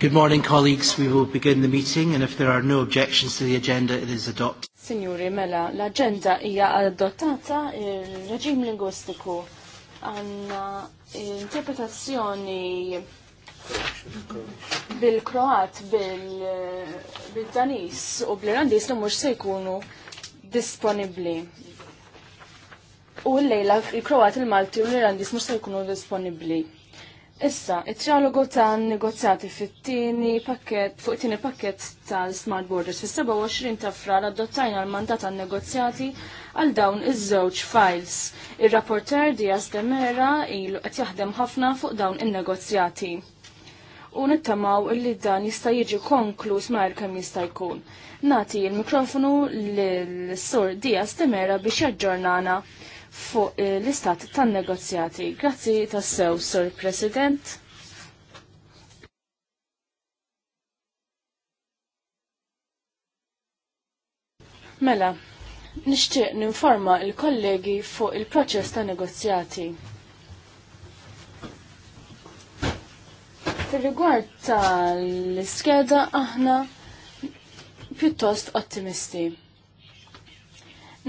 Good morning, colleagues. We will begin the meeting, and if there are no objections to the agenda, it is adopted. Signori, mela, l-agenda hija adottata il-reġim lingwistiku għanna interpretazzjoni bil-Kroat, bil-Danis u bl-Irlandis li mhux se jkunu disponibbli. U l-lejla il-Kroat, il-Malti u l-Irlandis mhux se jkunu disponibbli. Issa, it-trialogu ta' negozjati fit-tieni pakket, fuq it-tieni pakket tal-Smart Borders fis-27 ta' frar adottajna l-mandat għal negozjati għal dawn iż-żewġ files. Ir-rapporter Diaz de Mera ilu qed jaħdem ħafna fuq dawn in-negozjati u nittamaw illi dan jista' jiġi konklus mar kemm jista' jkun. Nati il-mikrofonu l-sur Diaz Temera biex jaġġornana fuq eh, l-istat tan-negozjati. Grazzi tassew, Sir President. Mela, nixtieq ninforma il-kollegi fuq il-proċess ta' negozjati. Fil-rigward tal-iskeda aħna pjuttost ottimisti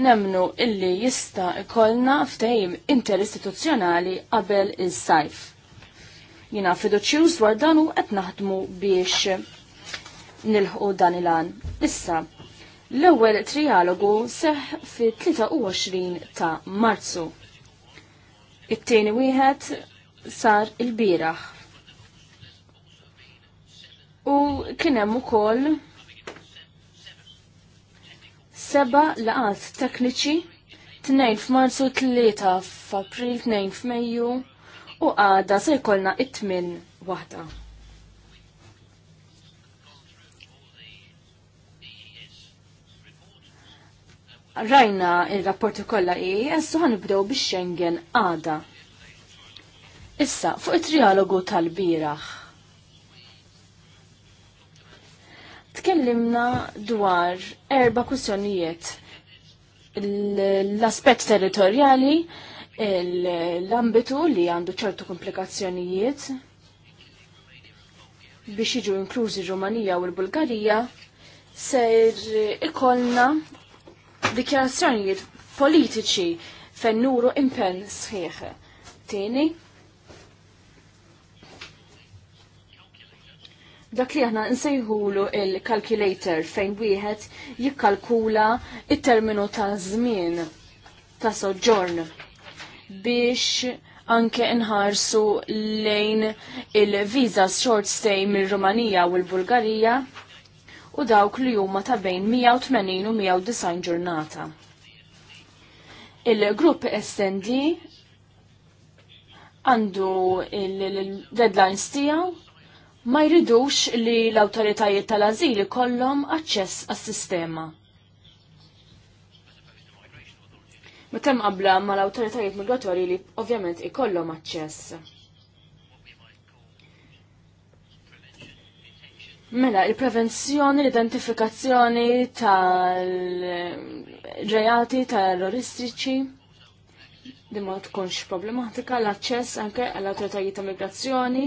nemnu illi jista ikollna ftehim interistituzzjonali qabel is-sajf. Jina fiduċjuż dwar dan u qed naħdmu biex nilħu dan il-għan. Issa, l-ewwel trialogu seħ fi 23 ta' Marzu. It-tieni wieħed sar il-bieraħ. U kien hemm ukoll seba laqat tekniċi, tnejn f'Marzu, t f'April, tnejn f'Mejju u għada se jkollna it-tmin waħda. Rajna il-rapporti kollha EES u ħanibdew bix-Schengen għada. Issa, fuq it-trialogu tal-biraħ tkellimna dwar erba' kwistjonijiet l-aspett territorjali, l-ambitu li għandu ċertu komplikazzjonijiet biex jiġu inklużi Rumanija u l-Bulgarija ser ikollna dikjarazzjonijiet politiċi fejn nuru impenn sħiħ. Tieni, dak li aħna nsejħulu il-calculator fejn wieħed jikkalkula it-terminu ta' żmien ta' soġġorn biex anke nħarsu lejn il visa short stay mill-Rumanija u l-Bulgarija u dawk li huma ta' bejn 180 u 190 ġurnata. Il-grupp SND għandu il-deadlines tiegħu ma jridux li l-autoritajiet tal-azil kollom aċċess għas-sistema. Meta qabla ma l-autoritajiet migratorji li ovvjament ikollhom aċċess. Mela, il-prevenzjoni, l-identifikazzjoni tal-reati terroristiċi, dimma ma tkunx problematika, l-aċċess anke għall-autoritajiet ta' migrazzjoni,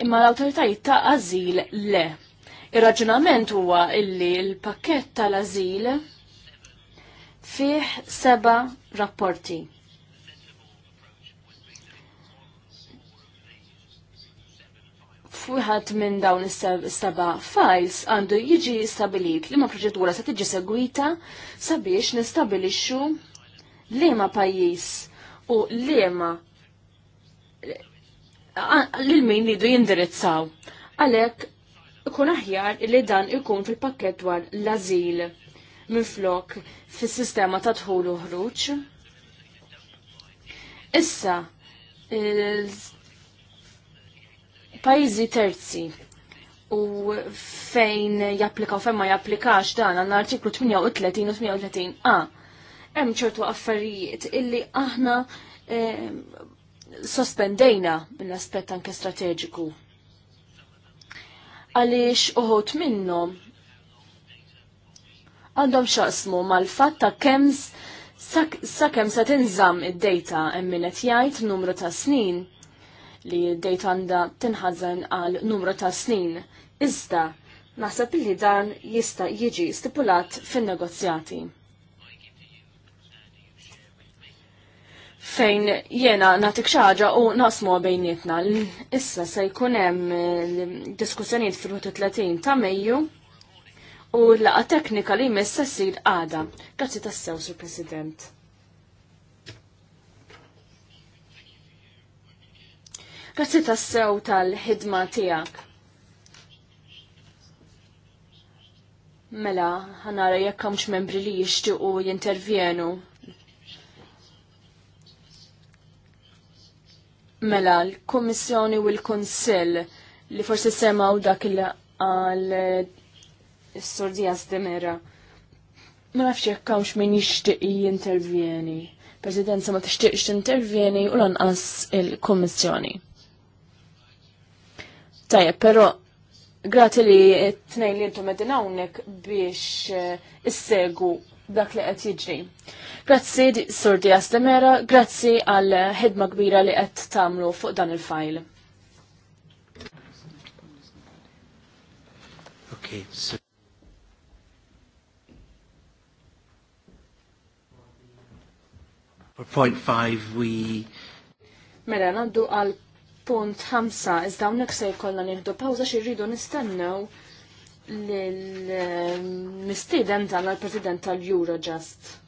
imma l-autoritajiet ta' azil le. Ir-raġunament huwa illi l-pakket tal-azil fih seba rapporti. Fuħat minn dawn is-seba files għandu jiġi stabilit li ma proċedura se tiġi segwita sabiex nistabilixxu liema pajjiż u liema lil min li du jindirizzaw. Għalek, ikun aħjar li dan ikun fil-pakket dwar l-azil minn flok fil-sistema ta' tħul uħruċ. ħruġ. Issa, pajzi terzi u fejn japplika u fejn ma japplikax dan għanna artiklu 38 u 38 a. Hemm ċertu affarijiet illi aħna eh, sospendejna mill-aspett anke strateġiku. Għaliex uħut minnhom għandhom xaqsmu mal-fatt ta' kemm sakemm se tinżamm id-data hemm min qed jgħid numru ta' snin li d data għanda tinħazen għal numru ta' snin. Iżda, naħseb li dan jista' jiġi stipulat fin-negozjati. fejn jena natik xaġa u nasmu bejnietna. Issa se jkun hemm eh, diskussjonijiet fil 30 ta' Mejju u l-laqa teknika li messa ssir għada. Grazzi tassew, Sur President. Grazzi tassew tal-ħidma tiegħek. Mela, ħanara jekk hemmx membri li jixtiequ jintervjenu. Mela, l-Kommissjoni u l konsell li forsi semaw dak il għal eh, s-Sur Ma nafx jekk hawnx min jixtieq jintervjeni. Presidenza ma tixtieqx intervjeni u lanqas il-Kommissjoni. Tajja, però grati li t nejn li jintu qegħdin hawnhekk biex eh, issegu dak li qed jiġri. Grazzi Sur Dias de Mera, grazzi għal ħidma kbira li qed tagħmlu fuq dan il-fajl. Okay, so For point five we... Mela, naddu għal punt ħamsa, iżda unnek se jkollna nieħdu pawza xi rridu nistennew l-mistiden tal-president tal-Eurojust.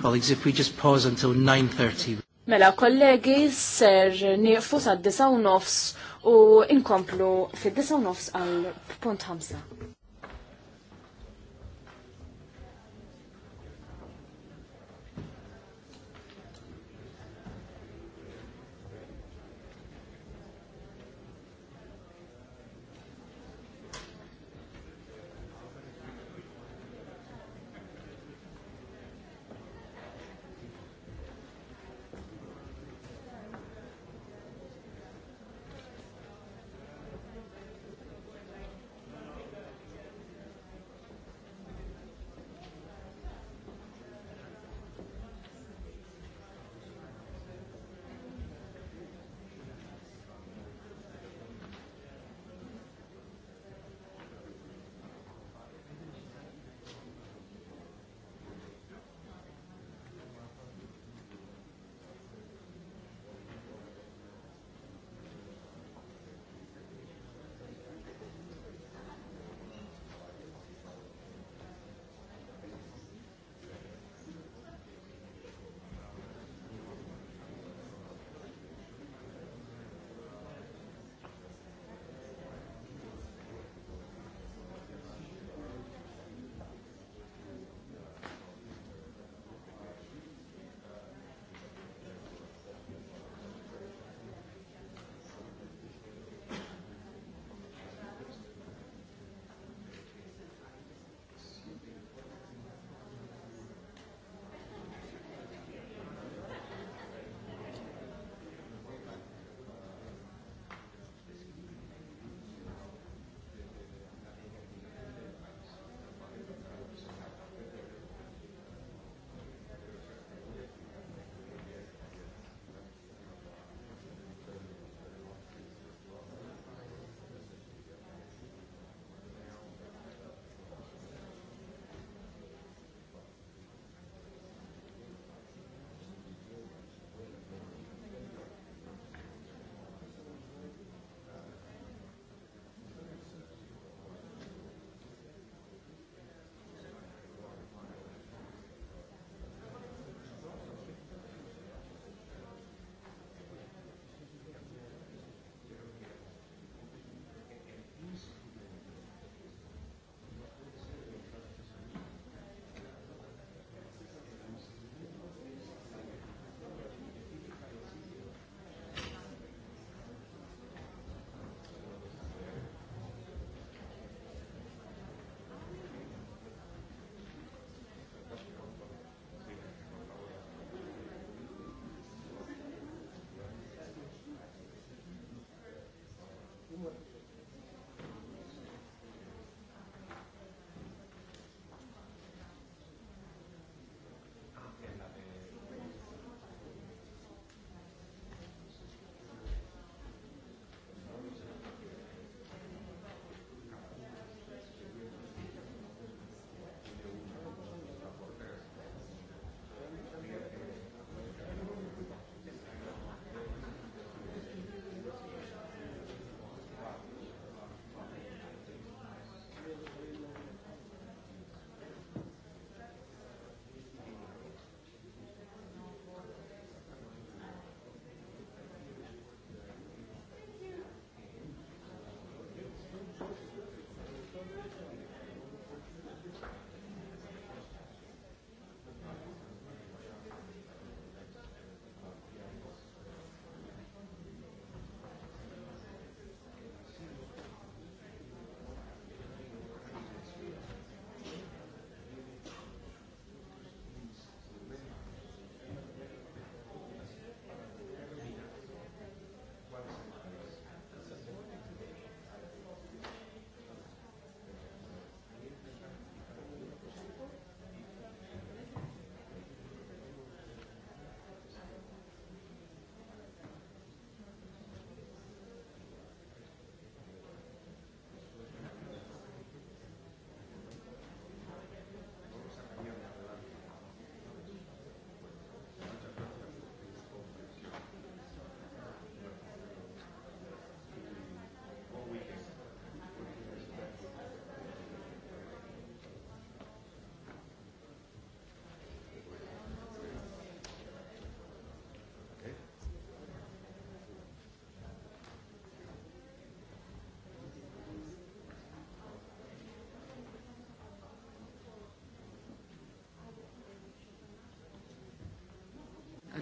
Colleagues, if we just pause until 9.30. Mela, kollegi, ser nifu sa' disaw nofs u inkomplu fid-9 nofs għal punt hamsa.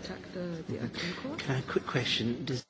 contact uh, the, the ICON court. Can I, quick question. Does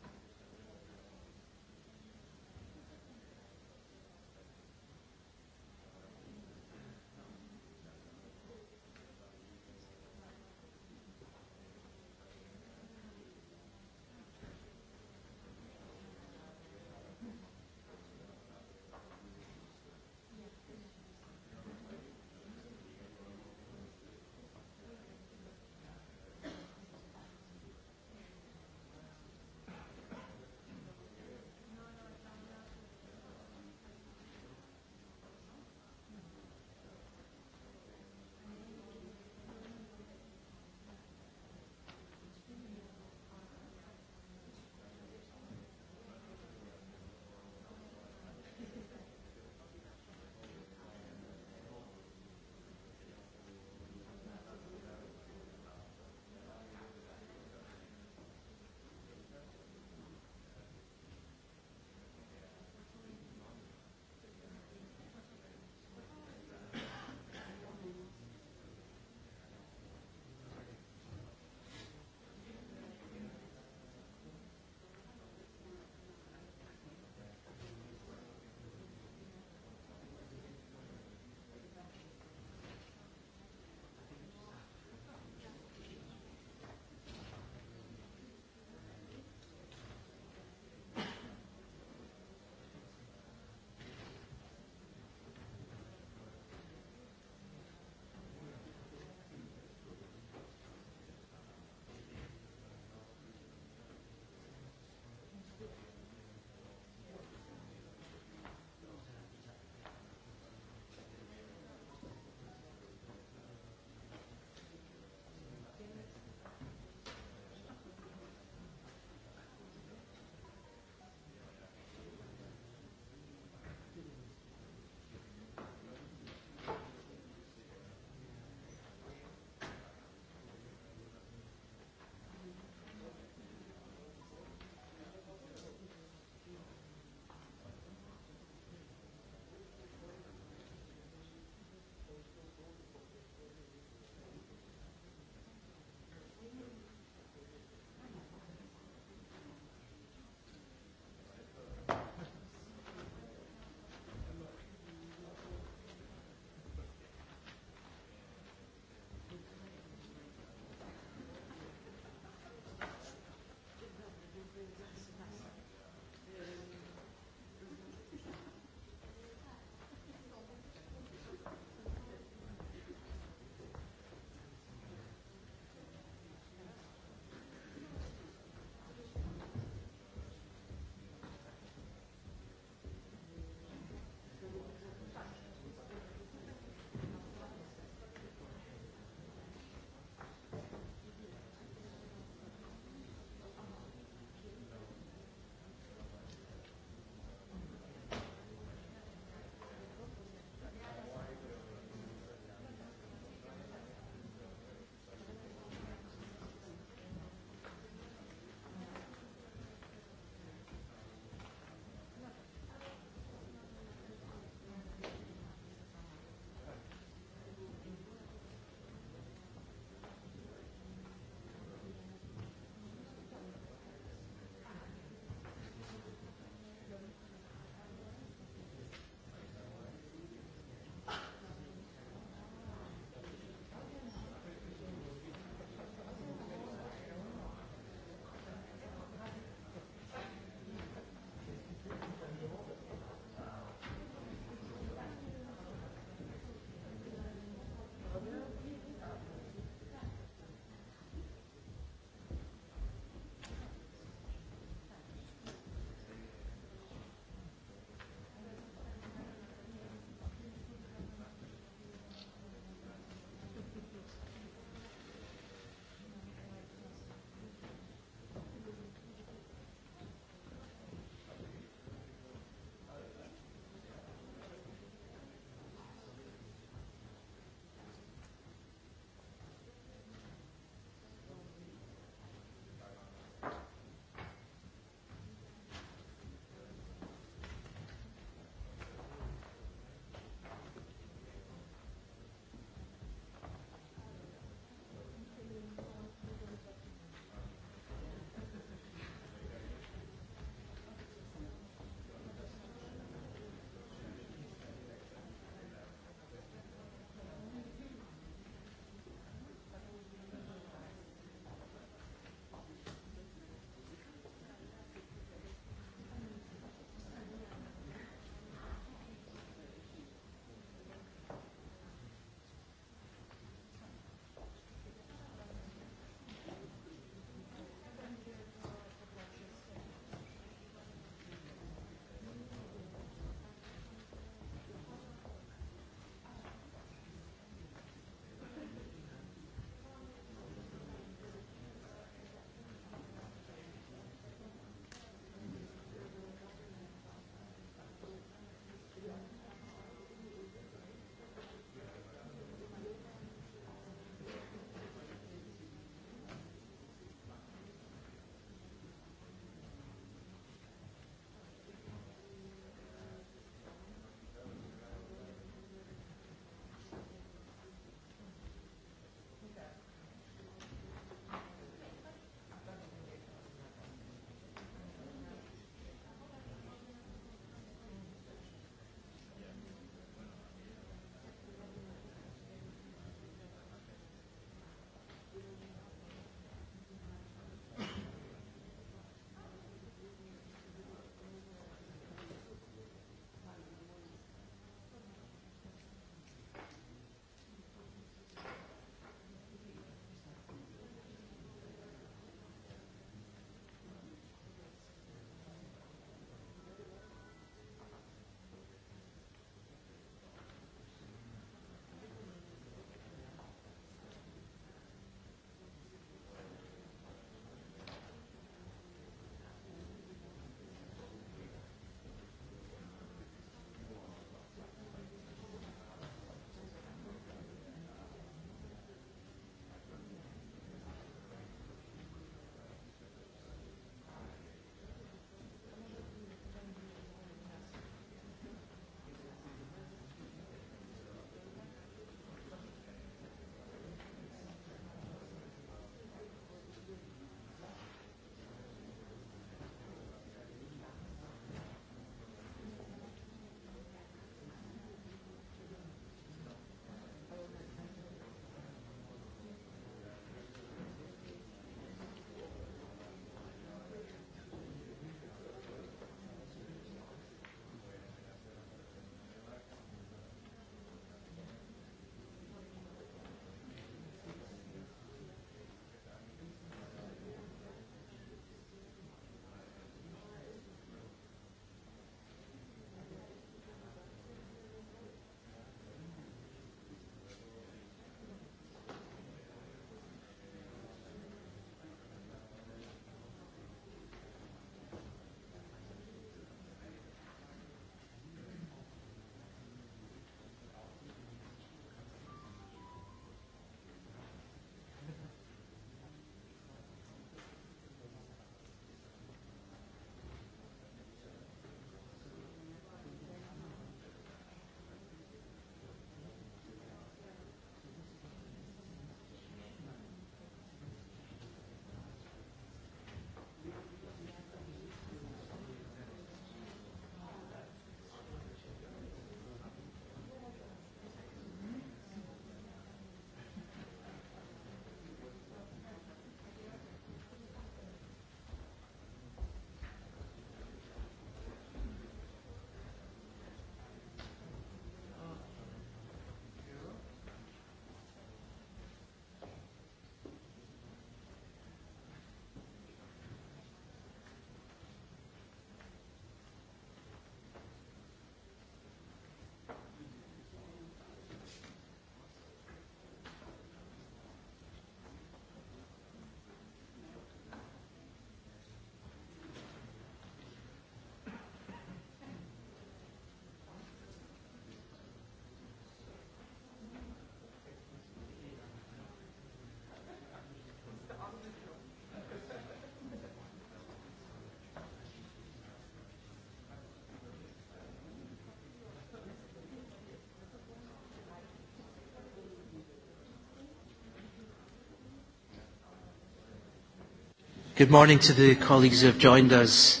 Good morning to the colleagues who have joined us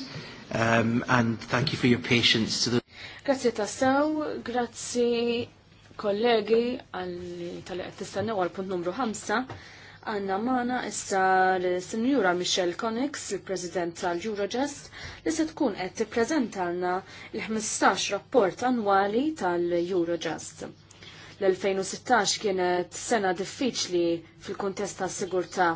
um, and thank you for your patience. To the grazie tassaw, grazie kollegi tal-qed tistennew għal punt numru 5. Għanna maħna issa l-Senjura Michelle Connex, il-President tal-Eurojust, li se tkun qed tippreżentalna l-15 rapport annwali tal-Eurojust l-2016 kienet sena diffiċli fil kontesta ta' sigurta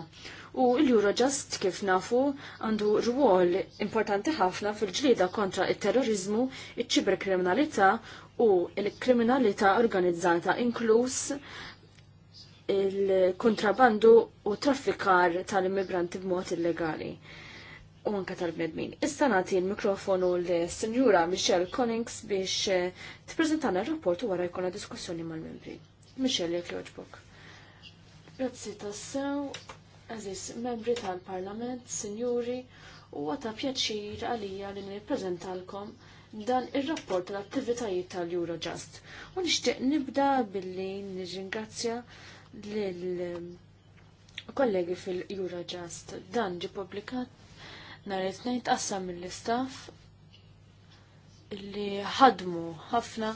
u l-Eurojust kif nafu għandu rwol importanti ħafna fil-ġlida kontra il-terrorizmu, il-ċiberkriminalità u il-kriminalità organizzata inkluż il-kontrabandu u traffikar tal-immigranti b'mod illegali u anka tal-bnedmin. Issa nagħti l-mikrofonu l-Sinjura Michelle Connings biex tippreżentana r-rapport u wara jkollna diskussjoni mal-membri. Michelle jekk jogħġbok. Grazzi tassew Aziz, membri tal-Parlament, sinjuri, huwa ta' pjaċir għalija li nippreżentalkom dan ir-rapport tal-attivitajiet tal-Eurojust. U nixtieq nibda billi nirringrazzja lill kollegi fil-Eurojust. Dan ġi publikat nhar it-tnejn tqassam mill-istaff li ħadmu ħafna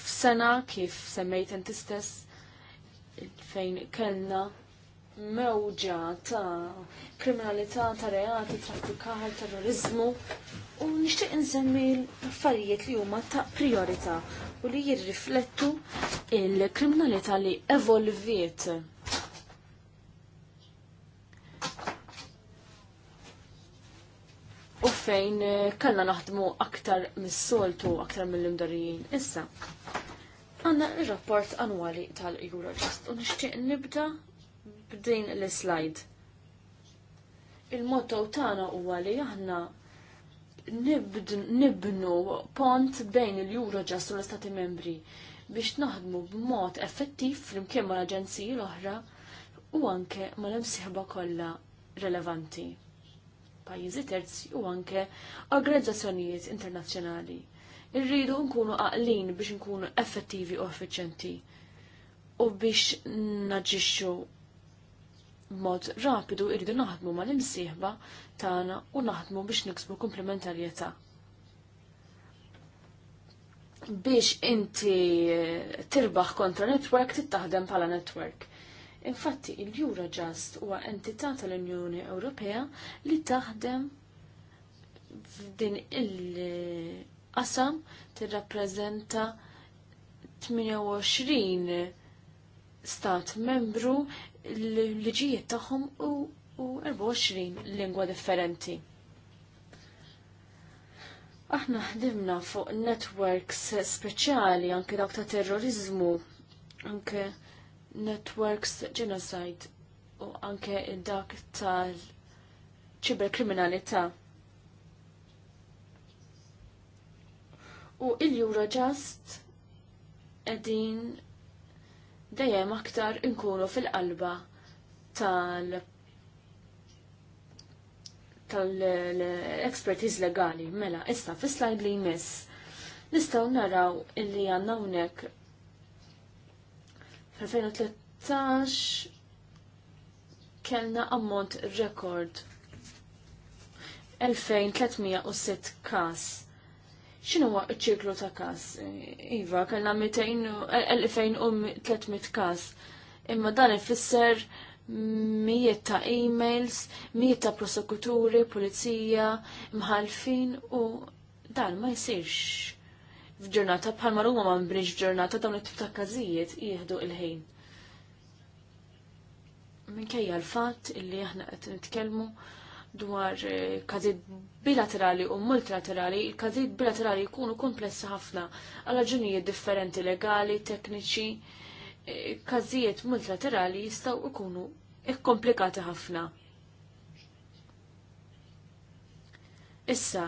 f'sena kif semmejt inti stess fejn kellna mewġa ta' kriminalità ta' reati, traffikar, terrorizmu u nixtieq insemmi l-affarijiet li huma ta' priorità u li jirriflettu il-kriminalità li evolviet. U fejn kellna naħdmu aktar mis-soltu, aktar mill-imdarijin. Issa, Għanna il-rapport annwali tal-Eurojust u nixtieq nibda b'din l-slide. Il-motto tagħna huwa li aħna nibnu pont bejn il euroġas u l-Istati membri biex naħdmu b'mod effettiv flimkien mal aġenziji l-oħra u anke mal-imsieħba kollha relevanti. Pajjiżi terzi u anke organizzazzjonijiet internazzjonali. Irridu nkunu aqlin biex nkunu effettivi u effiċenti u biex naġixxu mod rapidu irridu naħdmu mal-imsieħba tagħna u naħdmu biex niksbu komplementarjetà. Biex inti tirbaħ kontra network tittaħdem bħala network. Infatti il-Eurojust huwa entità tal-Unjoni Ewropea li taħdem f'din il-qasam tirrappreżenta 28 stat membru l-liġijiet tagħhom u 24 lingwa differenti. Aħna ħdimna fuq networks speċjali anke dawk ta' terrorizmu, anke networks genocide u anke dak tal-ċiberkriminalità. U il-Eurojust edin dejjem aktar inkunu fil-qalba tal- tal-expertise legali, mela, issa, fi slide li jmiss, nistaw naraw illi għanna unek fil-2013 kellna ammont rekord 2306 kas xinu huwa ċiklu ta' kas? Iva, kellna 2300 kas. Imma dan ifisser mijiet ta' emails, mijiet ta' prosekuturi, pulizija, mħalfin u dan ma jsirx. F'ġurnata bħal maruma ma nbrinx ġurnata dawn it-tip ta' każijiet jieħdu il-ħin. Minkejja l-fatt illi aħna qed nitkellmu dwar eh, kazid bilaterali u multilaterali, il-każijiet bilaterali jkunu komplessi ħafna għal raġunijiet differenti legali, tekniċi, eh, każijiet multilaterali jistgħu jkunu ikkomplikati ħafna. Issa,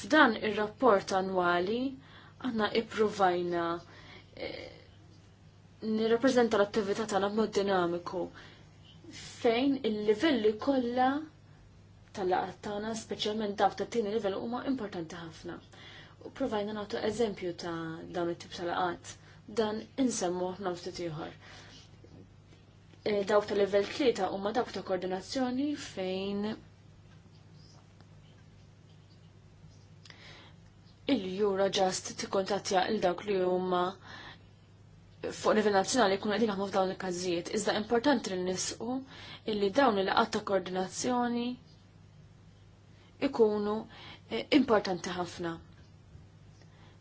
f'dan ir-rapport annwali għanna ippruvajna nirrapprezenta eh, nirrappreżenta l-attività tagħna b'mod dinamiku fejn il-livelli kollha tal-laqat tagħna, speċjalment dawk ta' tieni livell huma importanti ħafna. U provajna nagħtu eżempju ta' dawn it-tip tal-laqat. Dan insemmu ħna ftit ieħor. E, dawk ta' livell tlieta huma dawk ta' koordinazzjoni fejn il-jura ġast tikkontattja il dawk li huma fuq livell nazzjonali jkunu qegħdin naħdmu f'dawn il-każijiet, iżda importanti li nisqu illi dawn il laqgħat ta' koordinazzjoni ikunu eh, importanti ħafna.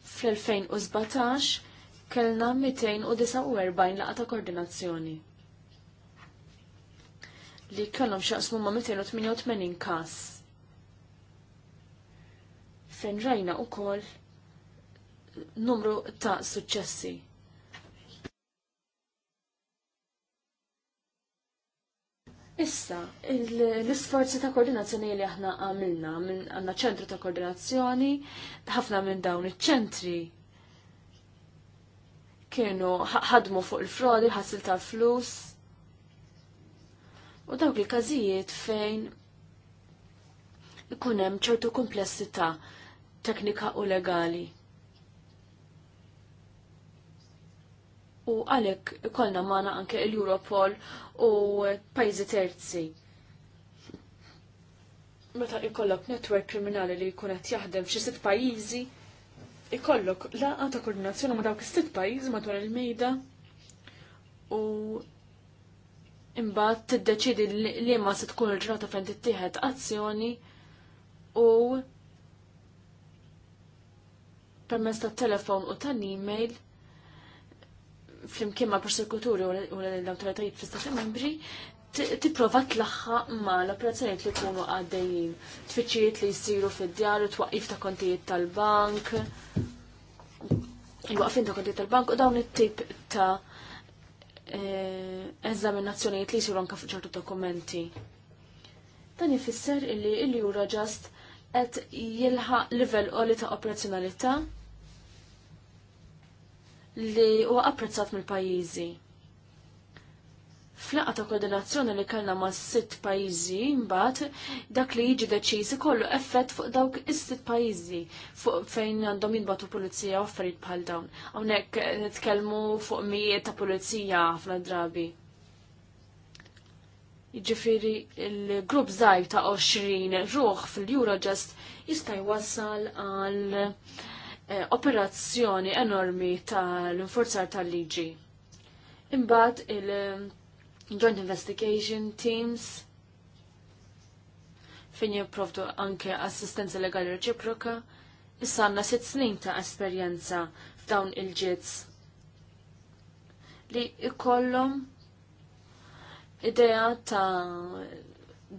Fl-2017 kellna 249 laqata ta' koordinazzjoni li kellhom xaqsmu ma' 288 każ. Fejn rajna wkoll numru ta' suċċessi. Issa, l-isforzi ta' koordinazzjoni li aħna għamilna, għanna ċentru ta' koordinazzjoni, ħafna minn dawn iċ-ċentri kienu ħadmu fuq il-frodi, ħassil ta' flus. U dawk il-każijiet fejn ikun hemm ċertu komplessità teknika u legali. u għalek kolna maħna anke l-Europol u pajzi terzi. Meta ikollok netwerk kriminali li jkun qed jaħdem f'xi sitt pajjiżi, ikollok laqgħa ta' koordinazzjoni ma' dawk is-sitt pajjiżi madwar il-mejda u imbagħad tiddeċidi li ma se tkun il-ġrata fejn tittieħed azzjoni u permezz tat-telefon u tal-email flimkien ma' persekuturi u l-autoritajiet fl-istati membri tipprova tlaħħa ma l-operazzjoniet li jkunu għaddejjin. Tfittxijiet li jsiru fid-djar, twaqif ta' kontijiet tal-bank, il-waqfin ta' kontijiet tal-bank u dawn it-tip ta' e, eżaminazzjonijiet li jisiru anka f'ċertu dokumenti. Dan ifisser illi il-jura ġast qed jilħaq livell li ta' operazzjonalità li huwa apprezzat mill-pajjiżi. Flaqqa ta' koordinazzjoni li kellna ma' sitt pajjiżi mbagħad dak li jiġi deċiż ikollu effett fuq dawk is-sitt pajjiżi fuq fejn għandhom jinbatu pulizija u affarijiet bħal dawn. Hawnhekk nitkellmu fuq mijiet ta' pulizija ħafna drabi. Jiġifieri il-grupp żgħar ta' 20 ruħ fil-Eurojust jista' jwassal għal Eh, operazzjoni enormi tal-infurzar tal-liġi. Imbagħad il-Joint eh, Investigation Teams fejn jipprovdu anke assistenza legali reċiproka, issa għandna sitt snin ta' esperjenza f'dawn il-ġiz li ikollhom idea ta'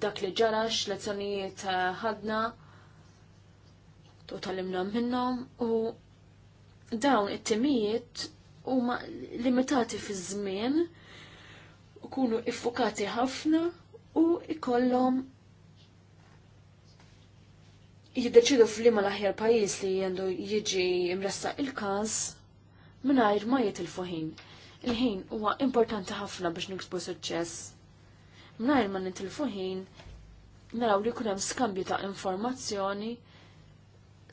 dak li ġarax, lezzjonijiet eh, ħadna. Uh, tu talimlom minnom u dawn it-timijiet huma limitati fi żmien kunu iffukati ħafna u ikollhom jiddeċidu f'liema l-aħjar pajjiż li għandu jiġi imressa il-każ mingħajr ma jitilfu ħin. Il-ħin huwa importanti ħafna biex niksbu suċċess. Mingħajr ma nitilfu ħin naraw li jkun hemm skambju ta' informazzjoni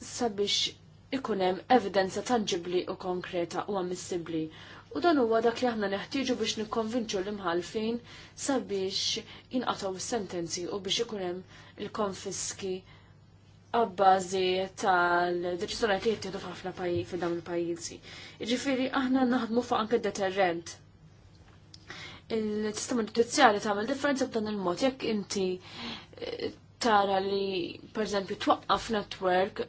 sabiex ikunem evidenza tangibli u konkreta u ammissibli. U dan huwa dak li aħna neħtieġu biex nikkonvinċu l-imħalfin sabiex jinqataw sentenzi u biex ikun hemm il-konfiski għabbażi tal-deċiżjoni li jittieħdu f'ħafna pajjiż fi dawn il-pajjiżi. Jiġifieri aħna naħdmu fuq anke deterrent. Il-sistema ġudizzjali tagħmel differenza b'dan il-mod jekk inti eh, tara li per eżempju twaqqaf network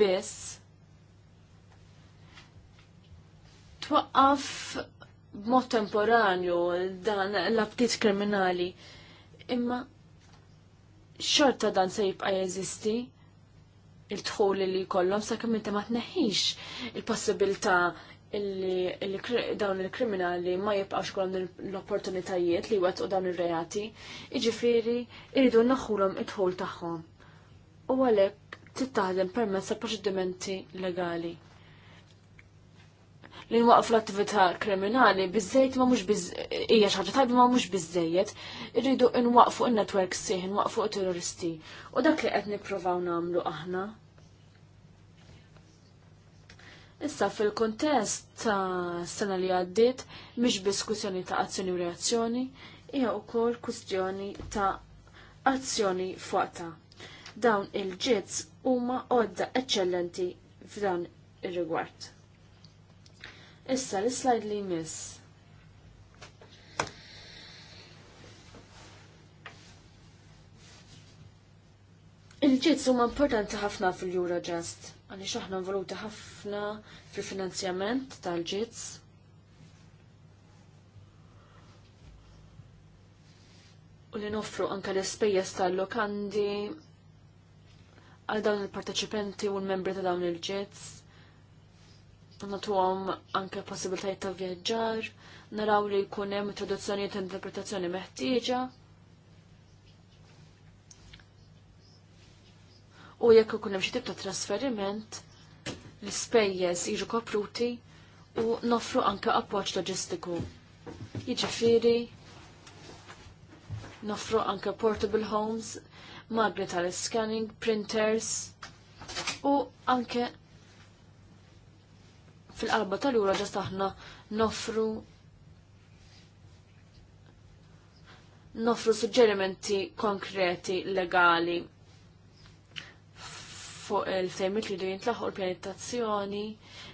biss twaqqaf b'mod temporanju dan l-aptit kriminali imma xorta dan se jibqa' jeżisti il-dħul li jkollhom sakemm inti ma tneħħix il-possibilità illi dawn il-kriminali ma jibqax kolom l-opportunitajiet li wet u dawn il-reati, iġifiri irridu naħulom id-ħol taħħom. U għalek tittaħdem permezz ta' proċedimenti legali. Li nwaqfu l-attività kriminali bizzejt ma mux bizzejt, ija xaġa tajba ma mux bizzejt, irridu nwaqfu il-network siħ, nwaqfu il-terroristi. U dak li għetni provaw namlu aħna. Issa fil-kontest ta' sena li għaddit, mhix diskussjoni ta' azzjoni u reazzjoni, hija wkoll kwistjoni ta' azzjoni fuqta. Dawn il-ġitz huma għodda eċċellenti f'dan ir-rigward. Issa l-slide li jmiss. Il-ġitz huma importanti ħafna fil-Eurojust għani xaħna involuti ħafna fil-finanzjament tal-ġitz. U li noffru anka l-espejjeż tal-lokandi għal dawn il-parteċipenti u l-membri ta' dawn il-ġitz. Natu għom anke possibilitajiet ta' vjaġġar, naraw li jkun hemm traduzzjoni ta' interpretazzjoni meħtieġa. u jekk ikun hemm xi tip ta' trasferiment l-ispejjeż jiġu kopruti u nofru anke appoġġ loġistiku. Jiġifieri nofru anke portable homes, magri tal-scanning, printers u anke fil-qalba tal-jura ġast aħna nofru nofru suġġerimenti konkreti legali fuq il-ftejmit li jintlaħu l-pjanitazzjoni,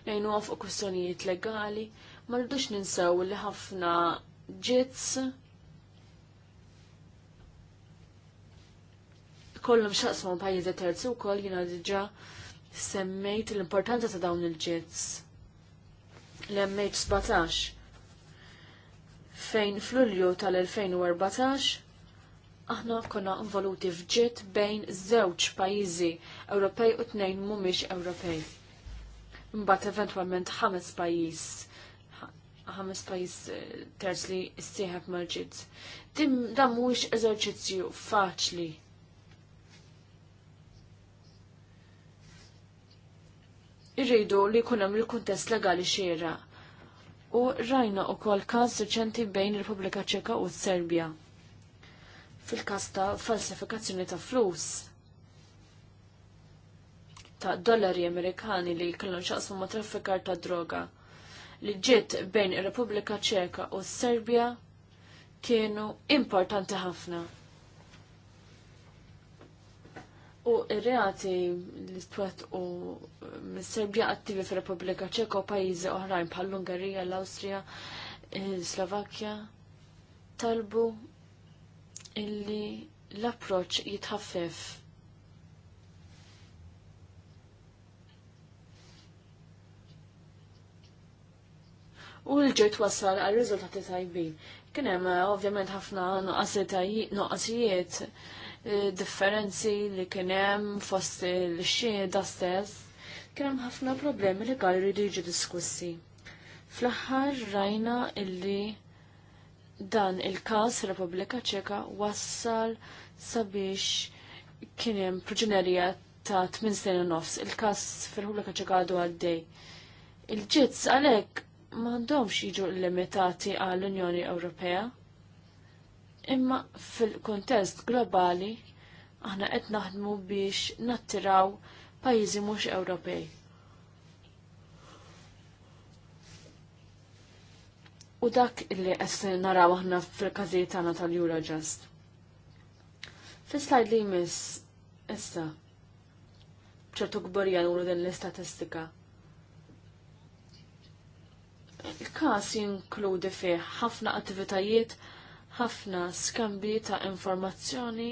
nejnu fuq kwistjonijiet legali, ma rridux ninsaw li ħafna ġitz kollum xaqsmu pajjiżi terzi wkoll jiena diġà semmejt l-importanza ta' dawn il-ġitz. L-emmejt 17 fejn fl-ulju tal-2014 aħna konna involuti fġiet bejn żewġ pajjiżi Ewropej u tnejn mhumiex Ewropej. Imbagħad eventwalment ħames pajjiż ħames pajjiż eh, terz li issieħeb mal-ġid. Dan mhuwiex eżerċizzju faċli irridu li hemm il-kuntest legali xiera. U rajna u kol każ reċenti bejn il-Repubblika Ċeka u s-Serbja fil-każ ta' falsifikazzjoni ta' flus ta' dollari Amerikani li kellhom xaqsmu ma' traffikar ta' droga li ġiet bejn ir-Repubblika Ċeka u s-Serbja kienu importanti ħafna. U ir-reati li twet u mis-Serbja attivi fir-Repubblika Ċeka u pajjiżi oħrajn bħall-Ungerija, l-Awstrija, eh, Slovakkja, talbu illi l-approċ jitħaffef. U l-ġejt wasal għal riżultati tajbin. Kien hemm eh, ovvjament ħafna noqasijiet eh, differenzi li kien hemm fost l-xhieda stess. Kien hemm ħafna problemi li għal jridu diskussi. Fl-aħħar rajna illi dan il-kas Repubblika Ċeka wassal sabiex kien hemm proġenerija ta' 8 snin u nofs. Il-kas fil-Repubblika Ċeka għadu għaddej. Il-ġitz għalhekk m'għandhomx jiġu limitati għall-Unjoni Ewropea. Imma fil-kontest globali aħna qed naħdmu biex nattiraw pajjiżi mhux Ewropej. U dak illi qed naraw aħna fil-każijiet tagħna tal-Eurojust. Fis-slajd li jmiss issa ċertu kbarija nuru din l-istatistika. Il-każ jinkludi fih ħafna attivitajiet, ħafna skambji ta' informazzjoni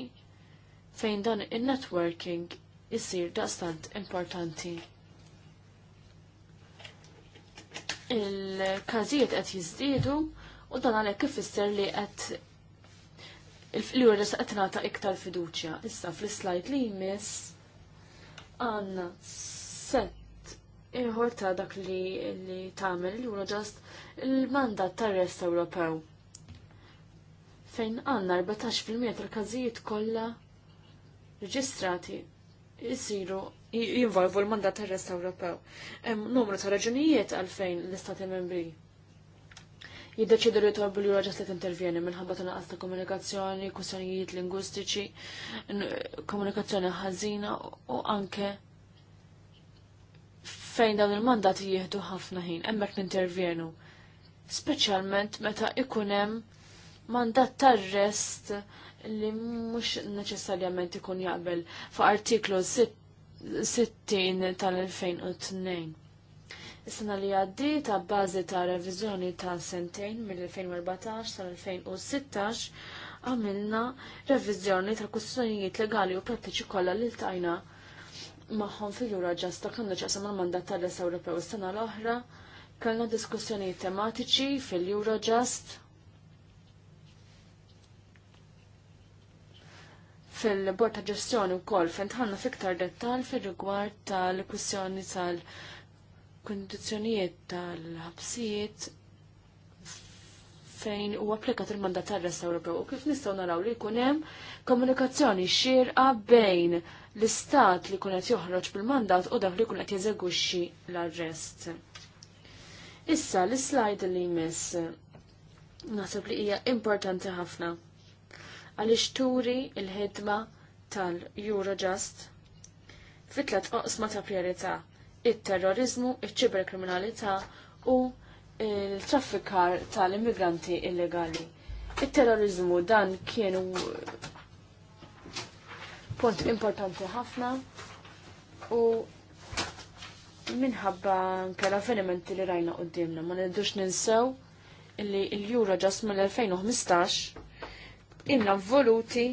fejn dan in-networking jisir daqstant importanti. il-każijiet qed jiżdiedu u dan għalhekk ifisser li qed il-flures qed nagħta iktar fiduċja. Issa fl-slide li jmiss għandna set ieħor ta' dak li li tagħmel il ġast il-mandat tar-rest Ewropew. Fejn għandna 14% tal-każijiet kollha reġistrati jisiru jinvolvu l-mandat tar-rest Ewropew. Hemm numru ta' raġunijiet għalfejn l-Istati membri jiddeċidu li torbu li raġas li t-intervjeni minnħabba ta' naqas ta' komunikazzjoni, kwistjonijiet lingwistiċi, komunikazzjoni ħażina u anke fejn dawn il-mandati jieħdu ħafna ħin, hemmhekk nintervjenu. Speċjalment meta ikun hemm mandat tar-rest li mhux neċessarjament ikun jaqbel fa' artiklu 60 tal-2002. Is-sena li għaddiet ta' bazi ta' reviżjoni ta' sentejn mill-2014 tal-2016 għamilna reviżjoni ta' kustonijiet legali u prattiċi kollha li ltajna magħhom fil-jura ġasta kellna ċaqsam il-mandat tal-Res Ewropew is-sena l-oħra kellna diskussjonijiet tematiċi fil-Eurojust fil-bord ta' ġestjoni wkoll kol, tħanna fiktar dettal fir-rigward tal-kwistjoni tal-kundizzjonijiet tal-ħabsijiet fejn u applikat il-mandat tal-Rest Ewropew u kif nistgħu naraw li jkun hemm komunikazzjoni xierqa bejn l-istat li jkun qed joħroġ bil-mandat u dak li jkun qed jeżegwixxi l-arrest. Issa l-slide li jmiss naħseb li hija importanti ħafna għaliex turi il-ħidma tal-Eurojust fitlet oqsma ta' priorità il terrorizmu iċ-ċiberkriminalità u il-traffikar tal-immigranti illegali. Il-terrorizmu dan kienu punt importanti ħafna u minħabba l avvenimenti li rajna qoddimna ma nidux ninsew li l-Euro ġas mill-2015 inna voluti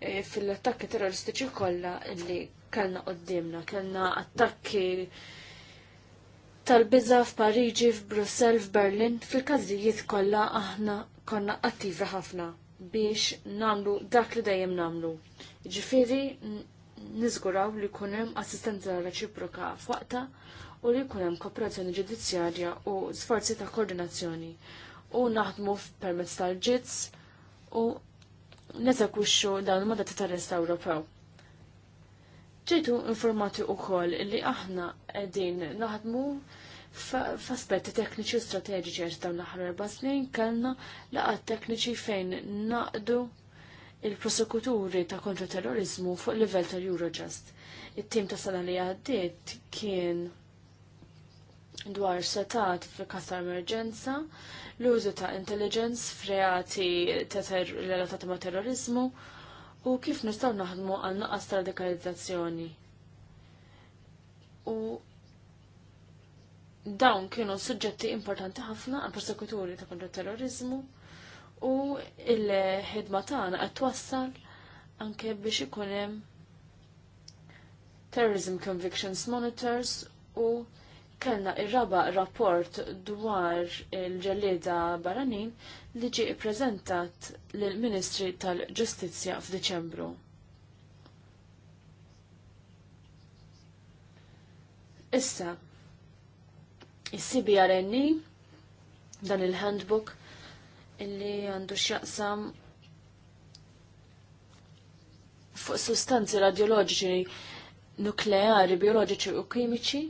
e, fil-attakki terroristiċi kollha li kellna qoddimna, kellna attakki tal biza f'Pariġi, f'Brussell, f'Berlin, fil-każijiet kollha aħna konna attivi ħafna biex namlu dak li dejjem namlu. Ġifiri, nizguraw li kunem assistenza reċiproka f'waqta u li kunem kooperazzjoni ġudizzjarja u sforzi ta' koordinazzjoni u naħdmu f'permezz tal-ġitz u nezekuxxu dawn il ta tal-Arrest Ġejtu informati wkoll li aħna qegħdin naħdmu f'aspetti tekniċi u strateġiċi għax dawn l-aħħar erba' snin kellna laqgħat tekniċi fejn naqdu il-prosekuturi ta' kontra terrorizmu fuq livell tal-Eurojust. It-tim ta' sala li għaddiet kien dwar setat fi kasar emerġenza, l-użu ta' intelligence f'reati relatati ma' terrorizmu u kif nistaw naħdmu għal naqqas ta' radikalizzazzjoni. U dawn kienu suġġetti importanti ħafna għal persekuturi ta' kontra terrorizmu u il-ħidma tagħna qed twassal anke biex ikun hemm terrorism convictions monitors u kellna ir-raba rapport dwar il-ġellieda barranin li ġie ppreżentat lill-Ministri tal-Ġustizzja f'Diċembru. Issa, is cbrn e, dan il-handbook illi għandu x'jaqsam fuq sustanzi radjoloġiċi nukleari, bioloġiċi u kimiċi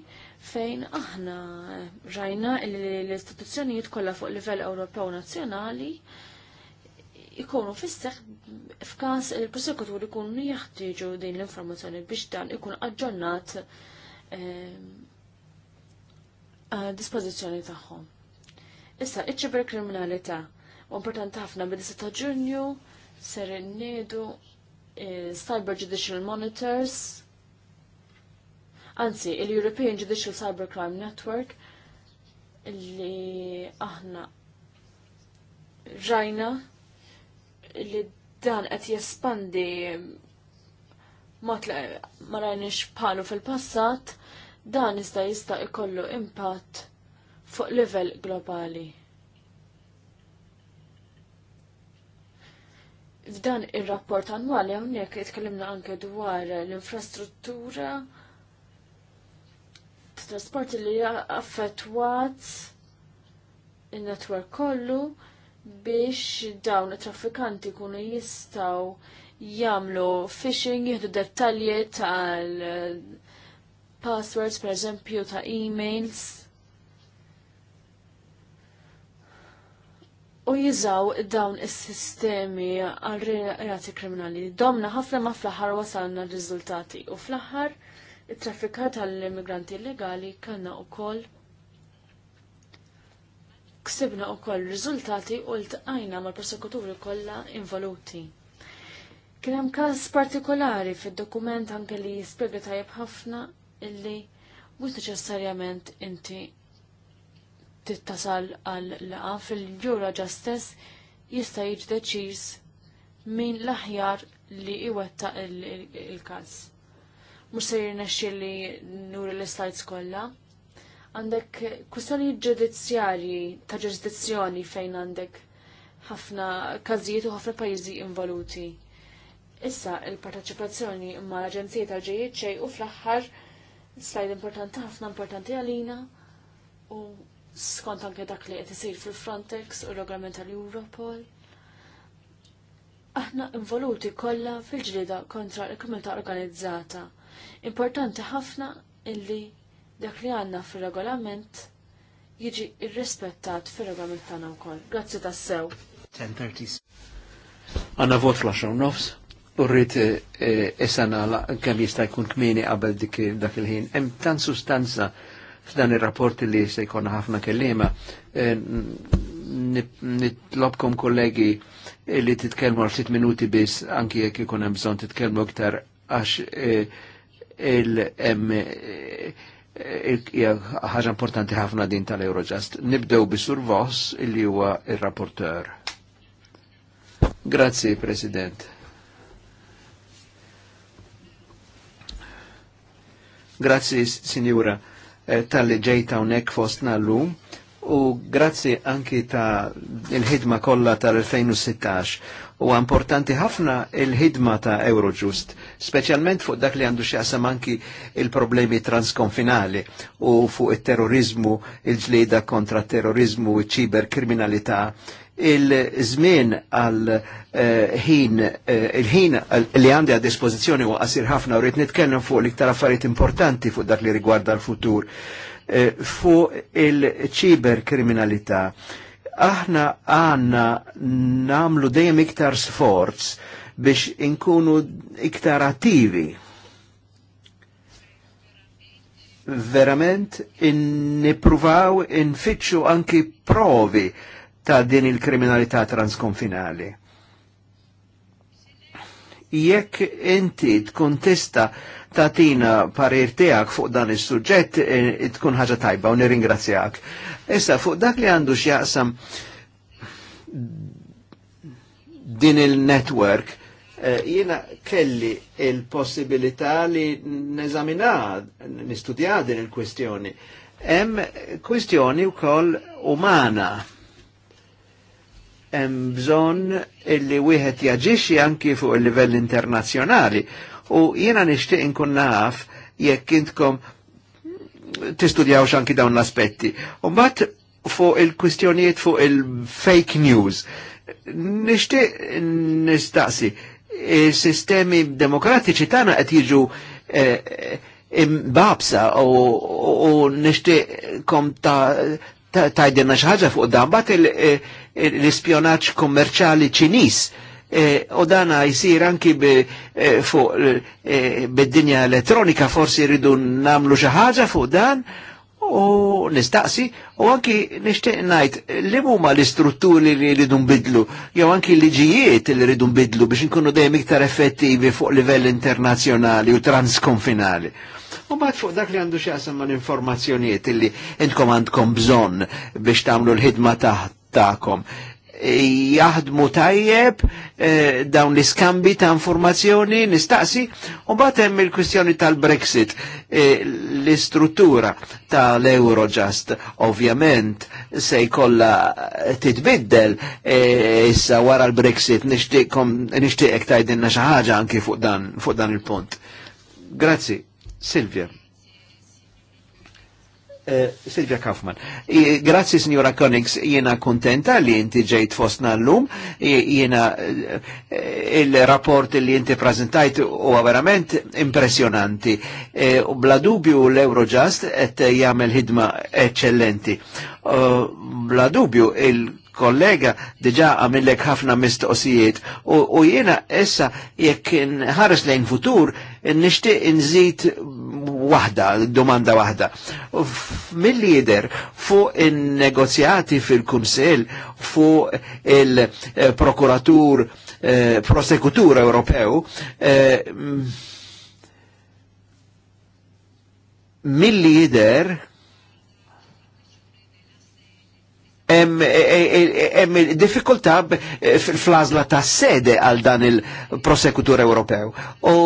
fejn aħna rajna l-istituzzjonijiet kollha fuq livell Ewropew nazzjonali ikunu fisseħ f'każ il-prosekutur ikunu jaħtieġu din l-informazzjoni biex dan ikun aġġornat eh, dispożizzjoni tagħhom. Issa iċ-ċiber kriminalità u importanti ħafna bid-10 ta' Ġunju ser innedu eh, cyber judicial monitors Anzi, il-European Judicial Cybercrime Network li aħna rajna li dan qed jespandi ma rajniex palu fil-passat, dan iżda jista' ikollu impatt fuq livell globali. F'dan ir-rapport annwali hawnhekk itkellimna anke dwar l-infrastruttura trasport li affettwat il-netwerk kollu biex dawn it-traffikanti kunu jistaw jamlu phishing, jihdu dettalji tal passwords, per eżempju, ta' emails. U jizaw dawn is-sistemi għal reati kriminali. Domna ħafna ma fl-ħar wasalna r-riżultati u fl-ħar it traffikat tal-immigranti illegali kellna wkoll ksibna wkoll riżultati u tqajna mal-persekuturi kollha involuti. Kien hemm każ partikolari fid-dokument anke li jispjega tajjeb ħafna illi mhux neċessarjament inti tittasal għal laqa fil-ġura ġastess jista' jiġi deċiż min l-aħjar li iwetta il-każ mux se li nuri l-istajt kollha. Għandek kwistjoni ġudizzjarji ta' ġurisdizzjoni fejn għandek ħafna każijiet u ħafna pajjiżi involuti. Issa il-parteċipazzjoni ma' l-Aġenzija tal-ġejiet xej u fl-aħħar slajd importanti ħafna importanti għalina u skont anke dak li qed isir fil-Frontex u l-regolament tal-Europol. Aħna involuti kollha fil-ġlida kontra l komunità organizzata. Importanti ħafna illi dak li għanna fil-regolament jiġi irrispettat fil-regolament tagħna wkoll. Grazzi tassew. 10:30. Għanna vot fl nofs. Urrit eh, eh, esana kemm jista' jkun kmini qabel dik dak il-ħin. Hemm tant sustanza f'dan ir-rapport li se jkun ħafna kellima. Eh, nitlobkom kollegi li titkellmu għal ftit minuti biss anki jekk ikun hemm bżonn titkellmu aktar għax ħaġa importanti ħafna din tal-Eurojust. Nibdew Sur Voss illi huwa il-rapporteur. Grazzi, President. Grazzi, signora eh, tal-li ġejta unek fostna l-lum u grazzi anki ta' il-ħidma kollha tal-2016 U importanti ħafna il-ħidma ta' Eurojust, specialment fuq dak li għandu xjaqsam anki il-problemi transkonfinali u fuq il-terrorizmu, il-ġlida kontra terrorizmu, u ċiberkriminalità il-żmien għal eh, ħin eh, il-ħin li għandi għad dispozizjoni u qasir ħafna u rrid nitkellem fuq l-iktar affarijiet importanti fuq dak li rigwarda l-futur eh, fuq il-ċiberkriminalità. kriminalità aħna għanna namlu dejjem iktar sforz biex inkunu iktar attivi. Verament innipruvaw infittxu anki provi ta' din il-kriminalità transkonfinali. Jekk inti tkun tista' tatina parir tiegħek fuq dan is-suġġett eh, tkun ħaġa tajba u nirringrazzjak. Issa, fuq dak li għandu xjaqsam din il-network, eh, kelli il-possibilità li n-istudja din il-kwestjoni. Hemm kwestjoni wkoll umana. Hemm bżonn illi wieħed jaġixxi anki fuq il-livell internazzjonali. U jiena nixtieq inkun naf jekk intkom tistudjaw xanki dawn l-aspetti. U bat fuq il-kwistjonijiet fuq il-fake news. Nishti nistaqsi, il-sistemi demokratiċi tana qed jiġu eh, imbabsa u nishti kom ta' tajdenna xaħġa fuq dan, bat eh, l-ispionaċ kommerċali ċinis Eh, u dana jisir anki eh, fuq eh, bid-dinja elettronika forsi rridu namlu xi ħaġa fuq dan u nistaqsi u anki nishtiq najt li huma l-istrutturi li rridu nbidlu jew anki l-liġijiet li rridu nbidlu biex nkunu dejjem iktar effettivi fuq livell internazzjonali u transkonfinali. U bat fuq dak li għandu xjaqsam ma l-informazzjonijiet li intkom għandkom bżonn biex tagħmlu l-ħidma taħt ta'kom jaħdmu tajjeb eh, dawn l-iskambi ta' informazzjoni nistaqsi u batem il-kwistjoni tal-Brexit eh, l-istruttura tal-Eurojust ovvjament se jkolla titbiddel eh, issa wara l-Brexit nishtiqek tajdinna xaħġa anki fuq dan, fuq dan il-punt. Grazzi, Silvia. Eh, Silvia Kaufman. grazzi signora Konigs, jiena kontenta li inti ġejt fostna l-lum, jiena eh, il-rapport li inti prezentajt u verament impressionanti. Eh, u bla dubju l-Eurojust et jagħmel hidma eccellenti. Bla dubju il kollega diġa għamillek ħafna mistoqsijiet u, u jiena essa jekk ħares lejn futur nishtiq nżid waħda, domanda waħda. Mill-lider fuq il negozjati fil-Kunsel fuq il-prokuratur eh, prosekutur Ewropew eh, mill-lider hemm e, e, e, diffikultà eh, fl-għażla ta' sede għal dan il-prosekutur Ewropew. U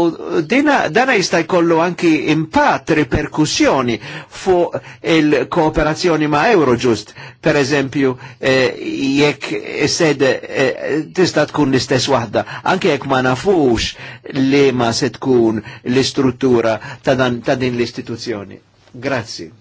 dana jista' jkollu anki impatt, riperkussjoni fuq il-kooperazzjoni ma' Eurojust, per eżempju, eh, jekk sede eh, tista' tkun l-istess waħda, anke jekk ma nafux li ma se tkun l-istruttura ta' din l-istituzzjoni. Grazie.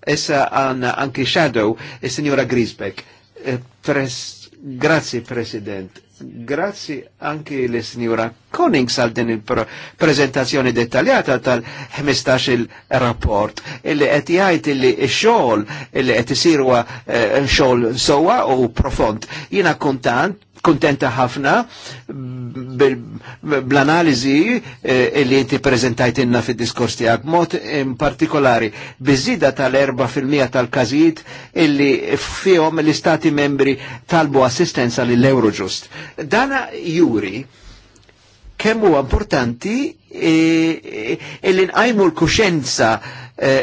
Issa għanna anki shadow, il-Signora e Grisbeck. E, pres, grazzi, President. Grazzi anki l-Signora Konings għal din il-prezentazzjoni dettaljata tal-15 il-rapport. Illi qed jgħid illi x-xogħol illi qed isirwa eh, xogħol sowa u profond. Jiena kuntant kontenta ħafna bl-analizi eh, li inti prezentajt inna fid diskors tijak, mod eh, partikolari, bizzida tal-4% tal-kazijiet illi fihom l-istati membri talbu assistenza l-Eurojust. Dana juri, kemm huwa importanti illi e, e, e, nqajmu l-kuxenza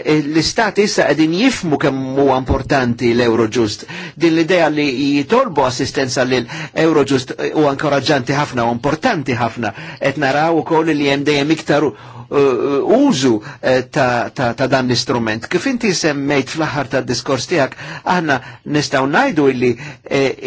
l-istat issa għedin jifmu kemm importanti l-Eurojust. Din l-idea li jitolbu assistenza l Eurojust u ankoraġġanti ħafna u importanti ħafna. Et naraw ukoll li jemdejem dejjem iktar Eh, eh, użu eh, ta', ta, dan l-istrument. Kif inti semmejt fl-aħħar ta' diskors tiegħek, aħna nistgħu ngħidu illi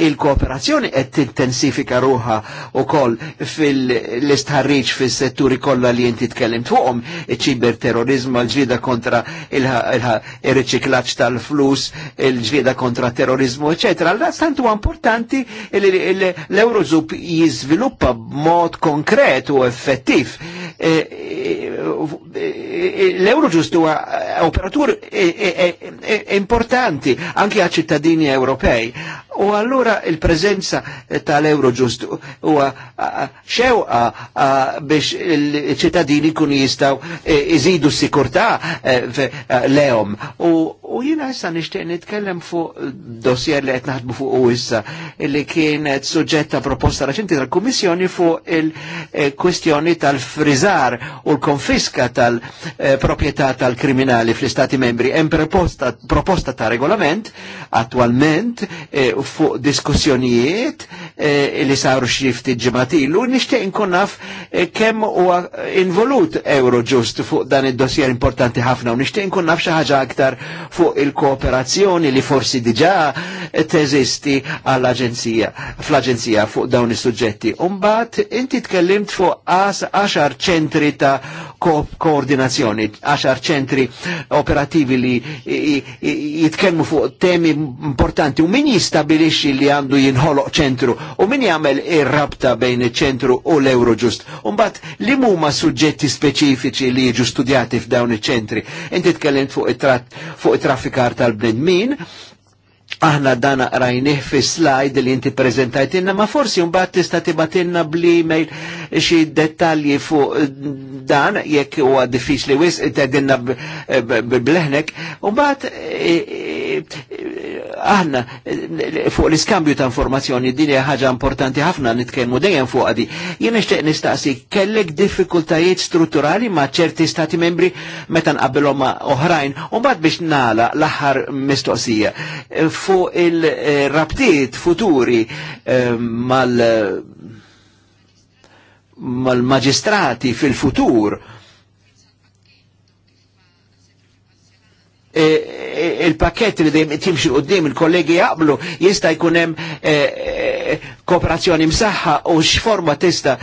il-kooperazzjoni qed intensifika ruha wkoll fil istħarriċ fis-setturi kollha li inti tkellimt fuqhom, iċ terrorizmu, l ġvida kontra il-riċiklaġġ tal-flus, il ġvida kontra terrorizmu, eċetera. L-istant huwa importanti l eurozup jiżviluppa b'mod konkret u effettiv Eh, eh, eh, l giusto huwa operatur importanti anche a cittadini europei. U allura il-prezenza tal-euro ġustu u xewqa biex il-ċittadini kun jistaw e, iżidu s-sikurtà e, lehom. U jina issa nishtiq nitkellem fuq dossier li qed naħdmu u jissa li kienet suġġetta proposta raċenti tal-Kummissjoni fuq il-kwestjoni e, tal-frizar u l-konfiska tal propieta tal-kriminali fl-Istati membri. Em proposta ta' regolament attualment fuq diskussjonijiet eh, li saru xifti ġematilu, nishtiq nkunnaf naf eh, kemm huwa involut Eurojust fuq dan id-dossier importanti ħafna u nishtiq nkunnaf naf xi ħaġa aktar fuq il-kooperazzjoni li forsi diġà teżisti għall-aġenzija fl-aġenzija fuq dawn is-suġġetti. Umbagħad inti tkellimt fuq 10 ċentri ta' koordinazzjoni, 10 ċentri operativi li jitkellmu fuq temi importanti u min jista' jistabilixxi li għandu jinħoloq ċentru u min jagħmel ir-rabta bejn iċ-ċentru u l-Eurojust. Umbagħad li huma suġġetti speċifiċi li jiġu studjati f'dawn iċ-ċentri. Inti tkellimt fuq it-traffikar tal-bnedmin, aħna dana rajnih fi slide li inti prezentajtinna, ma forsi mbagħad tista' tibatinna bl-email xi dettalji fuq dan jekk huwa diffiċli wis tgħidilna bleħnek, un bat aħna fuq l-iskambju ta' informazzjoni din hija ħaġa importanti ħafna nitkellmu dejjem fuq di. Jien nixtieq nistaqsi kellek diffikultajiet strutturali ma' ċerti stati membri meta nqabbilhom ma' oħrajn u mbagħad biex nala l-aħħar mistoqsija fuq il-rabtiet futuri ehm, mal mal-maġistrati fil-futur Eh, eh, il-pakket li dejjem timxi qudiem il-kollegi jaqblu jista' jkun hemm eh, kooperazzjoni msaħħa u x'forma tista'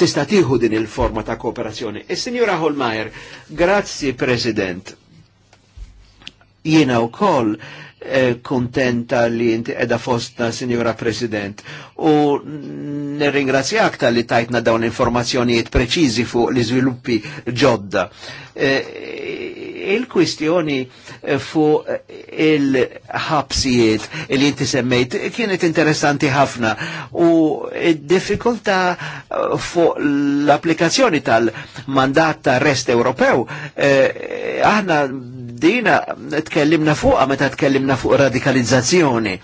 tista' tieħu din il-forma ta' kooperazzjoni. Is-Sinjura e, Holmajer, grazzi President. Jiena wkoll kontenta li inti edha fostna, Sinjura President. U nirringrazzjak tal-li tajtna dawn informazzjonijiet preċiżi fuq l-iżviluppi ġodda. Il-kwistjoni eh, fuq eh, il-ħabsijiet li il inti semmejt kienet interessanti ħafna u id-diffikulta eh, fuq l-applikazzjoni tal-mandat ta' rest Ewropew eh, aħna dina tkellimna fuqa meta tkellimna fuq radikalizzazzjoni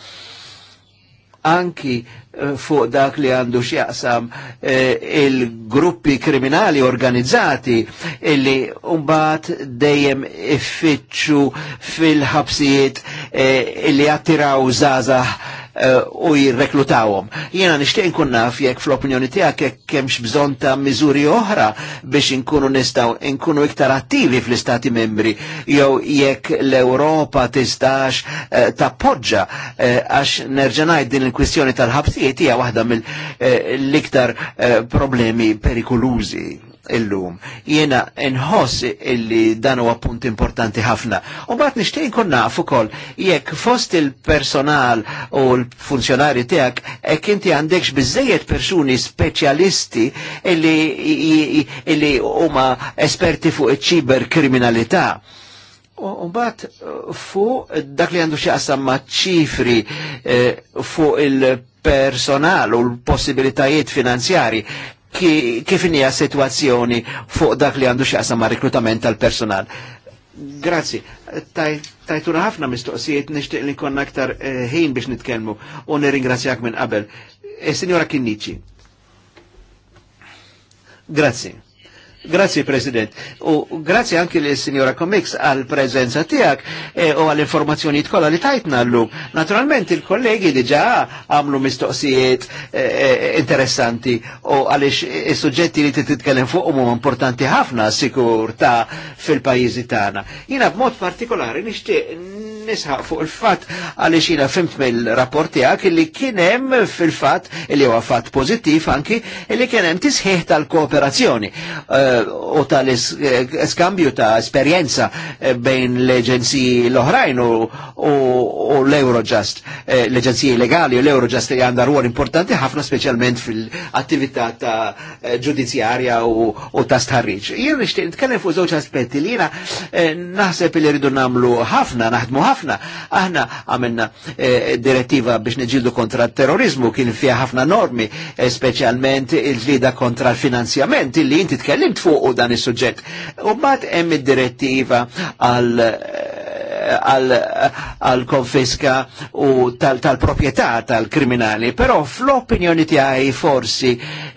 anki Eh, fuq dak li għandu xjaqsam eh, il-gruppi kriminali organizzati illi umbat dejjem iffittxu fil-ħabsijiet eh, illi attiraw zazah Eh, u jirreklutawom. Jiena nixtieq nkun naf jekk fl-opinjoni tiegħek jekk hemmx bżonn ta' miżuri oħra biex inkunu nistgħu nkunu iktar attivi fl-Istati membri jew jekk l-Ewropa tistax eh, ta' poġġa eh, għax nerġanajt din il-kwistjoni tal-ħabsijiet hija waħda mill-iktar problemi perikolużi illum. Jena nħoss illi dan huwa punt importanti ħafna. U bat nixtieq nkun naf ukoll jekk fost il-personal u l-funzjonari tiegħek hekk inti għandekx biżejjed persuni speċjalisti illi illi huma esperti fuq iċ-ċiber kriminalità. U bat uh, fuq dak li għandu xi ma' ċifri uh, fuq il-personal u l-possibilitajiet finanzjari kif hija situazzjoni fuq dak li għandu xaqsam ma' reklutament tal-personal. Grazzi, tajtuna ħafna mistoqsijiet nishtiq li konna aktar eh, ħin biex nitkelmu u nirringrazzjak minn qabel. Eh, Signora Kinnici. Grazzi. Grazie President. U grazie anche li signora Comex al prezenza tijak e, eh, u alle informazzjoni tkolla li tajtna l Naturalmente Naturalment il-kollegi già għamlu mistoqsijiet e, interessanti u għalix e, sujġetti li titkellem fuq um importanti ħafna sikur ta' fil-pajizi tagħna. Jina b'mod partikolari nixtieq nisħaq fuq il-fat għalli xina fimt mill-rapportijak li kienem fil-fat illi huwa fat pozittiv anki li kienem tisħiħ tal-kooperazzjoni eh, u tal-skambju eh, ta' esperienza eh, bejn l-eġenziji l-oħrajn u l-Eurojust, l-eġenziji legali u l-Eurojust li għandha ruol importanti ħafna specialment fil-attività ta' ġudizzjarja u ta' stħarriċ. Jien nixtieq nitkellem fuq żewġ aspetti li jiena naħseb li rridu nagħmlu ħafna, naħdmu ħafna ħafna. Aħna għamilna eh, direttiva biex neġildu kontra terrorizmu kien fija ħafna normi, speċjalment eh, specialment il-ġlida kontra l-finanzjament li inti tkellimt fuq dan is-suġġett. U mbagħad hemm id-direttiva għal eh, għal-konfiska u tal-propieta tal-kriminali. Però fl-opinjoni tiegħi forsi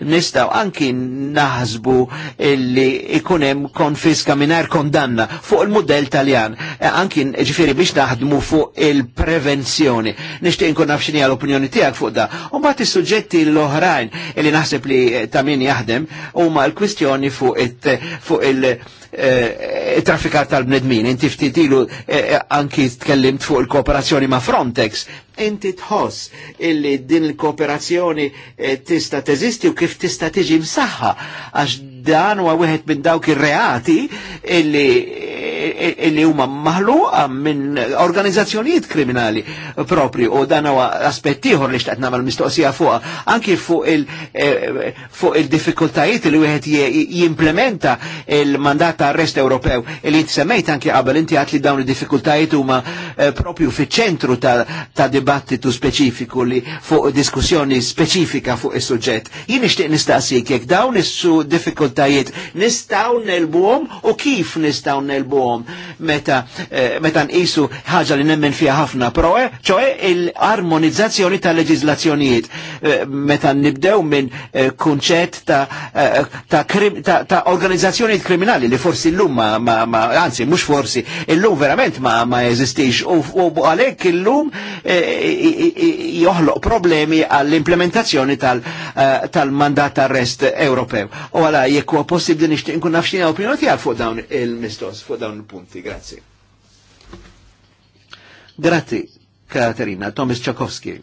nistaw anki naħsbu illi ikunem konfiska minar kondanna fuq il-modell taljan. E, anki ġifiri biex naħdmu fuq il-prevenzjoni. Nishtiq nkun nafxini għal-opinjoni tiegħek fuq da. U bat is-suġġetti l-oħrajn illi naħseb li ta' min jaħdem huma l-kwistjoni fuq il- Eh, eh, traffikat tal-bnedmin. Inti ftit ilu eh, anki tkellimt fuq il-kooperazzjoni ma' Frontex. Inti tħoss illi din il-kooperazzjoni tista' teżisti u kif tista' tiġi msaħħa għax dan huwa wieħed minn dawk ir-reati illi huma maħluqa minn organizzazzjonijiet kriminali propri u dan huwa aspett ieħor li xtaqt nagħmel mistoqsija fuqha anki fuq il eh, fuq il-diffikultajiet li wieħed jimplementa il-mandat ta' arrest Ewropew li inti semmejt anki qabel inti għad li dawn id-diffikultajiet huma eh, propju fiċ-ċentru ta' dibattitu speċifiku li fuq diskussjoni speċifika fuq is-suġġett. Jien nixtieq nistaqsik jekk dawn is-su diffikultajiet diffikultajiet nistaw nelbuhom u kif nistaw nelbuhom meta eh, meta nqisu ħaġa li nemmen fiha ħafna proe, eh, ċoe il-armonizzazzjoni ta' leġiżlazzjonijiet eh, meta nibdew minn eh, kunċett ta' eh, ta', krim, ta, ta organizzazzjonijiet kriminali li forsi llum ma, ma, ma anzi mhux forsi illum verament ma ma jeżistix u għalhekk illum eh, joħloq problemi għall-implementazzjoni tal-mandat tal arrest Ewropew. U għala jekk huwa possibbli nixtieq nkun naf x'inhi opinjoni tiegħek fuq dawn il-mistoqs, fuq dawn il-punti. Grazzi. Grazzi, Katerina, Tomis Czakowski.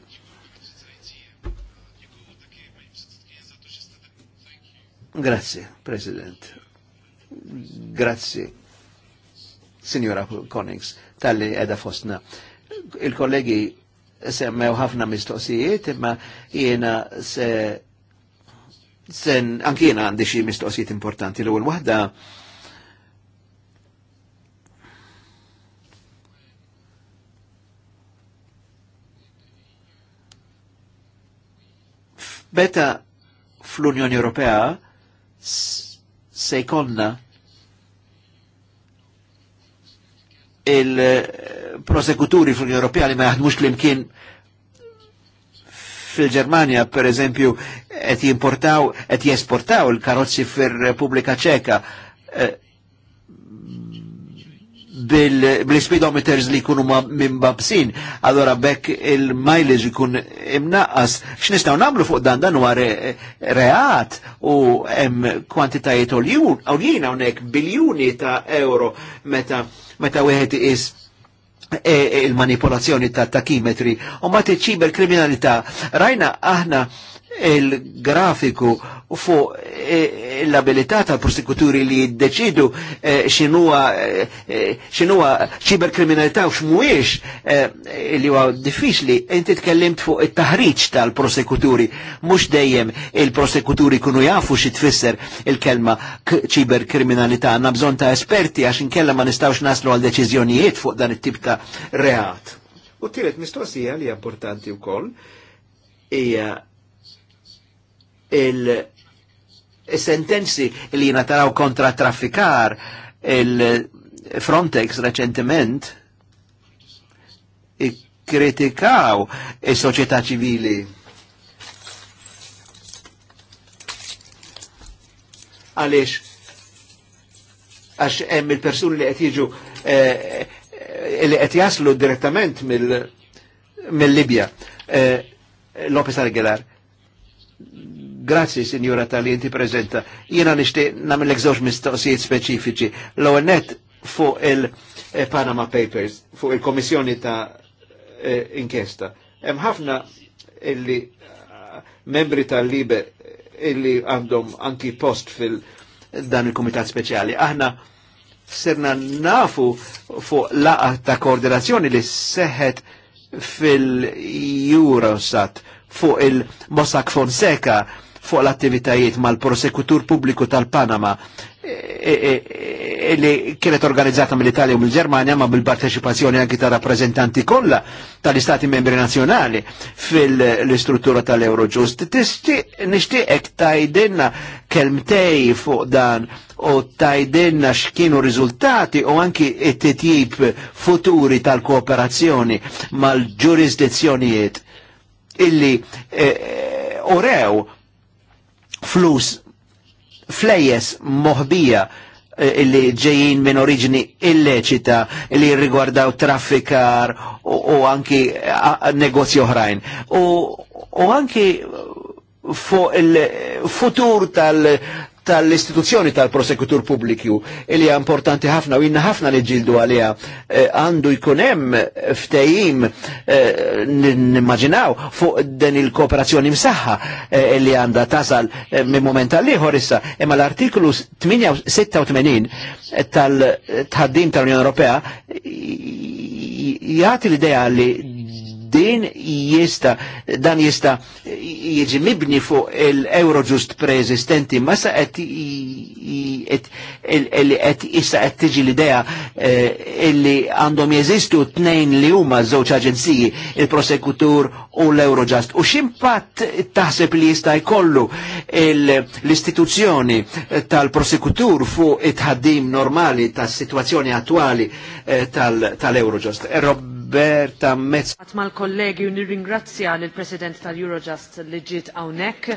Grazie, President. Grazie, Signora Konings, tal-li edha fostna. Il-kollegi semmew ħafna mistoqsijiet, imma jiena se sen ankina għandi xi mistoqsijiet importanti l-ewwel waħda Beta fl-Unjoni Ewropea se jkollna il-prosekuturi fl-Unjoni Ewropea li ma jaħdmux l-imkien fil-Germania per eżempju et jimportaw et jesportaw il-karozzi fil repubblika Ċeka eh, bil-speedometers li kunu minn babsin, allora bekk il-mileage ikun imnaqas, x'nistgħu namlu fuq dan dan huwa reat u hemm kwantitajiet għoljin hawnhekk biljuni ta' euro meta meta wieħed is E, e, il-manipolazzjoni ta' takimetri u ma t-ċiber kriminalità. Rajna aħna il-grafiku fuq eh, l-abilità tal-prosekuturi li jiddeċidu eh, xinuwa eh, xinuwa ċiberkriminalità u xmuwiex li huwa diffiċli, inti tkellimt fuq it-taħriġ tal-prosekuturi, mhux dejjem il-prosekuturi kunu jafu xi tfisser il-kelma ċiberkriminalità, għandna bżonn ta' esperti għax inkella ma nistgħux naslu għal deċiżjonijiet fuq dan it-tip ta' reat. U tielet mistoqsija li importanti wkoll hija il-sentenzi li nataraw kontra traffikar il-Frontex reċentement kritikaw il-soċieta ċivili. Għalix, għax hemm il-persuni li qed jiġu eh, eh, li qed jaslu direttament mill-Libja. Mil eh, Lopez Aguilar Grazzi, Signora, tal inti prezenta. Jena nishti namillek zoċ mistoqsijiet speċifiċi. l onet fuq il-Panama eh, Papers, fuq il-Komissjoni ta' eh, inkjesta. Hemm ħafna illi eh, membri tal-libe illi għandhom anki post fil- dan il-Komitat Speċjali. Aħna serna nafu fuq laqa ta' koordinazzjoni li seħet fil-Eurosat fuq il-Mossack Fonseca fuq l-attivitajiet mal-prosekutur pubbliku tal-Panama e, e, e, li kienet organizzata mill-Italja u mill-Germania ma bil-parteċipazzjoni anki ta' rappresentanti kollha tal-Istati membri nazjonali fil-istruttura tal-Eurojust. Nixtieqek tajdenna kelmtej fuq dan u tajdinna x'kienu riżultati u anki it-titjib futuri tal-kooperazzjoni mal-ġurisdizzjonijiet illi urew flus flejes moħbija eh, illi ġejjin minn oriġini illeċita li rigwardaw traffikar u anki negozju oħrajn. U anki eh, fuq il-futur tal- tal-istituzzjoni tal-prosekutur pubbliku e li importanti ħafna u jinn ħafna li ġildu għalija e, għandu jkunem jkun hemm immaginaw e, nimmaġinaw fuq den il-kooperazzjoni msaħħa e, li għandha tasal minn moment għal ieħor issa imma l-artiklu 86 tal-tħaddim tal-Unjoni Ewropea jagħti l-idea li din jista dan jista jiġi mibni fuq il-euro ġust preesistenti ma sa qed issa għet tiġi l-idea eh, illi għandhom jeżistu tnejn li huma żewġ aġenziji il-prosekutur u l-Eurojust. U x'impatt taħseb li jista' jkollu l-istituzzjoni tal-prosekutur fuq it-ħaddim normali tas-sitwazzjoni attwali eh, tal-Eurojust? tal prosekutur fuq it ħaddim normali tas situazzjoni attuali tal eurojust tkabber ta' mezz. Għatmal kollegi u nirringrazzja l-President tal-Eurojust liġit ġiet għawnek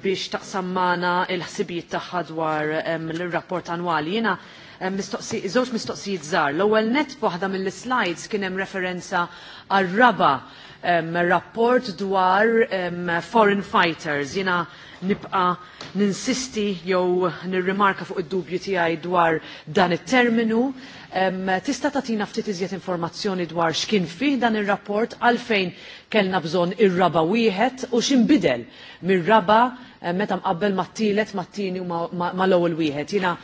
biex taqsammana il-ħsibijiet taħħa dwar l-rapport annwali. Jena mistoqsi, mistoqsijiet zar. l ewwel net waħda mill-slides hemm referenza għal-raba um, rapport dwar um, foreign fighters. Jina nibqa ninsisti jew nirrimarka fuq id-dubju tiegħi dwar dan it-terminu. Um, tista tagħtina ftit iżjed informazzjoni dwar x'kien fih dan ir-rapport għalfejn kellna bżonn ir-raba wieħed u x'inbidel mir-raba meta mqabbel mat-tielet mat-tieni u mal-ewwel wieħed. Jiena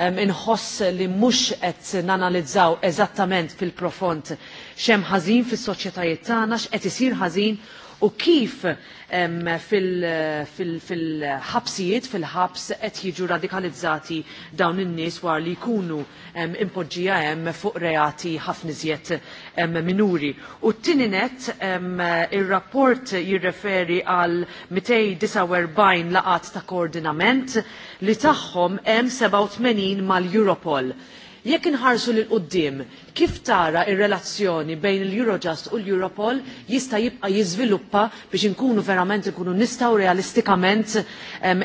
inħoss li mhux qed nanalizzaw eżattament fil-profond xem ħażin fis-soċjetajiet tagħna x'qed isir ħażin u kif fil-ħabsijiet, fil-ħabs qed jiġu radikalizzati dawn in-nies war li jkunu impoġġija hemm fuq reati ħafna iżjed minuri. U t-tieni il ir-rapport jirreferi għal 249 laqat ta' koordinament li tagħhom hemm 87 mal-Europol. Jekk inħarsu l qudiem kif tara ir-relazzjoni bejn il-Eurojust u l-Europol jista' jibqa' jiżviluppa biex inkunu verament inkunu nistgħu realistikament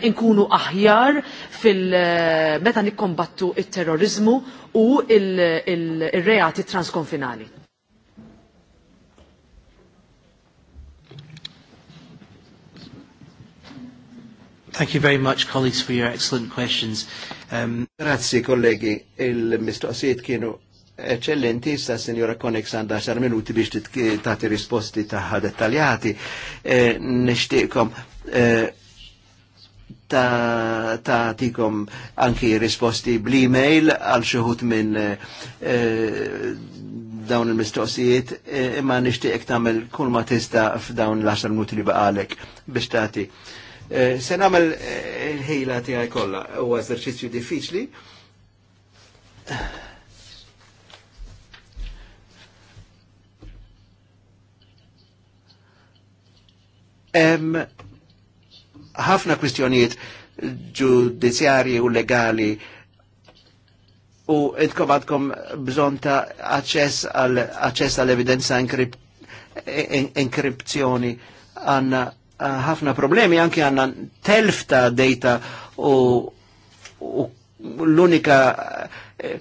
inkunu aħjar fil eh, meta nikkombattu it-terrorizmu u il-reati transkonfinali. Thank you very much, colleagues, for your excellent questions. Grazzi kollegi, il-mistoqsijiet kienu eccellenti, sa signora Konex għanda xar minuti biex tati risposti taħħa dettaljati. E, Nishtiqkom e, ta', tikom anki risposti bl-email għal xuħut minn e, dawn il-mistoqsijiet imma nishtiqek tamel kull ma tista f'dawn l-10 minuti li baqalek biex tati Eh, se namel eh, il-ħila għaj kolla, u eżerċizzju diffiċli. Hemm ħafna kwistjonijiet ġudizzjarji u legali u idkom għadkom bżon ta' access għal-evidenza inkripzjoni għanna Eh, ħafna problemi, anki għanna telf ta' data u, u l-unika eh,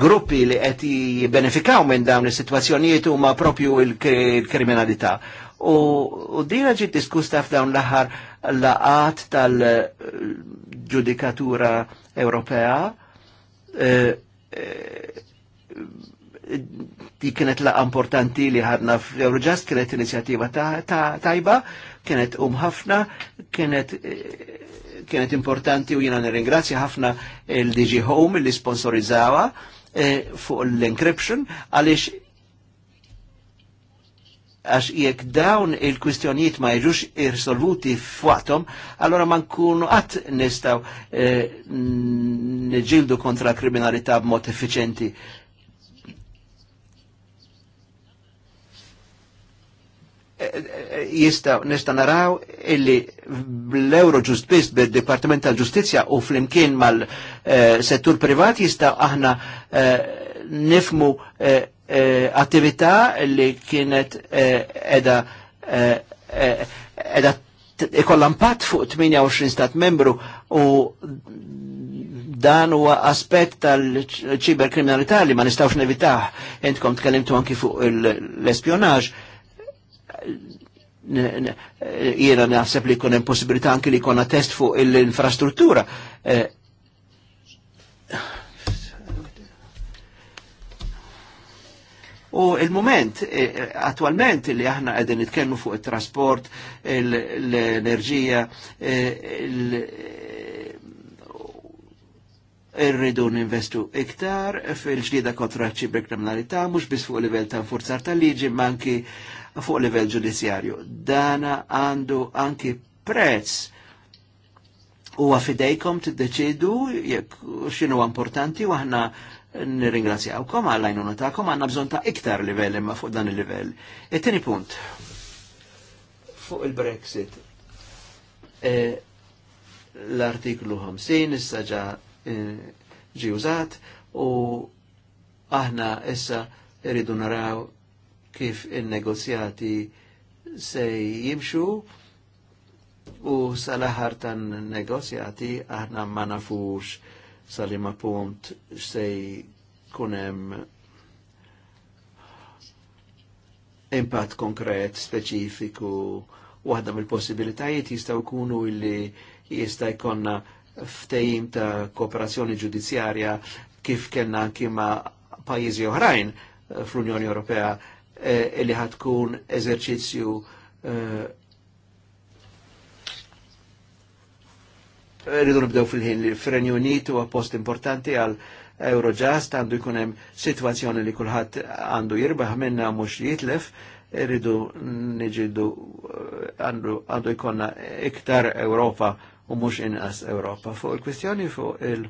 gruppi li qed jibbenefikaw minn dawn is-sitwazzjonijiet huma propju il-kriminalità. U, u dira ġiet diskusta f'dawn l-aħħar laqat tal-ġudikatura Ewropea. Eh, eh di kienet la importanti li ħadna f'Eurojust kienet inizjattiva tajba ta ta kienet um ħafna, kienet kienet importanti u jina nirringrazzja ħafna il-DG Home li sponsorizzawa fuq l-encryption għaliex għax jekk dawn il-kwistjonijiet ma jġux irsolvuti f'waqthom, allora ma nkunu qatt nistgħu eh, niġildu kontra kriminalità b'mod effiċenti jista nista naraw illi l-Euro Just Bist bil-Departiment tal-Ġustizja u fl-imkien mal-settur eh, privat jista aħna eh, nifmu eh, eh attività li kienet eh, edha eh, edha ikolla impatt fuq 28 stat membru u dan huwa aspett tal-ċiberkriminalità li ma nistawx nevitaħ. Entkom tkellimtu anki fuq l-espjonaġ. l espjonaġ Eh, jiena naħseb li jkun hemm possibilità anki li jkollna test fuq l-infrastruttura. Eh, U il-moment, eh, attualment li aħna għedin nitkellmu fuq il-trasport, l-enerġija, irridu ninvestu iktar fil ġdida kontra kriminalità mux bis fuq livell ta' forzar tal-liġi, manki fuq livell ġudizzjarju. Dana għandu anki prezz u għafidejkom t-deċidu jekk xinu importanti u aħna nirringrazzjawkom għallajnuna notakom għanna bżon ta' iktar livell imma fuq dan il-livell. It-tini punt fuq il-Brexit. E, l-artiklu 50 issa ġa e, ġi u aħna issa irridu naraw kif il-negozjati se jimxu u sal-aħar tan negozjati aħna ma nafux sal-ima punt se kunem impatt konkret, speċifiku, waħda mill-possibilitajiet jistaw kunu illi jista jkonna ftejim ta' kooperazzjoni ġudizzjarja kif kellna kima pajjiżi oħrajn fl-Unjoni Ewropea eh, li ħatkun eżerċizzju eh, rridu nibdew fil-ħin li fil-Renju huwa post importanti għal Eurojust għandu jkun hemm sitwazzjoni li kulħadd għandu jirbaħ minna mhux jitlef, rridu niġidu eh, għandu jkollna iktar Ewropa u mux inqas Ewropa. Fuq il-kwistjoni fuq il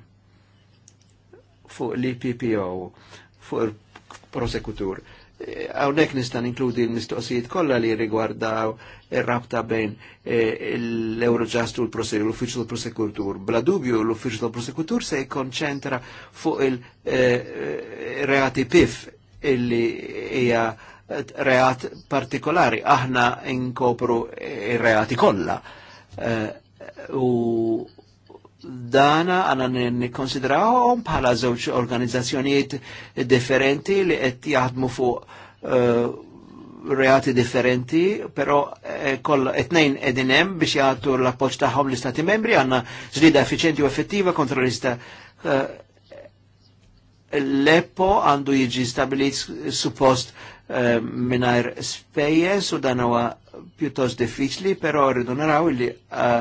fuq l-IPPO, fuq il-prosekutur. il prosekutur Għawnek nistan inkludi l-mistoqsijiet kolla li rigwardaw il rabta bejn e, l-Eurojust u l uffiċu tal-Prosekutur. Bla dubju l uffiċu tal-Prosekutur se jikonċentra fuq il-reati e, e, PIF illi hija reat partikolari. Aħna inkopru il reati kolla dana għana nikonsidrawhom bħala zewċ organizzazzjonijiet differenti li qed jaħdmu fuq uh, reati differenti, però e, koll etnejn edin hemm biex jagħtu l-appoġġ tagħhom l-Istati membri għandna ġlida effiċenti u effettiva kontra l-ista uh, e, l-EPPO għandu jiġi stabilit suppost uh, minnajr spejjes u dan huwa pjuttost diffiċli, però rridu naraw li uh,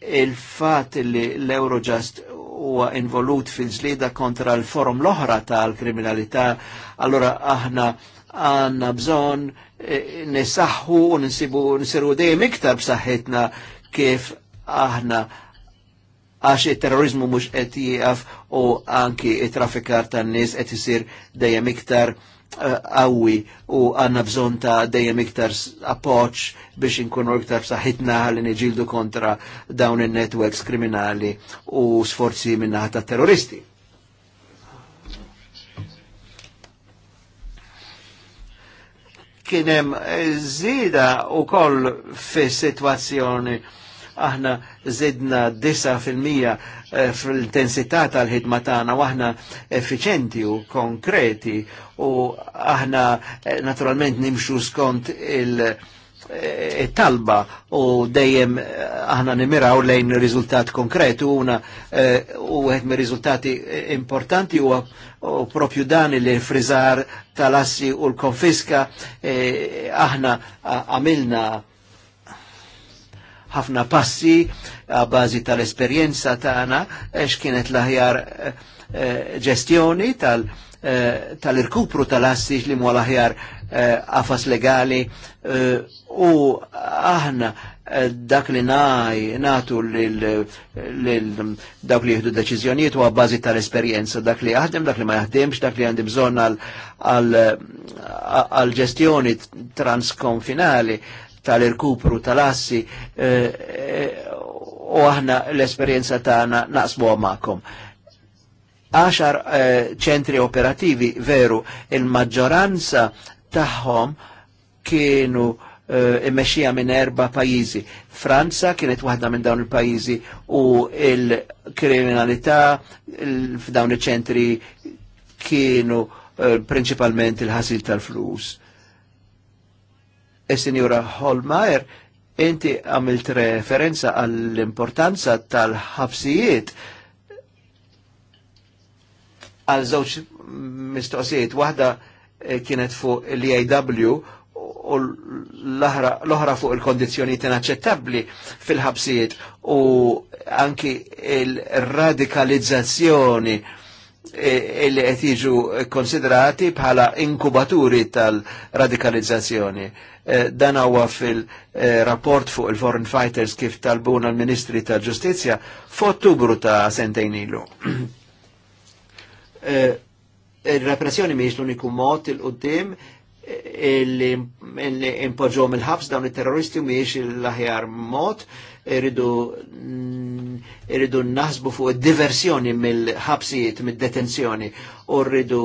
il-fat li l-Eurojust huwa involut fil-ġlida kontra l-forum l-oħra tal-kriminalità, allora aħna għanna bżon e, nisaħħu u nsibu nisiru dejjem iktar b'saħħitna kif aħna għax il-terrorizmu mhux qed jieqaf u anki it-traffikar tan-nies qed isir dejjem iktar għawi u għanna bżon ta' dejjem iktar appoċ biex inkunu iktar saħitna li neġildu kontra dawn il-networks kriminali u sforzi minna ta' terroristi. Kienem eh, zida u koll fi situazzjoni aħna zidna 9% eh, fil-intensità tal-ħidma tagħna u aħna effiċenti u konkreti u aħna eh, naturalment nimxu skont il- eh, talba u dejjem aħna nimiraw lejn riżultat konkretu una u għed me riżultati importanti u propju dan li frizar tal-assi u l-konfiska aħna għamilna ħafna passi għabazi tal-esperienza tagħna għax l-aħjar eh, eh, ġestjoni tal- eh, irkupru tal-assi li mu laħjar għafas legali u aħna dak li naj natu dak li jihdu deċizjoniet u għabbażi tal-esperienza, dak li jahdem, dak li ma jaħdemx, dak li għandi bżon għal-ġestjoni transkonfinali, tal-irkupru tal-assi eh, eh, u aħna l-esperienza tagħna naqsmu magħkom. Aċar eh, ċentri operativi veru il-maġġoranza tagħhom kienu immexxija minn erba' pajjiżi. Franza kienet waħda minn dawn il-pajjiżi u il-kriminalità f'dawn iċ-ċentri kienu principalment il-ħasil tal-flus. Signora Holmajer, inti għamilt referenza għall-importanza tal-ħabsijiet għal żewġ mistoqsijiet. Waħda eh, kienet fuq l iaw u l-oħra fuq il-kondizjoniet inaċċettabbli fil-ħabsijiet u anki il-radikalizzazzjoni il radikalizzazzjoni illi e, e qed jiġu konsiderati bħala inkubaturi tal-radikalizzazzjoni. E, dan huwa fil-rapport fuq il-Foreign Fighters kif talbuna l-Ministri tal-Ġustizzja f'Ottubru ta' sentejn ilu. Il-repressjoni mhijiex l-uniku mod il-qudiem illi impoġġhom il-ħabs dawn it-terroristi mhijiex l-aħjar mod irridu naħsbu fuq diversjoni mill-ħabsijiet, mid-detenzjoni, u rridu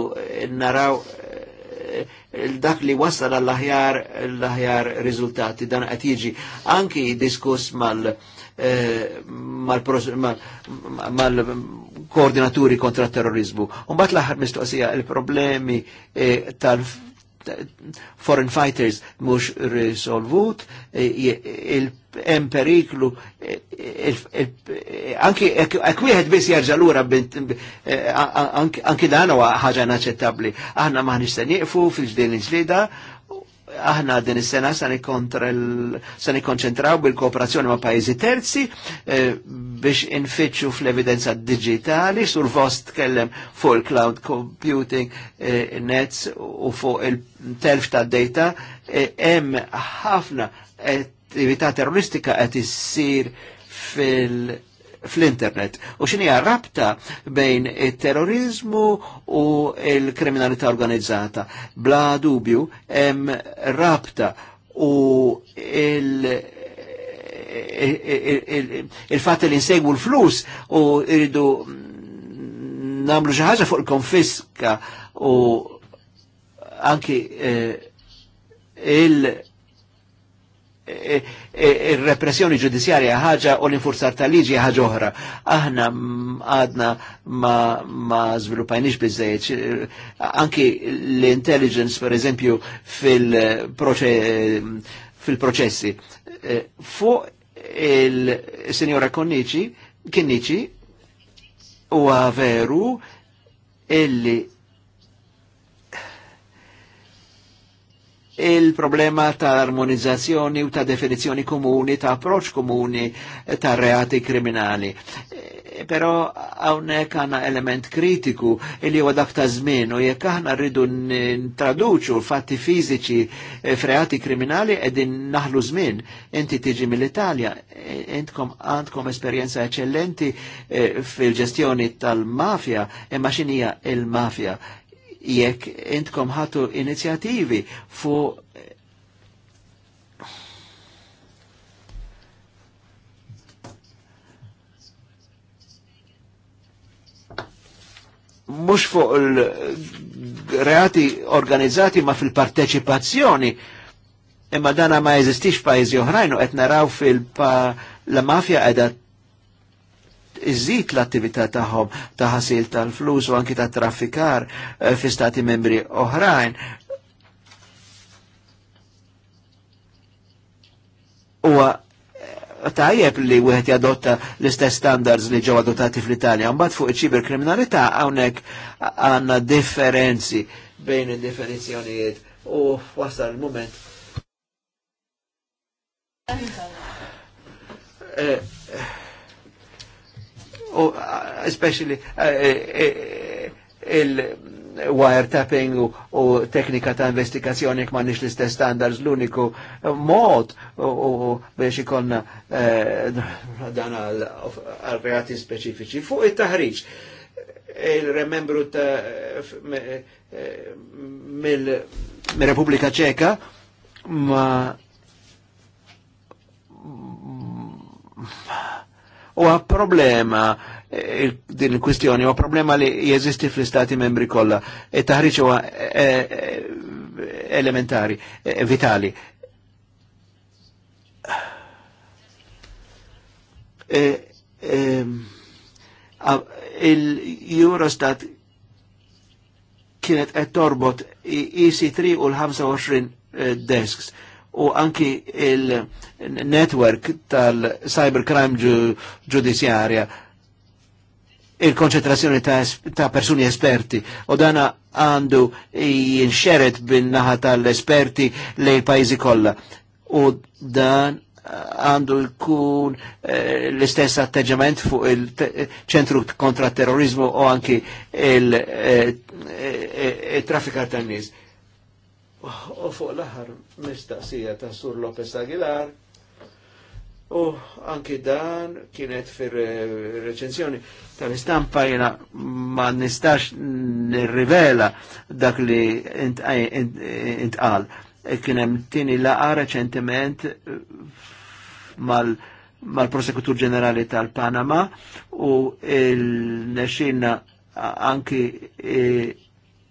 naraw eh, dak li wasal għall-aħjar l-aħjar riżultati dan qed jiġi anki diskuss mal eh, mal-koordinaturi kontra terrorizmu. Umbat l-aħħar mistoqsija il-problemi eh, tal foreign fighters mux risolvut, e, e, il-em periklu, e, anki ek wieħed biss jerġa' lura anki dan huwa ħaġa inaċċettabbli. Aħna ma nista' nieqfu fil-ġdien il-ġlieda aħna din is-sena se nikkonċentraw bil-kooperazzjoni ma' pajjiżi terzi eh, biex infittxu fl-evidenza digitali sur vost tkellem fuq il-cloud computing eh, nets u fuq il-telf ta' data eh, hemm ħafna attività terroristika qed issir fil- fl-internet. U xini rabta bejn il-terrorizmu u il-kriminalità organizzata. Bla dubju, em rabta u il- il-fat li insegwu l-flus u irridu namlu ħaġa fuq il-konfiska u anki eh, il- il-repressjoni ġudizjarja ħaġa u l-infurzar tal-liġi ħaġa oħra. Aħna għadna ma, ma zvilupajnix bizzejċ. Anki l-intelligence, per eżempju, fil-proċessi. Eh, Fu il-senjora Konnici, Kinnici, u għaveru illi il-problema ta' armonizzazzjoni u ta' definizzjoni komuni, ta' approċ komuni eh, ta' reati kriminali. Eh, Pero hawnhekk għana element kritiku li huwa dak ta' żmien u jekk aħna rridu traduċu fatti fiżiċi eh, f'reati kriminali qegħdin naħlu żmien. Inti tiġi mill-Italja, intkom għandkom esperjenza eċċellenti fil-ġestjoni tal-mafja, imma xinija il-mafja? jekk intkom ħatu inizjativi fu mux fuq il-reati organizzati ma fil-parteċipazzjoni imma dana ma jeżistix pajjiżi oħrajn u qed naraw fil-mafja qiegħda iżid l-attività tagħhom ta' ħasil tal-flus u anki ta' traffikar eh, fi stati membri oħrajn. Huwa eh, tajjeb li wieħed jadotta l-istess standards li ġew adottati fl-Italja, mbagħad fuq iċ-ċiber kriminalità hawnhekk għandna differenzi bejn id-definizzjonijiet u wasal il-moment. Eh, eh. Uh, especially uh, uh, il-wiretapping u teknika ta' investigazzjoni jekk m'għandniex l-istess standards l-uniku mod u biex ikonna dan għal reati speċifiċi fuq it-taħriġ il-remembru ta' eh, mil repubblika ċeka ma u problema eh, din il-kwistjoni, u problema li jeżisti fl-istati membri kolla, Il-taħriċ e u eh, eh, elementari, vitali. Ehm, Il-Eurostat kienet qed torbot EC3 u l-25 desks u anki il-network tal-cybercrime ġudizjarja il-konċentrazzjoni ta', ta persuni esperti u dana għandu jinxeret bin-naħa tal-esperti le pajzi kollha. U dan għandu jkun eh, l-istess atteġġament fuq il-ċentru kontra terrorizmu u anki il-traffika eh, eh, eh tan-nies u fuq l-aħħar mistaqsija ta' Sur Lopez Aguilar u anki dan kienet fir reċenzjoni tal-istampa jena ma nistax nirrivela dak li intqal. E Kienem tini laqa reċentiment mal- mal-prosekutur ġenerali tal-Panama u il-nexina anki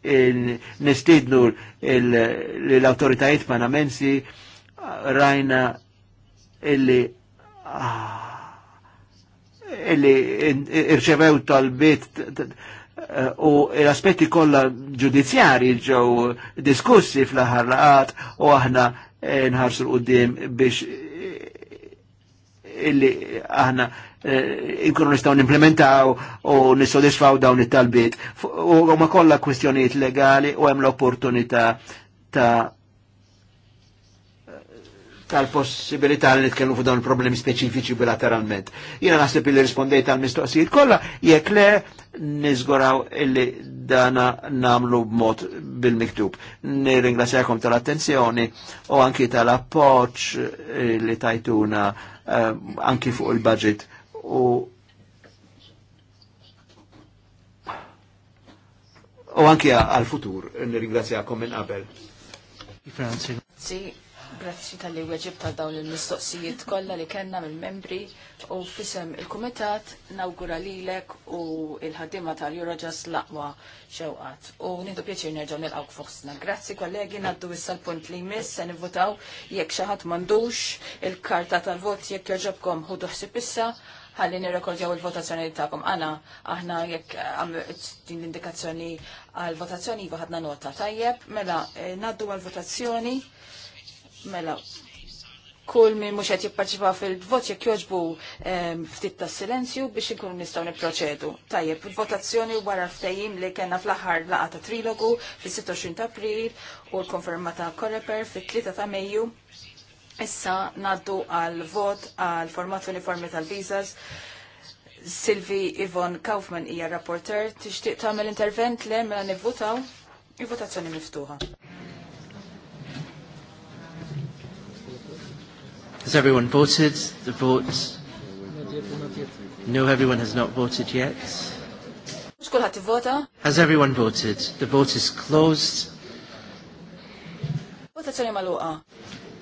nistidnu l-autoritajiet panamensi rajna illi ah, illi irċevew tal-bit u l-aspetti kolla ġudizzjari ġew diskussi fl-aħħar laqat u aħna eh, nħarsu l-qudiem biex eh, illi aħna Eh, inkunu nistaw nimplementaw u nissodisfaw dawn it-talbiet. U ma kollha kwistjonijiet legali u hemm l-opportunità ta' eh, tal-possibilità li nitkellmu fuq dawn il-problemi speċifiċi bilateralment. Jiena naħseb li rispondejt għal mistoqsijiet kollha jekk le niżguraw illi dana namlu b'mod bil-miktub. Nirringrazzjakom tal-attenzjoni u anki tal-appoġġ eh, li tajtuna anki fuq il-budget u u anki għal-futur, nirringrazzjakom minn qabel. Grazzi, grazzi tal-li weġib ta' dawn il-mistoqsijiet kollha li kellna mill-membri u fisem il-Kumitat nawgura lilek u il ħaddima tal-Eurojust laqwa xewqat. U pieċir pjaċir nil-għawk fostna. Grazzi kollegi ngħaddu issa l-punt li jmiss se nivvotaw jekk xi ħadd m'għandux il-karta tal-vot jekk jogħġobkom ħudu ħsib issa ħalli nirrekordjaw il-votazzjoni li tagħkom. Għana aħna jekk eh, għam din l-indikazzjoni għal votazzjoni iva ħadna nota. Tajjeb, mela eh, naddu għal votazzjoni mela kull minn mhux qed jipparċipa fil-vot jekk jogħġbu eh, ftit ta' silenzju biex inkunu nistgħu nipproċedu. Tajjeb, il-votazzjoni wara ftejim li kellna fl-aħħar laqgħa ta' trilogu fis-26 ta' April u l-konfermata Koreper fit-3 ta' Mejju Issa naddu għal vot għal format uniformi tal-vizas. Silvi Ivon Kaufman hija rapporter. Tixtieq tagħmel intervent le mela nivvutaw? Il-votazzjoni miftuħa. Has everyone voted? The votes? No, everyone has not voted yet. Has everyone voted? The vote is closed. Votazzjoni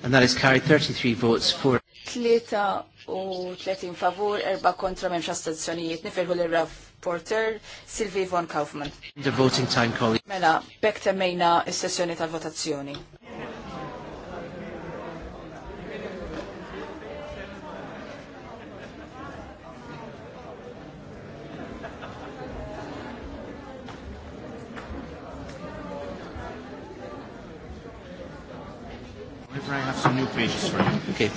And that is carried 33 votes for. Tlieta u tletin favur, erba kontra memx astazzjonijiet. Nifirħu l-rapporter Sylvie Von Kaufman. The voting time, colleague. Mela, bekk temmejna s-sessjoni tal-votazzjoni. I have some new pages for you. Okay.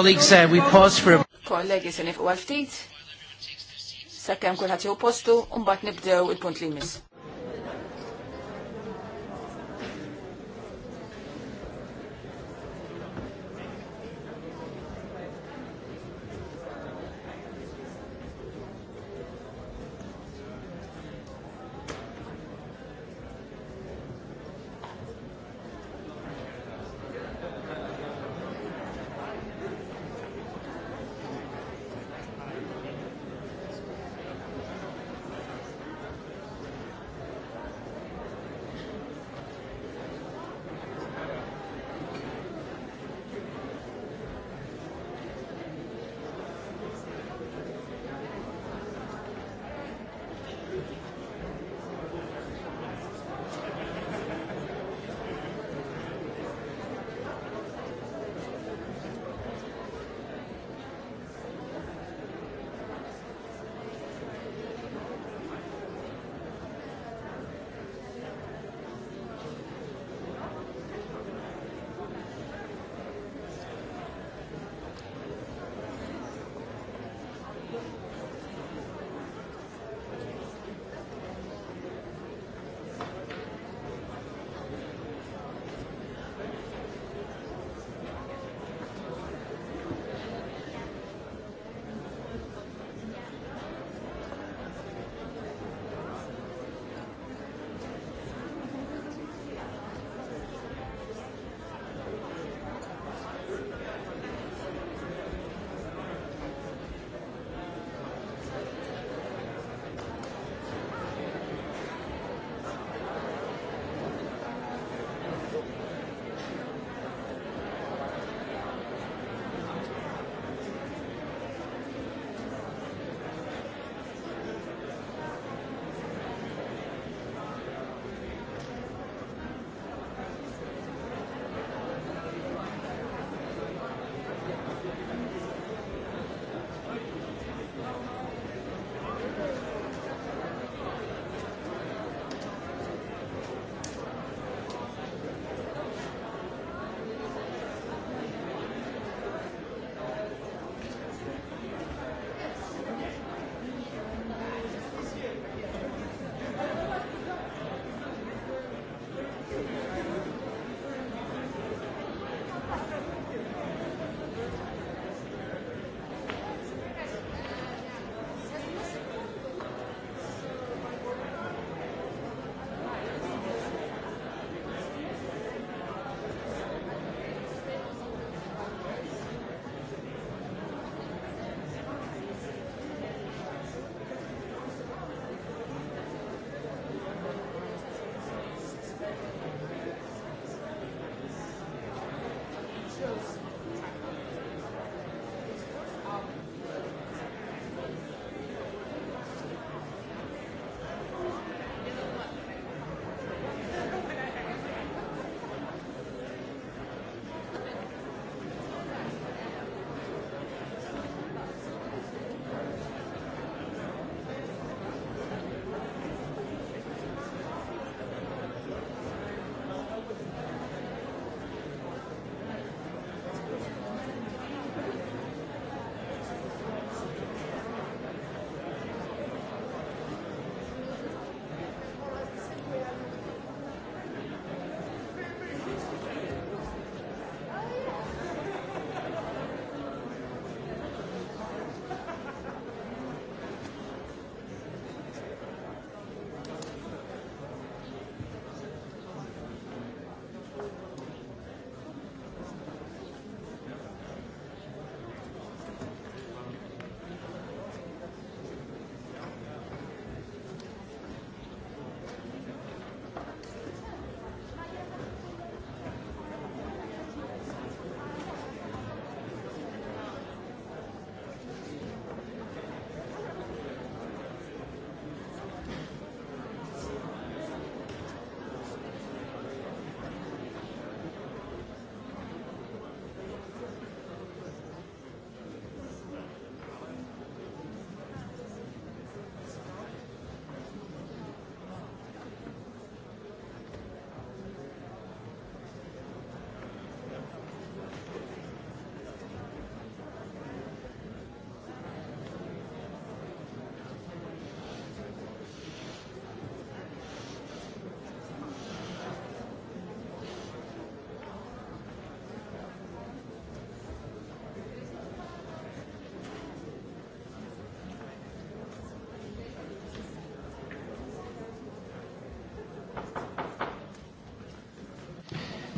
colleagues, uh, we pause for a... Kollegi, se nifqu għal ftit. Sekkem kullħat jew postu, un nibdew il-punt li jmiss.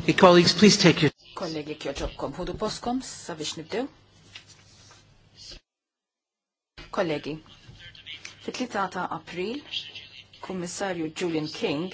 Hey, colleagues, please take your... Kollegi kjoġobkom, hudu poskom, sabiex nibdew? Kollegi, fit-3 ta' april, kummissarju Julian King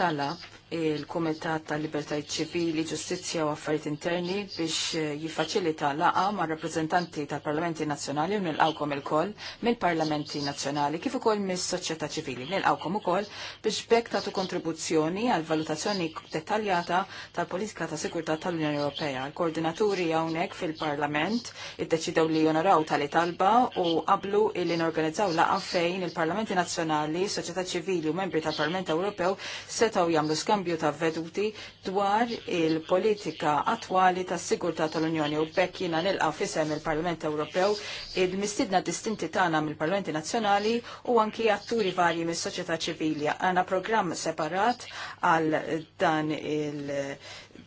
talab il-Kumitat tal libertajiet Ċivili, Ġustizzja u Affarijiet Interni biex eh, jiffaċilita laqa ma' rappreżentanti tal-Parlamenti Nazzjonali u nilqawkom il-koll mill-Parlamenti Nazzjonali kif ukoll mis-soċjetà ċivili. Nilqawkom ukoll biex bekk tagħtu kontribuzzjoni għal valutazzjoni dettaljata tal-politika ta' sigurtà tal-Unjoni Ewropea. Il-koordinaturi hawnhekk fil-Parlament iddeċidew li jonoraw tali talba u qablu illi norganizzaw laqa fejn il-Parlamenti Nazzjonali, soċjetà ċivili u membri tal-Parlament Ewropew setgħu jagħmlu skambju skambju ta' veduti dwar il-politika attwali ta' sigurtà tal-Unjoni u bekk jina nilqa fisem il-Parlament Ewropew id mistidna distinti tagħna mill-Parlamenti Nazzjonali u anki atturi varji mis-soċjetà ċivili. Għandna programm separat għal dan il-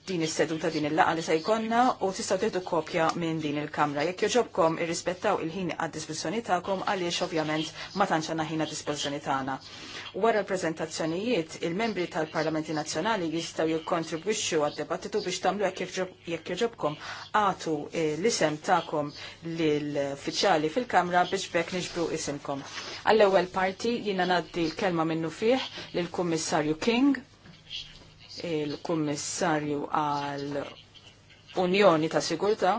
din is-seduta din il-laqa li se jkollna u tistgħu tieħdu kopja minn din il-kamra. Jekk joġobkom irrispettaw il-ħin għad-dispożizzjoni tagħkom għaliex ovvjament ma tantx għandna ħin għad-dispożizzjoni tagħna. Wara l-prezentazzjonijiet, il-membri tal-Parlamenti Nazzjonali jistgħu jikkontribwixxu għad-debattitu biex tagħmlu jekk jogħġobkom għatu eh, l-isem tagħkom lill-uffiċjali fil-Kamra biex bekk niġbru isimkom. Għall-ewwel parti jiena ngħaddi l-kelma minnu fih lill-Kummissarju King, il-Kummissarju eh, għal Unjoni ta' Sigurtà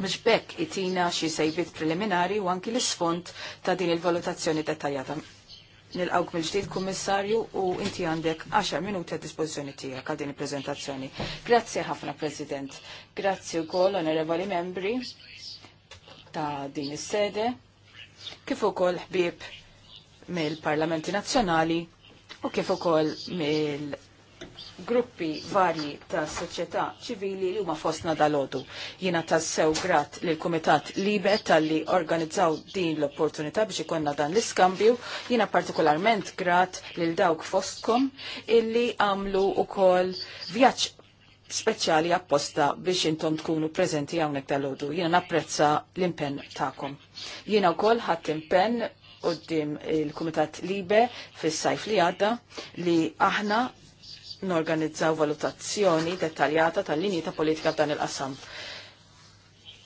biex bekk itina xi sejbiet preliminari u anki l-isfond ta' din il-valutazzjoni dettaljata nilqawk mill-ġdid kummissarju u inti għandek 10 minuti għad dispożizzjoni tiegħek għal din il-preżentazzjoni. Grazzi ħafna President. Grazzi wkoll onorevoli membri ta' din is-sede kif ukoll ħbieb mill-Parlamenti Nazzjonali u kif ukoll mill gruppi varji ta' soċjetà ċivili li huma fostna dal-ħodu. Jiena tassew grat lil kumitat Libe tal-li organizzaw din l-opportunità biex ikonna dan l-iskambju. Jiena partikolarment grat lil dawk fostkom illi għamlu ukoll vjaġġ speċjali apposta biex intom tkunu prezenti hawnhekk tal-ħodu. Jiena napprezza l-impenn tagħkom. Jiena wkoll ħadd impenn qoddim il-Kumitat Libe fis-sajf li għadda li aħna norganizzaw valutazzjoni dettaljata tal-linji ta' politika f'dan il-qasam.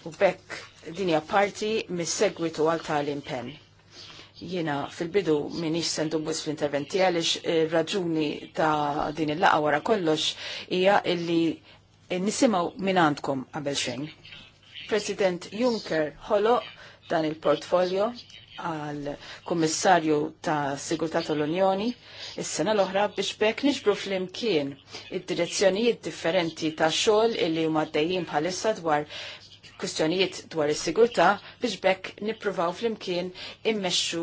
U bekk dinja parti mis-segwitu għal tal pen. Jiena fil-bidu minix sendu bus fl-interventi għalix eh, raġuni ta' din il-laqa wara kollox hija illi eh, nisimaw minantkom għandkom qabel xejn. President Juncker ħoloq dan il-portfolio għal Kummissarju ta' Sigurtà tal-Unjoni is-sena l-oħra biex bekk niġbru flimkien id-direzzjonijiet differenti ta' xogħol illi huma dejjin bħalissa dwar kwistjonijiet dwar is-sigurtà biex bekk nippruvaw flimkien immexxu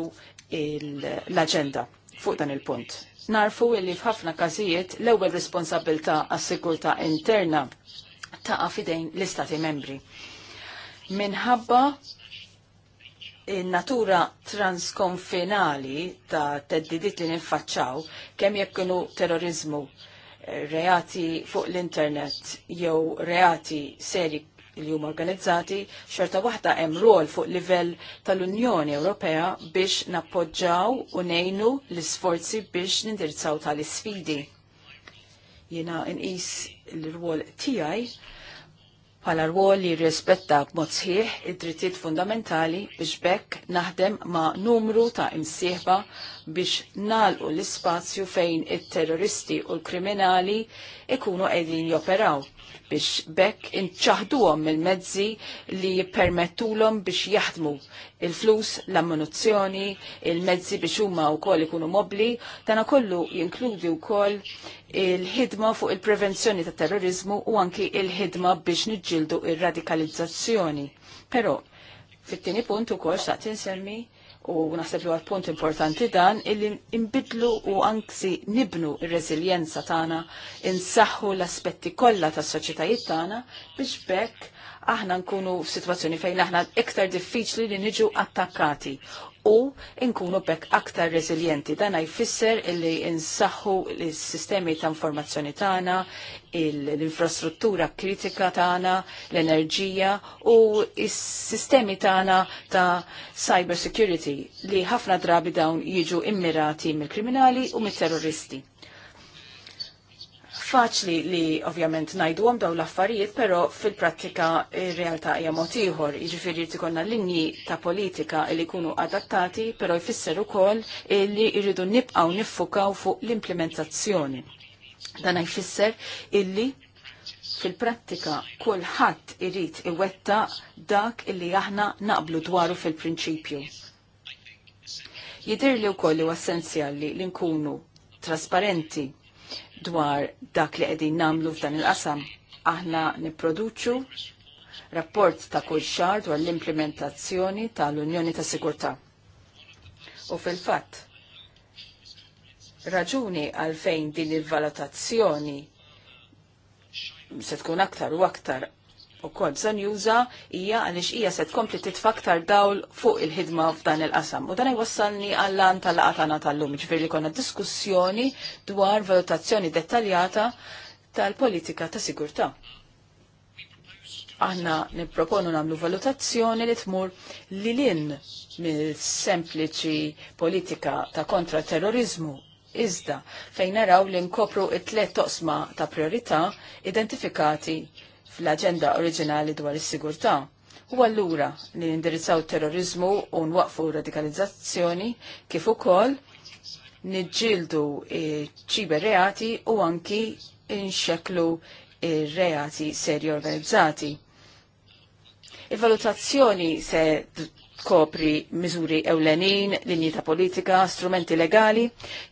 l-aġenda fuq dan il-punt. Narfu illi f'ħafna każijiet l-ewwel responsabilità għas-sigurtà interna ta' fidejn l-Istati membri. Minħabba natura transkonfinali ta' teddidit li ninfaċċaw kemm jekk kienu terrorizmu, eh, reati fuq l-internet jew reati seri li huma organizzati, xorta waħda hemm rol fuq livell tal-Unjoni Ewropea biex nappoġġaw u nejnu l-isforzi biex nindirizzaw tal-isfidi. Jiena nqis l-rwol tiegħi bħala rwol li rispetta b'mod sħiħ id-drittijiet fundamentali biex bekk naħdem ma' numru ta' imsieħba biex nalqu l-ispazju fejn it-terroristi u l-kriminali ikunu qegħdin joperaw biex bekk inċaħduhom mill-mezzi li jippermettulhom biex jaħdmu il-flus, l-ammunizzjoni, il-mezzi biex huma wkoll ikunu mobli, dana kollu jinkludi wkoll il-ħidma fuq il-prevenzjoni ta' terrorizmu u anki il-ħidma biex niġġildu ir-radikalizzazzjoni. Però fit-tieni punt ukoll sa' insemmi u naħseb li għal punt importanti dan illi imbidlu u anksi nibnu il reżiljenza tagħna, insaħħu l-aspetti kollha tas-soċjetajiet tagħna biex bekk aħna nkunu f'sitwazzjoni fejn aħna iktar diffiċli li niġu attakkati u nkunu bekk aktar resilienti. Dan jfisser illi insaħħu l-sistemi ta' informazzjoni tagħna, l-infrastruttura kritika tagħna, l-enerġija u s-sistemi tagħna ta' cyber security li ħafna drabi dawn jiġu immirati mill-kriminali u mit-terroristi. Faċli li ovvjament najdu għom daw l-affarijiet, pero fil-prattika il realtà hija mod ieħor. Jiġifieri tikonna linji ta' politika li jkunu adattati, pero jfisser ukoll li jridu nibqgħu niffukaw fuq l-implementazzjoni. Dan jfisser illi fil-prattika kulħadd irid iwetta dak illi aħna naqblu dwaru fil-prinċipju. Jidir li wkoll li essenzjali li nkunu trasparenti dwar dak li qegħdin namlu f'dan il-qasam. Aħna nipproduċu rapport ta' kull xahar dwar l-implementazzjoni tal-Unjoni ta' Sigurtà. U fil-fatt, raġuni għalfejn din il-valutazzjoni se tkun aktar u aktar u kol bżon juża hija għaliex hija se tkompli titfaktar dawl fuq il-ħidma f'dan il-qasam. U dan jwassalni għall-an tal-qatana tal-lum, ġifieri li konna diskussjoni dwar valutazzjoni dettaljata tal-politika ta' sigurtà. Aħna nipproponu nagħmlu valutazzjoni li tmur li lin mill-sempliċi politika ta' kontraterrorizmu iżda fejn naraw li nkopru it-tlet toqsma ta' priorità identifikati fl-agenda oriġinali dwar is-sigurtà. U allura li indirizzaw terrorizmu u nwaqfu radikalizzazzjoni kif ukoll niġġieldu ċiberreati u anki inxeklu reati serji organizzati. Il-valutazzjoni se kopri miżuri ewlenin, linji ta' politika, strumenti legali,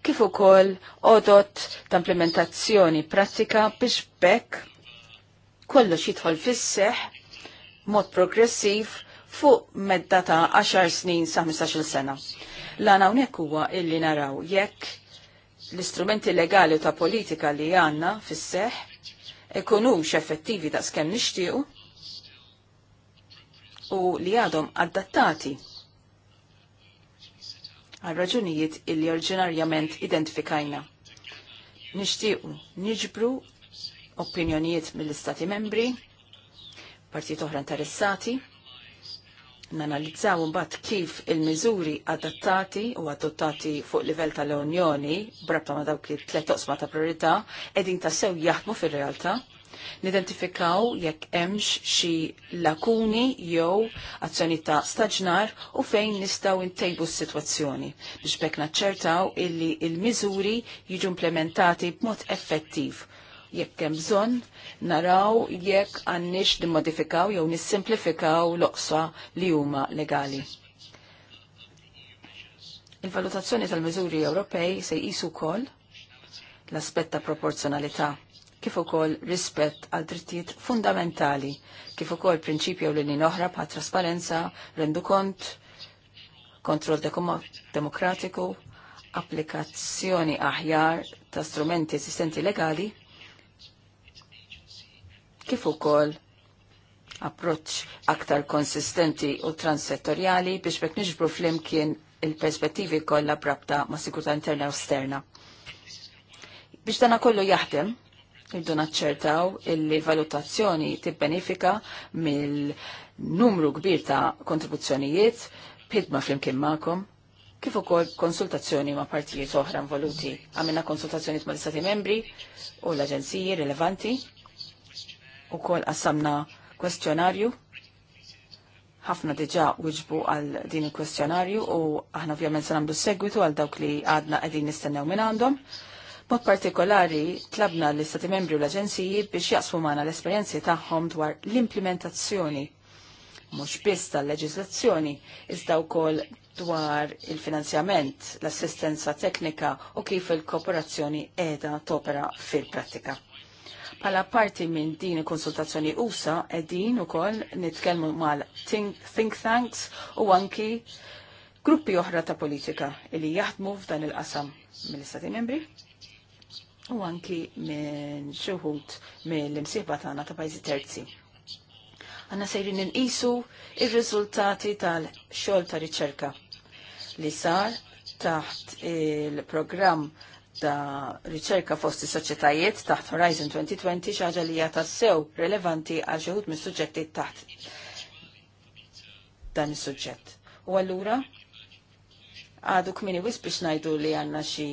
kif ukoll odot ta' implementazzjoni pratika biex bekk kollox jidħol fis-seħ mod progressiv fuq medda ta' 10 snin sa' 15 sena. L-għana unek huwa illi naraw jekk l-istrumenti legali ta' politika li għanna fis-seħ ikunux effettivi ta' skem nixtiequ u li għadhom adattati għal raġunijiet illi oriġinarjament identifikajna. Nixtiequ niġbru opinjonijiet mill-Istati membri, partijiet oħra interessati, nanalizzaw mbagħad kif il-miżuri adattati u adottati fuq livell tal-Unjoni brabta ma dawk it-tliet toqsma ta' priorità qegħdin tassew jaħdmu fir-realtà. Nidentifikaw jekk hemmx xi lakuni jew azzjoni ta' staġnar u fejn nistgħu ntejbu s-sitwazzjoni biex bekk naċċertaw illi il-miżuri jiġu implementati b'mod effettiv jekk hemm bżonn naraw jekk għandniex nimmodifikaw jew nissimplifikaw l-oqsa li huma legali. Il-valutazzjoni tal-miżuri Ewropej se jqisu wkoll l-aspett ta' proporzjonalità kif ukoll rispett għal drittijiet fundamentali, kif ukoll prinċipju l oħra bħal trasparenza, rendu kont, kontroll demokratiku, applikazzjoni aħjar ta' strumenti esistenti legali, kif ukoll approċċ aktar konsistenti u transsettorjali biex bekk niġbru flimkien il-perspettivi kollha prabta ma' sigurtà interna u sterna. Biex dana kollu jaħdem, irdu naċċertaw illi valutazzjoni tibbenifika mill-numru kbir ta' kontribuzzjonijiet bidma flimkien magħkom kif ukoll konsultazzjoni ma' partijiet oħra involuti. Għamilna konsultazzjoni ma' l-Istati membri u l-Aġenziji rilevanti u kol għassamna kwestjonarju. ħafna diġa uġbu għal din il-kwestjonarju u aħna ovvjament se nagħmlu segwitu għal dawk li għadna qegħdin nistennew minn għandhom. Mod partikolari tlabna l-Istati membri u l-Aġenziji biex jaqsmu magħna l-esperjenzi tagħhom dwar l-implementazzjoni mhux biss tal-leġiżlazzjoni iżda wkoll dwar il-finanzjament, l-assistenza teknika u kif il-kooperazzjoni qiegħda topera fil-prattika. Pala parti minn din konsultazzjoni USA edin u koll nitkelmu mal think tanks u anki gruppi oħra ta' politika li jaħdmu f'dan il-qasam mill-Istati Membri u anki minn xuħut mill-imsieba tagħna ta' pajjiżi terzi għanna sejrin nqisu ir rizultati tal-xol ta' riċerka li sar taħt il-programm ta' riċerka fost is-soċjetajiet taħt Horizon 2020 xi ħaġa li hija tassew rilevanti għal xi mis-suġġetti taħt dan is-suġġett. U allura għadu kmini wis biex najdu li għanna xi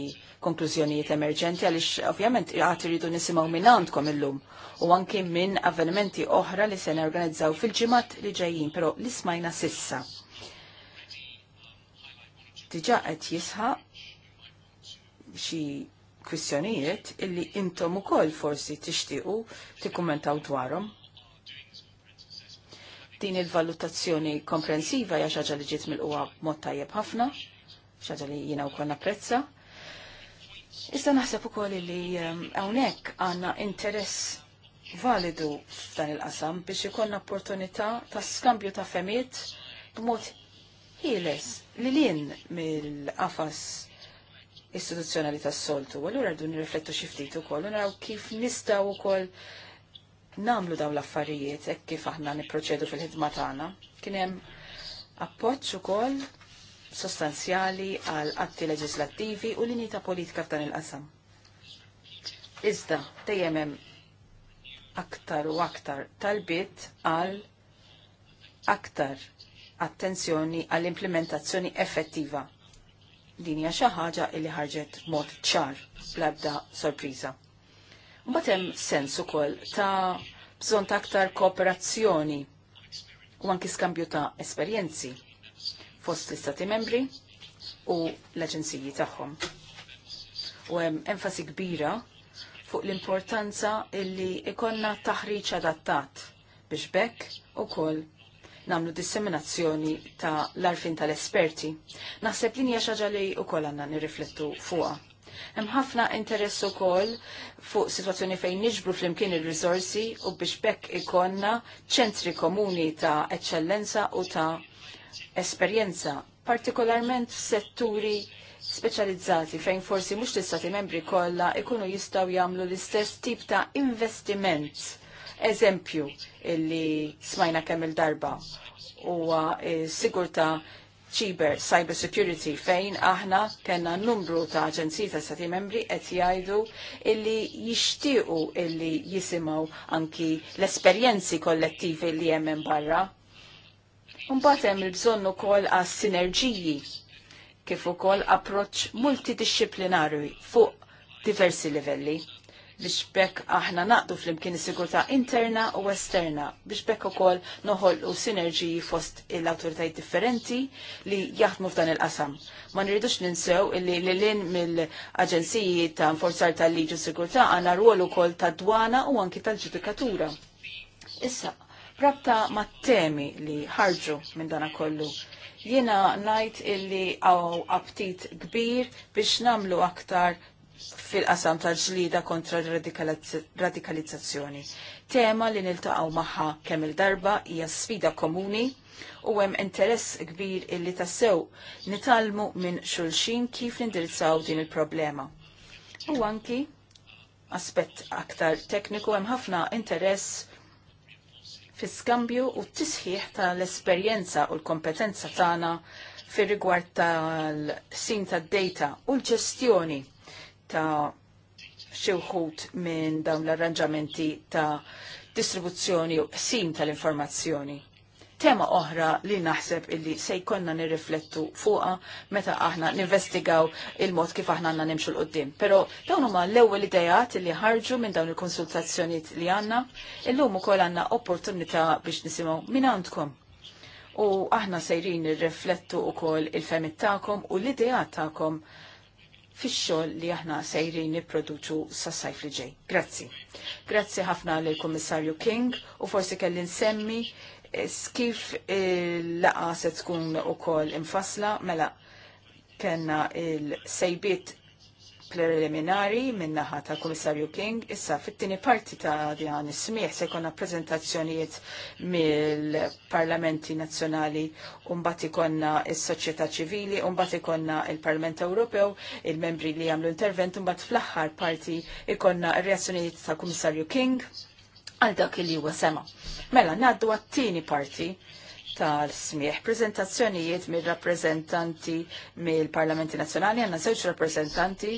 konklużjonijiet emerġenti għaliex ovvjament għad iridu nisimgħu minn għandkom illum u anki minn avvenimenti oħra li se organizzaw fil-ġimgħat li ġejjin, però li smajna sissa. Diġà qed jisħaq xi kwistjonijiet illi intom ukoll forsi tixtiequ tikkumentaw dwarhom. Din il-valutazzjoni komprensiva hija xi ħaġa li ġiet milquha b'mod tajjeb ħafna, xi ħaġa li jiena wkoll napprezza. Issa naħseb ukoll li ehm, hawnhekk għandna interess validu f'dan il-qasam biex ikollna opportunità ta' skambju ta' femiet b'mod ħieles li lin mill-qafas istituzzjonali tas-soltu. Allura rdu nirriflettu xi ftit ukoll u naraw kif u wkoll namlu dawn l-affarijiet hekk kif aħna nipproċedu fil-ħidma tagħna. Kien hemm appoġġ ukoll sostanzjali għal atti leġislattivi u linji ta' politika f'dan il-qasam. Iżda dejjem hemm aktar u aktar talbiet għal aktar attenzjoni għall-implementazzjoni effettiva din hija xi ħaġa li ħarġet mod ċar bl-ebda sorpriża. Mbagħad hemm sens ukoll ta' bżonn ta' aktar kooperazzjoni u anki skambju ta' esperjenzi fost l-istati membri u l-aġenziji tagħhom. U hemm enfasi kbira fuq l-importanza illi ikonna taħriġ adattat biex bekk u koll namlu disseminazzjoni ta' l-arfin tal-esperti. Naħseb li hija xaġa li wkoll għandna nirriflettu fuqha. Hemm ħafna interess ukoll fuq sitwazzjoni fejn niġbru flimkien ir-riżorsi u biex bekk ikonna ċentri komuni ta' eċċellenza u ta' esperjenza, partikolarment f'setturi speċjalizzati fejn forsi mhux tista' istati membri kollha ikunu jistgħu jagħmlu l-istess tip ta' investiment eżempju li smajna kemm il-darba huwa sigurta ċiber cyber security fejn aħna kena numru ta' aġenziji ta' stati membri qed jgħidu illi jixtiequ illi jisimgħu anki l-esperjenzi kollettivi li hemm hemm barra. Imbagħad hemm il-bżonn ukoll għas sinerġiji kif ukoll approċċ multidixxiplinarju fuq diversi livelli biex bekk aħna naqdu fl-imkien is-sigurtà interna u esterna biex bekk ukoll noħolqu sinerġiji fost l-awtoritajiet differenti li jaħdmu f'dan il-qasam. Ma nridux ninsew illi lin mill-aġenziji ta' forzar tal-liġi u sigurtà għandna rwol ukoll ta' dwana u anki tal-ġudikatura. Issa, rabta ma' temi li ħarġu minn dana kollu jena najt illi għaw aptit kbir biex namlu aktar fil-qasam tal-ġlida kontra radikalizzazzjoni. Tema li niltaqgħu magħha kemm il-darba hija sfida komuni u hemm interess kbir illi tassew nitalmu minn xulxin kif nindirizzaw din il-problema. U anki aspett aktar tekniku hemm ħafna interess fis-skambju u t-tisħiħ tal-esperjenza u l-kompetenza tagħna fir rigward tal-sin tad-data u l-ġestjoni ta' xewħut minn dawn l-arranġamenti ta' distribuzzjoni u sim tal-informazzjoni. Tema oħra li naħseb illi se jkonna nirriflettu fuqa meta aħna ninvestigaw il-mod kif aħna għanna nimxu l-qoddim. Pero dawn huma l-ewwel idejat li ħarġu minn dawn il-konsultazzjonijiet li għandna, illum ukoll għandna opportunità biex nisimgħu minn għandkom. U aħna sejrin nirriflettu ukoll il-femit tagħkom u l-idejat tagħkom fix-xogħol li aħna sejrin nipproduċu sas-sajf li ġej. Grazzi. Grazzi ħafna lill kummissarju King u forsi kelli nsemmi eh, kif laqa se tkun ukoll infasla mela kena il-sejbiet preliminari minnaħa ta' Komissarju King, issa fit-tini parti ta' dan is-smieħ se jkollna prezentazzjonijiet mill-Parlamenti Nazzjonali, mbagħad konna s-soċjetà ċivili, mbagħad konna il-Parlament Ewropew, il-membri li għamlu intervent, mbagħad fl-aħħar parti ikonna reazzjonijiet ta' Komissarju King għal dak li huwa sema. Mela, ngħaddu għat-tieni parti tal-smieħ. Prezentazzjonijiet mill rappreżentanti mill-Parlamenti Nazzjonali għanna żewġ rappreżentanti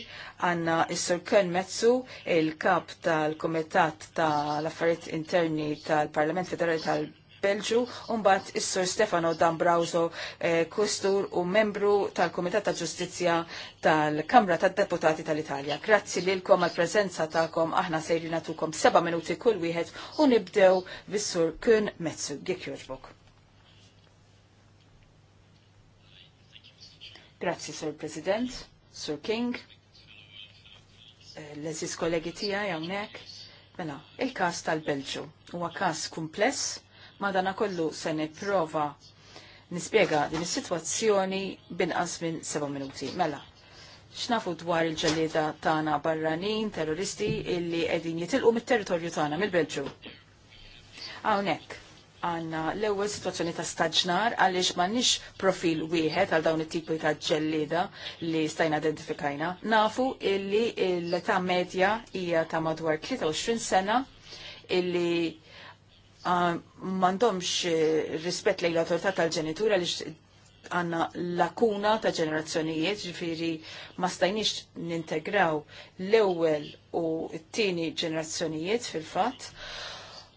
għanna is-Sur Ken Mezzu, il-kap tal-Kumitat tal-Affarijiet Interni tal-Parlament Federali tal- Belġu, unbat is-Sur Stefano Dambrauso, eh, kustur u membru tal-Komitat ta' Ġustizzja tal-Kamra tad deputati tal-Italja. Grazzi lilkom għal prezenza tagħkom aħna sejri natukom seba' minuti kull wieħed u nibdew vis sur Kun Mezzu. Gik joġbok. Grazzi, Sur President, Sur King, eh, l-eżis kollegi tija jawnek, Mela, il-kas tal-Belġu huwa kas kumpless, ma dana kollu se prova nispiega din is-sitwazzjoni binqas minn seba' minuti. Mela, x'nafu dwar il ġalida tagħna barranin, terroristi illi qegħdin jitilqu mit-territorju tagħna mill-Belġu. Hawnhekk għanna l-ewwel situazzjoni ta' staġnar għaliex m'għandniex profil wieħed għal dawn it-tipi ta' ġellida li stajna identifikajna. Nafu illi l-età medja hija ta' madwar 23 sena illi ah, m'għandhomx eh, rispett lejn l-awtorità tal-ġenitura għaliex għanna lakuna ta' ġenerazzjonijiet, ġifiri ma stajniex nintegraw l-ewwel u t-tieni ġenerazzjonijiet fil-fatt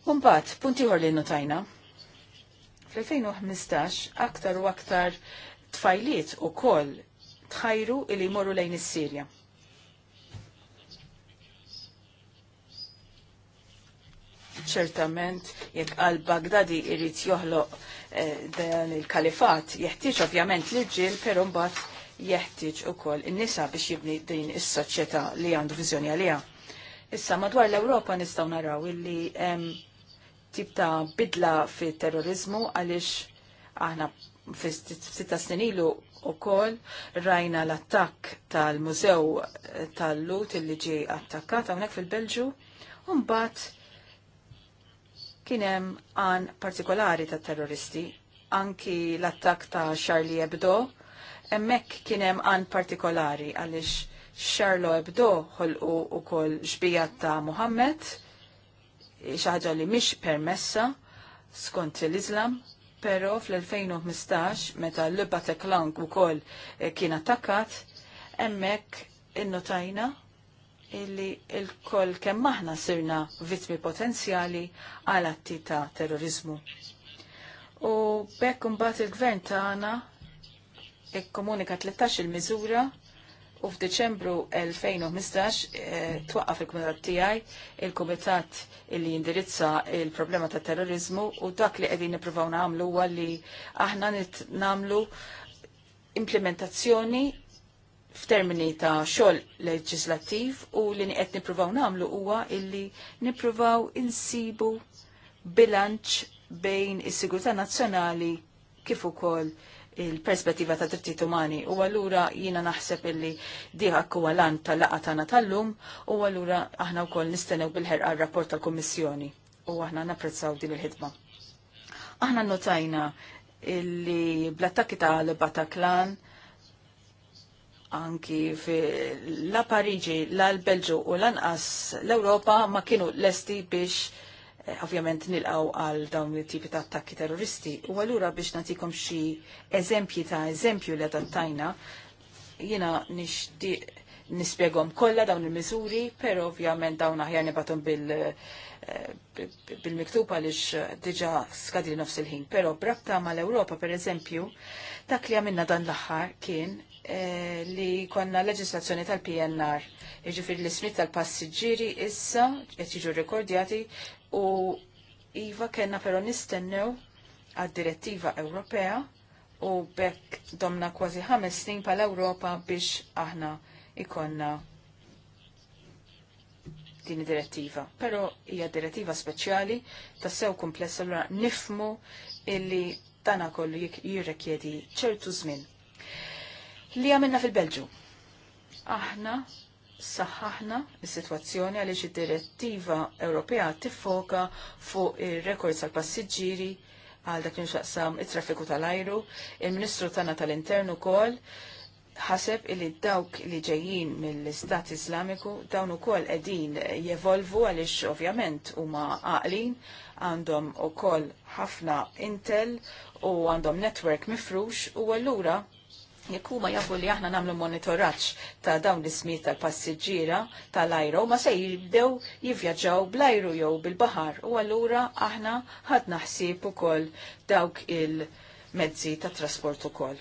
Umbat, punti li notajna. Fl-2015, aktar u aktar tfajliet u koll tħajru li jmorru lejn is-Sirja. ċertament jekk għal Bagdadi irrit joħloq eh, dan il-kalifat, jeħtieġ ovvjament l-irġiel, però mbagħad jeħtieġ ukoll in-nisa biex jibni din is-soċjetà li għandu viżjoni għaliha. Issa madwar l-Ewropa nistgħu naraw illi tip ta' bidla fi terrorizmu għaliex aħna fi sitta snilu u kol rajna l-attak tal-mużew tal-lut li ġi attakkat għonek fil-Belġu un bat kienem għan partikolari ta' terroristi, anki l-attak ta' Charlie Hebdo, emmek kienem għan partikolari għalix Charlo Hebdo ħolqu u kol ġbijat ta' Muhammed, xaħġa li mish permessa skont l-Islam, pero fl-2015, meta l lubba teklank u kol eh, kien attakkat, emmek innotajna illi il kol kemm maħna sirna vittmi potenzjali għal atti ta' terrorizmu. U bekk mbagħad il-gvern tagħna komunika 13 il-miżura U f'Deċembru 2015 eh, twaqqaf il-Kumitat tiegħi il-Kumitat li jindirizza il-problema ta' terrorizmu u dak li qegħdin nippruvaw nagħmlu huwa li aħna nagħmlu implementazzjoni f'termini ta' xogħol leġislattiv u li qed nippruvaw nagħmlu huwa illi nippruvaw insibu bilanċ bejn is-sigurtà nazzjonali kif ukoll il-perspettiva ta' drittijiet umani u allura jiena naħseb illi diħak huwa lan tal-laqa tagħna tal-lum u allura aħna wkoll nistennew bil-ħerqa rapport tal-Kummissjoni u aħna napprezzaw din il-ħidma. Aħna notajna illi bl-attakki ta' l-Bataklan anki fi la Pariġi, la l-Belġu u lanqas l-Europa ma kienu lesti biex Eh, ovvjament nilqaw għal dawn il-tipi ta' attakki terroristi. U għallura biex natikom xi eżempji ta' eżempju li adattajna, jina nishtiq nispiegom kollha dawn il-miżuri, pero ovvjament dawn aħjar nibatom bil- eh, bil-miktub għalix eh, diġa skadri nofs il-ħin. Pero brabta mal-Europa, per eżempju, dak li għamilna dan l aħħar kien li konna leġislazzjoni tal-PNR, iġifir l-ismit tal-passiġġieri issa qed jiġu rekordjati u Iva kena pero nistennew għad-direttiva Ewropea u bekk domna kważi ħames snin pal ewropa biex aħna ikonna din direttiva. Pero hija direttiva speċjali tassew komplessa l nifmu illi dana kollu jirrekjedi ċertu żmien. Li għamilna fil-Belġu. Aħna saħħaħna s sitwazzjoni għaliex id-direttiva Ewropea tiffoka fuq ir-rekords tal-passiġġieri għal dak xaqsam it-traffiku tal-ajru. Il-Ministru tagħna tal-Internu wkoll ħaseb li dawk li ġejjin mill-Istat Islamiku dawn ukoll qegħdin jevolvu għaliex ovvjament huma għaqlin għandhom ukoll ħafna intel u għandhom network mifrux u allura tekniku ma jafu li aħna namlu monitoraċ ta' dawn l-ismi tal-passiġġiera tal-ajru ma se jibdew jivjaġaw bl-ajru jew bil-bahar u allura aħna ħadna ħsieb ukoll dawk il-mezzi ta' trasport ukoll.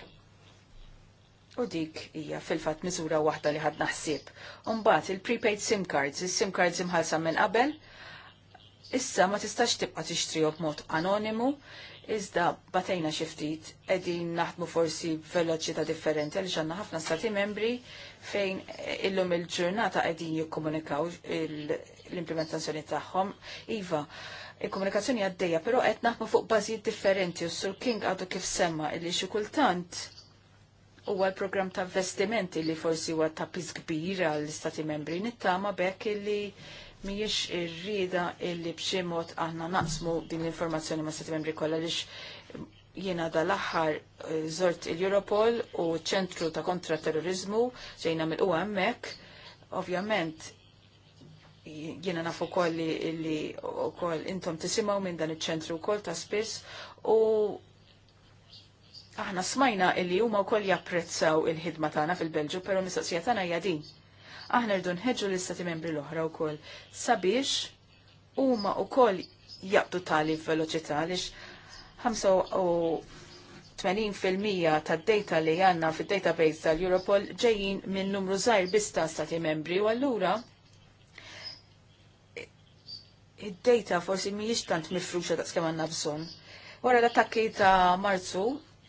U dik hija fil-fatt miżura waħda li ħadna ħsieb. Umbagħad il-prepaid SIM cards, is-SIM cards imħalsa minn qabel, issa ma tistax tibqa tixtrihom b'mod anonimu, Iżda batejna xiftit edin naħdmu forsi veloċità differenti għaliex ġanna ħafna stati membri fejn illum il-ġurnata edin jikkomunikaw l-implementazzjoni tagħhom. Iva, il-komunikazzjoni għaddejja, però qed naħdmu fuq bażijiet differenti u Sur King għadu kif semma illi xi kultant huwa l-programm ta' vestimenti li forsi huwa ta' piż kbir għall istati membri nittama bekk illi miex irrida illi b'xi mod aħna naqsmu din l-informazzjoni ma' stati membri kollha lix jiena dal-aħħar eh, zort il-Europol u ċentru ta' kontra terrorizmu ġejna mill hemmhekk. Ovvjament jiena nafu illi u koll intom tisimaw minn dan iċ-ċentru wkoll ta' spiss u aħna smajna illi huma wkoll japprezzaw il-ħidma tagħna fil-Belġu, pero mistoqsija tagħna hija din aħna rridu nħeġġu l-istati membri l-oħra wkoll sabiex huma wkoll jaqdu tali veloċità għaliex 85% tad-data li għandna fid-database tal-Europol ġejjin minn numru żgħir biss ta' stati membri u allura id-data forsi mhijiex tant mifruxa ta' skemm għandna bżonn. Wara l-attakki ta' Marzu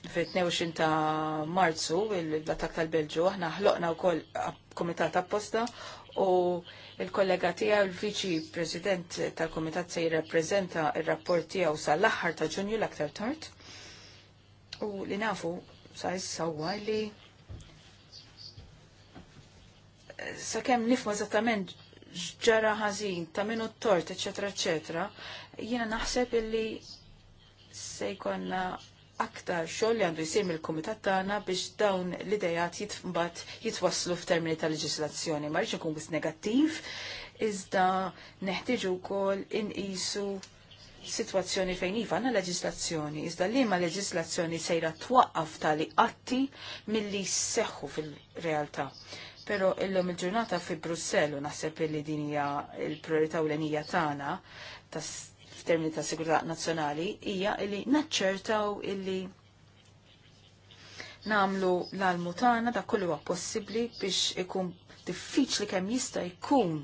fit-22 ta' Marzu, l attak tal-Belġu, aħna ħloqna u koll komitat apposta u il-kollega tijaw l viċi President tal-Komitat se jirrapprezenta il-rapport u sal laħħar ta' ġunju l-aktar tard. U li nafu sa' issa li sa' kem nifmu eżattament ġara ħażin ta' minu tort eccetera, eccetera, jiena naħseb illi se jkollna aktar xogħol li għandu jsir mill-kumitat tagħna biex dawn l-idejat jitfbat jitwasslu f'termini ta' leġislazzjoni. Ma rridx ikun biss negattiv, iżda neħtieġu wkoll inqisu situazzjoni fejn iva għandna leġislazzjoni, iżda li ma leġislazzjoni sejra twaqqaf tali atti milli seħħu fil-realtà. Pero illum il-ġurnata fi Brussellu naħseb li dinija il-priorità u l-enija tagħna tas f'termini ta' sigurità nazzjonali hija li naċċertaw illi namlu l-almu tagħna da kull huwa possibbli biex ikun diffiċli kemm jista' jkun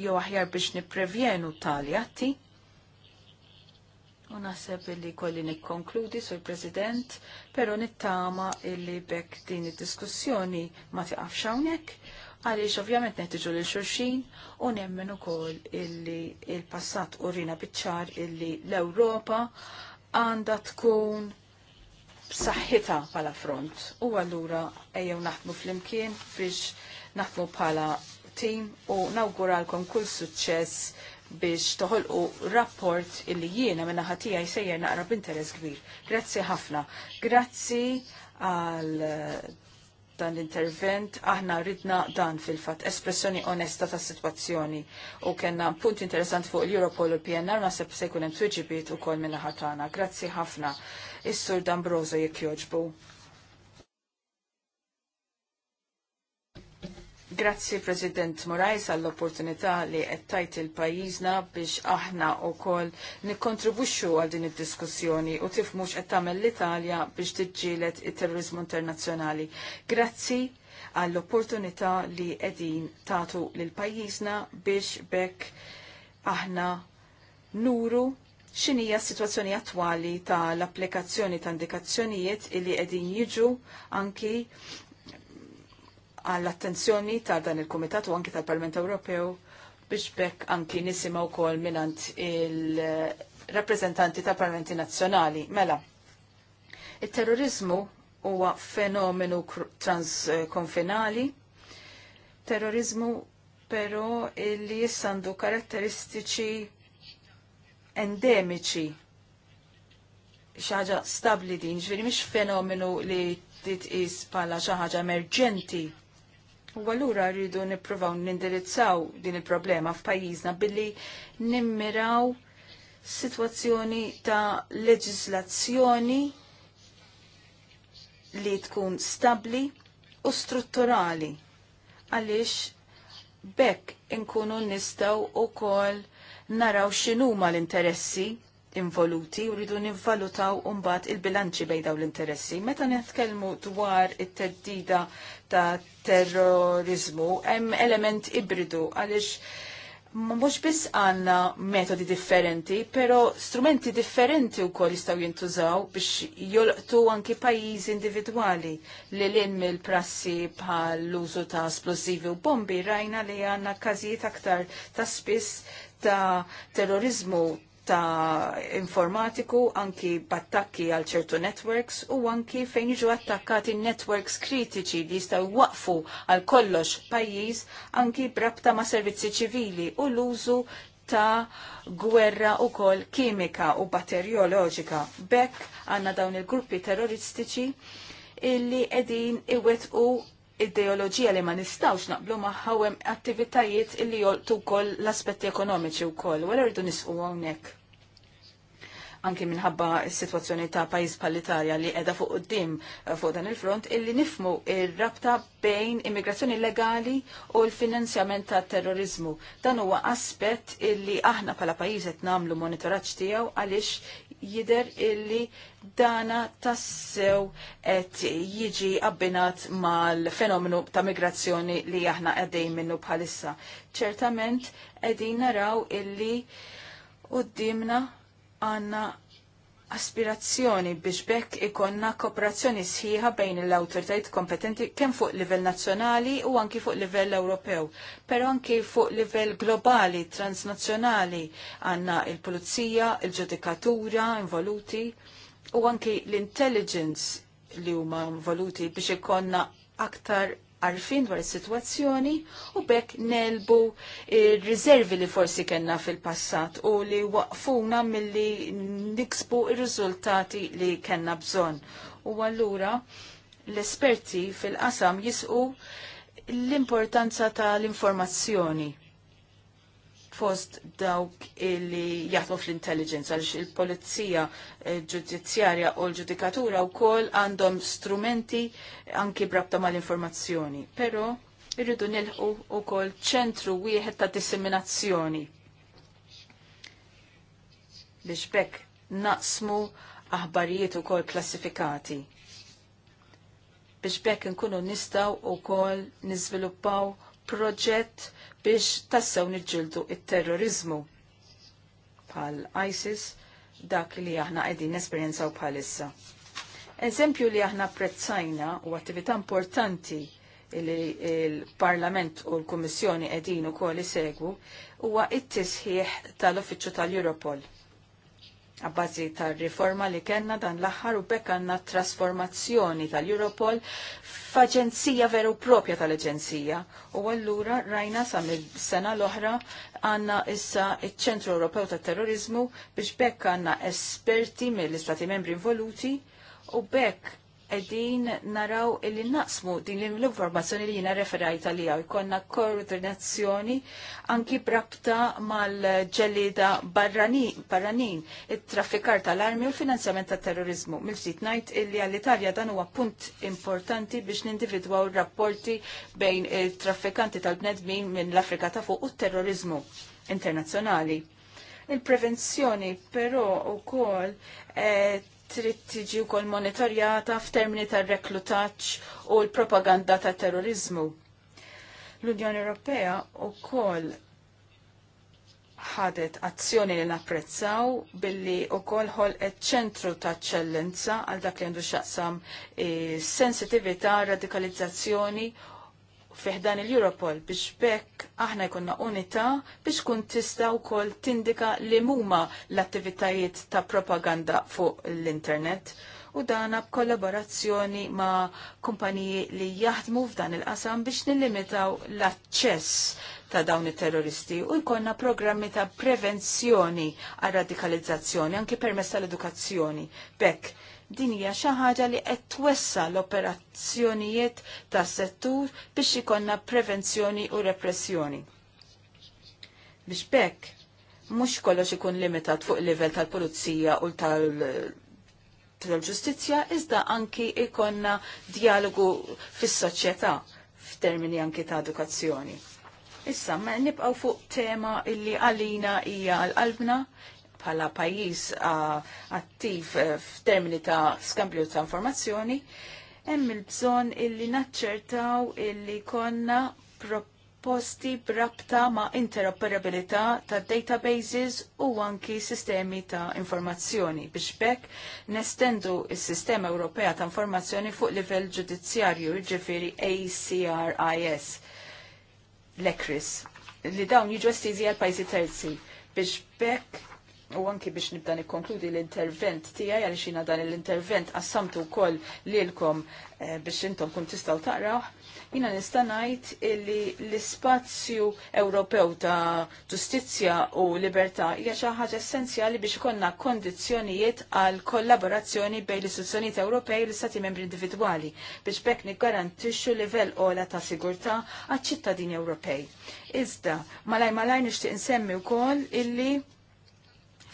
jew aħjar biex nipprevjenu tali atti U naħseb illi kolli nikkonkludi sur President, pero nittama illi bekk din id-diskussjoni ma tiqafx hawnhekk għaliex ovvjament neħtiġu lil xulxin u nemmen ukoll illi il-passat urina biċċar illi l-Ewropa għandha tkun b'saħħitha bħala front. U allura ejjew naħdmu flimkien biex naħdmu bħala tim u nawguralkom kull suċċess biex toħolqu rapport illi jiena minna ħatija jsejjer naqra b'interess kbir. Grazzi ħafna. Grazzi għal dan l-intervent, aħna ridna dan fil-fat, espressjoni onesta ta' situazzjoni. U kena punt interessant fuq l-Europol u PNR ma' sepp sejkunem hemm twiġibiet u kol minna ħatana. Grazzi ħafna. Is-sur D'Ambroso jekk joġbu. Grazzi President Morais għall-opportunità li għettajt il-pajizna biex aħna u kol għal din id-diskussjoni u tifmux qed tagħmel l-Italja biex tiġġielet it-terrorizmu internazzjonali. Grazzi għall-opportunità li qegħdin tagħtu lil pajjiżna biex bekk aħna nuru x'inhija s-sitwazzjoni attwali tal-applikazzjoni ta' indikazzjonijiet li qegħdin jiġu anki għall-attenzjoni ta' dan il-Komitat u anki tal-Parlament Ewropew biex bekk anki u kol minant il-rappresentanti tal-Parlamenti Nazzjonali. Mela, il-terrorizmu huwa fenomenu transkonfinali, terrorizmu pero li jissandu karatteristiċi endemiċi xaħġa stabli din, ġviri mish fenomenu li titqis pala xaħġa emerġenti U allura rridu nippruvaw nindirizzaw din il-problema f'pajjiżna billi nimmiraw situazzjoni ta' leġislazzjoni li tkun stabli u strutturali għaliex bekk inkunu nistaw u kol naraw x'inhuma l-interessi involuti u rridu nivvalutaw umbat il-bilanċi bejn dawn l-interessi. Meta netkellmu dwar it-teddida ta' terrorizmu hemm element ibridu għaliex mhux biss għandna metodi differenti, però strumenti differenti wkoll jistgħu jintużaw biex jolqtu anki pajjiżi individwali li lin mill-prassi bħal l-użu ta' esplosivi u bombi rajna li għandna każijiet aktar ta' spiss ta' terrorizmu ta' informatiku, anki battakki għal ċertu networks u anki fejn jiġu attakkati networks kritiċi li jistaw waqfu għal kollox pajjiż anki brabta ma' servizzi ċivili u l-użu ta' gwerra u kol kimika u batterioloġika. Bekk għanna dawn il-gruppi terroristiċi illi edin u ideoloġija li ma nistawx naqblu maħħawem attivitajiet illi joltu kol l-aspetti ekonomiċi u kol, u rridu nisqu għonek anki minħabba s-situazzjoni ta' pajis pal-Italja li edha fuq qoddim eh, fuq dan il-front illi nifmu il-rabta bejn immigrazzjoni legali u l-finanzjament ta' terrorizmu. Dan huwa aspett illi aħna pala pajis qed namlu monitoraċ tiegħu għaliex jider illi dana tassew qed jiġi abbinat mal-fenomenu ta' migrazzjoni li aħna qegħdejn minnu bħalissa. Ċertament qegħdin naraw illi Uddimna għanna aspirazzjoni biex bekk ikonna kooperazzjoni sħiħa bejn l autoritajt kompetenti kemm fuq livell nazzjonali u anki fuq livell Ewropew, però anki fuq livell globali, transnazzjonali għanna il-pulizija, il-ġudikatura involuti u anki l-intelligence li huma involuti biex ikonna aktar għarfin dwar is-sitwazzjoni u bekk nelbu riservi li forsi kellna fil-passat u li waqfuna milli niksbu ir-riżultati li kellna bżonn. U allura l-esperti fil-qasam jisqu l-importanza tal-informazzjoni fost dawk illi jaħdmu fl-intelligence għaliex il-polizija eh, ġudizzjarja u l-ġudikatura u kol għandhom strumenti anki brabta mal-informazzjoni. Pero irridu nilħu u kol ċentru wieħed ta' disseminazzjoni biex bekk naqsmu aħbarijiet u kol klassifikati biex bekk nkunu nistaw u kol nizviluppaw proġett biex tassew niġġildu il terrorizmu pal ISIS dak li aħna qegħdin u bħalissa. Eżempju li aħna prezzajna u attività importanti li il-Parlament u l-Kummissjoni qegħdin ukoll isegwu huwa it-tisħiħ tal-Uffiċċju tal-Europol. tal uffiċċju tal europol għabbażi tal-riforma li kena dan l-aħħar u bekk għanna trasformazzjoni tal-Europol f'aġenzija veru propja tal-aġenzija. U għallura rajna sa mill-sena l-oħra għanna issa il-ċentru Ewropew tal terrorizmu biex bekk għanna esperti mill-istati membri involuti u bekk edin naraw illi naqsmu din l-informazzjoni li jina referajt għaw. Ikonna koordinazzjoni anki brabta mal-ġelida barranin, il-traffikar tal-armi u l-finanzjament tal terrorizmu. Mil-ftit najt illi għall-Italja dan huwa punt importanti biex nindividwaw rapporti bejn il-traffikanti tal-bnedmin minn l-Afrika ta' fuq u terrorizmu internazzjonali. Il-prevenzjoni però u kol eh, trid tiġi wkoll monitorjata f'termini tar-reklutaġġ u l-propaganda tat terrorizmu. L-Unjoni Ewropea wkoll ħadet azzjoni li napprezzaw billi u kol ħolqet ċentru ta' ċellenza għal dak li għandu xaqsam sensitivita, radikalizzazzjoni fiħdan il-Europol biex bekk aħna jkunna unità biex kun tista' wkoll tindika li muma l-attivitajiet ta' propaganda fuq l-internet u dana b'kollaborazzjoni ma' kumpaniji li jaħdmu f'dan il-qasam biex nillimitaw l-aċċess ta' dawn it-terroristi u jkollna programmi ta' prevenzjoni għal radikalizzazzjoni anki permess tal-edukazzjoni. Bekk din hija xi ħaġa li qed twessa l-operazzjonijiet tas-settur biex ikonna prevenzjoni u repressjoni. Biex bekk mhux kollox ikun limitat fuq livell tal-pulizija u tal-ġustizzja iżda anki ikonna dialogu fis-soċjetà f'termini anki ta' edukazzjoni. Issa, ma nibqaw fuq tema illi għalina hija għal-qalbna, bħala pajjiż attiv eh, f'termini ta' skambju ta' informazzjoni, hemm il-bżonn illi naċċertaw illi konna proposti brabta ma' interoperabilità ta' databases u anki sistemi ta' informazzjoni biex bekk nestendu is-Sistema Ewropea ta' Informazzjoni fuq livell ġudizzjarju, ġifiri ACRIS, l-ECRIS, li dawn jiġu estizi għal pajzi terzi biex bekk u anki biex nibda nikkonkludi l-intervent tiegħi għaliex jiena dan l-intervent qassamtu wkoll lilkom eh, biex intom kun tistgħu taqraw, jiena nista' ngħid li l-ispazju Ewropew ta' ġustizzja u libertà hija xi ħaġa essenzjali biex ikollna kondizzjonijiet għal kollaborazzjoni bejn l-istituzzjonijiet Ewropej u l-istati membri individwali biex bekk niggarantixxu livell ogħla ta' sigurtà għaċ-ċittadini Ewropej. Iżda, malaj malaj nixtieq insemmi wkoll illi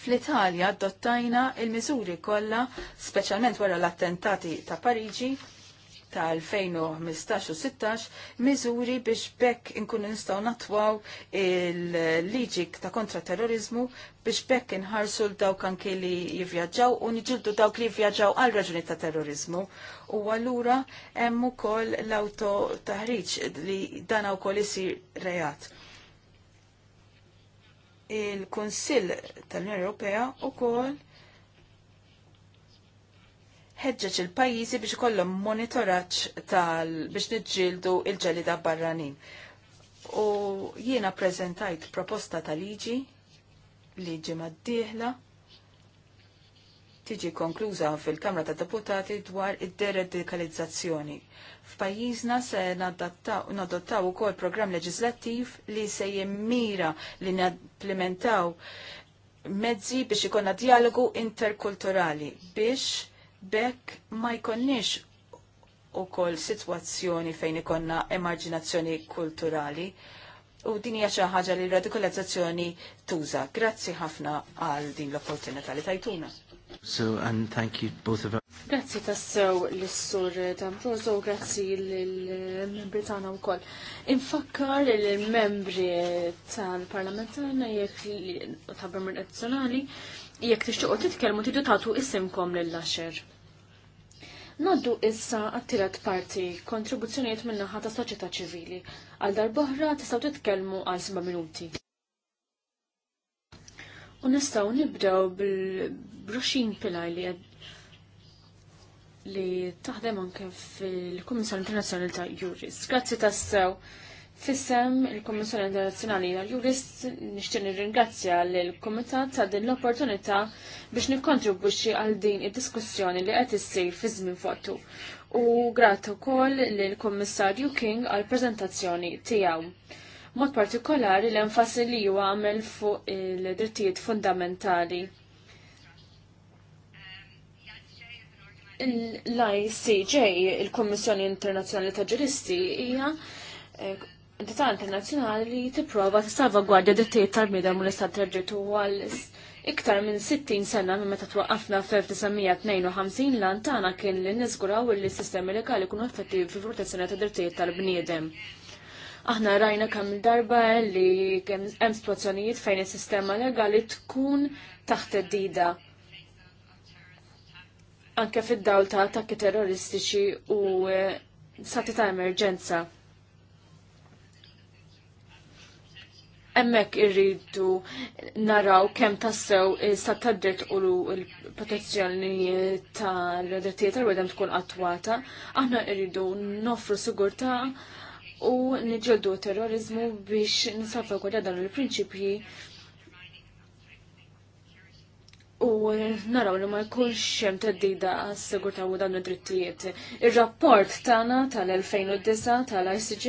Fl-Italja adottajna il-miżuri kollha, speċjalment wara l-attentati ta' Pariġi ta' 2015 u 16, miżuri biex bekk inkunu nistgħu natwaw il-liġi ta' kontraterrorizmu biex bekk inħarsu l-dawk anke li jivvjaġġaw u niġildu dawk li jivvjaġġaw għal raġuni ta' terrorizmu. U allura hemm ukoll l awto taħriġ li dan ukoll isir reat il konsil tal-Unjoni Ewropea wkoll ħeġġeġ il-pajjiżi biex ikollhom monitoraġġ tal biex niġġieldu il-ġelida barranin. U jiena prezentajt proposta ta' liġi liġi mad-dieħla tiġi konkluża fil-Kamra ta' Deputati dwar id-deradikalizzazzjoni. F'pajjiżna se nadottaw ukoll programm leġislattiv li se jimmira li nimplementaw mezzi biex ikonna dialogu interkulturali biex bekk ma jkollniex u kol situazzjoni fejn ikonna emarġinazzjoni kulturali. U din hija xi ħaġa li r-radikalizzazzjoni tuża. Grazzi ħafna għal din l-opportunità li tajtuna. So, and thank you both of us. Grazzi tassew l-sur D'Ambroso, grazzi l-membri tana u koll. Infakkar l-membri tal-parlamentana jek li parlament Nazzjonali, jek tixtiqo titkellmu tidu tatu isimkom l-laxer. Naddu issa għattirat parti kontribuzzjoniet naħa ta' soċieta ċivili. Għal darboħra tistgħu titkellmu għal 7 minuti. U nistaw nibdew bil-bruxin pilaj li li taħdem anke fil-Kommissjoni Internazzjonali ta' Juris. Grazzi tassew. Fissem il-Kommissjoni Internazzjonali ta' Juris nixtieq nirringrazzja lill kumitat ta' din l-opportunità biex nikkontribwixxi għal din id-diskussjoni li qed issir fi żmien fottu. U grat ukoll lill-Kummissarju King għall preżentazzjoni tiegħu mod partikolari l-enfasi li ju għamel fuq il-drittijiet fundamentali. L-ICJ, il-Kommissjoni Internazzjonali ta' Ġuristi, hija eh, entità internazzjonali li tipprova gwardja drittijiet tal-bniedem u l-istat u għal Iktar minn 60 sena minn meta twaqqafna f-1952 lan tagħna kien li niżguraw il sistemi legali kunu effettivi fi protezzjoni ta' drittijiet tal-bniedem. Aħna rajna kemm darba li hemm situazzjonijiet fejn is-sistema legali tkun taħt id-dida. Anke fid-dawl ta' attakki terroristiċi u e, sati ta' emerġenza. Emmek irridu naraw kem tassew sa taddit u l-protezzjoni tal-drittijiet tal-wedem tkun attwata, aħna irridu nofru sigurta u nġoddu terrorizmu biex nisafegwa dan il-prinċipji u naraw li ma jkunx hemm dida għas segurta u dawn id-drittijiet. Ir-rapport tagħna tal-2009 tal-ICJ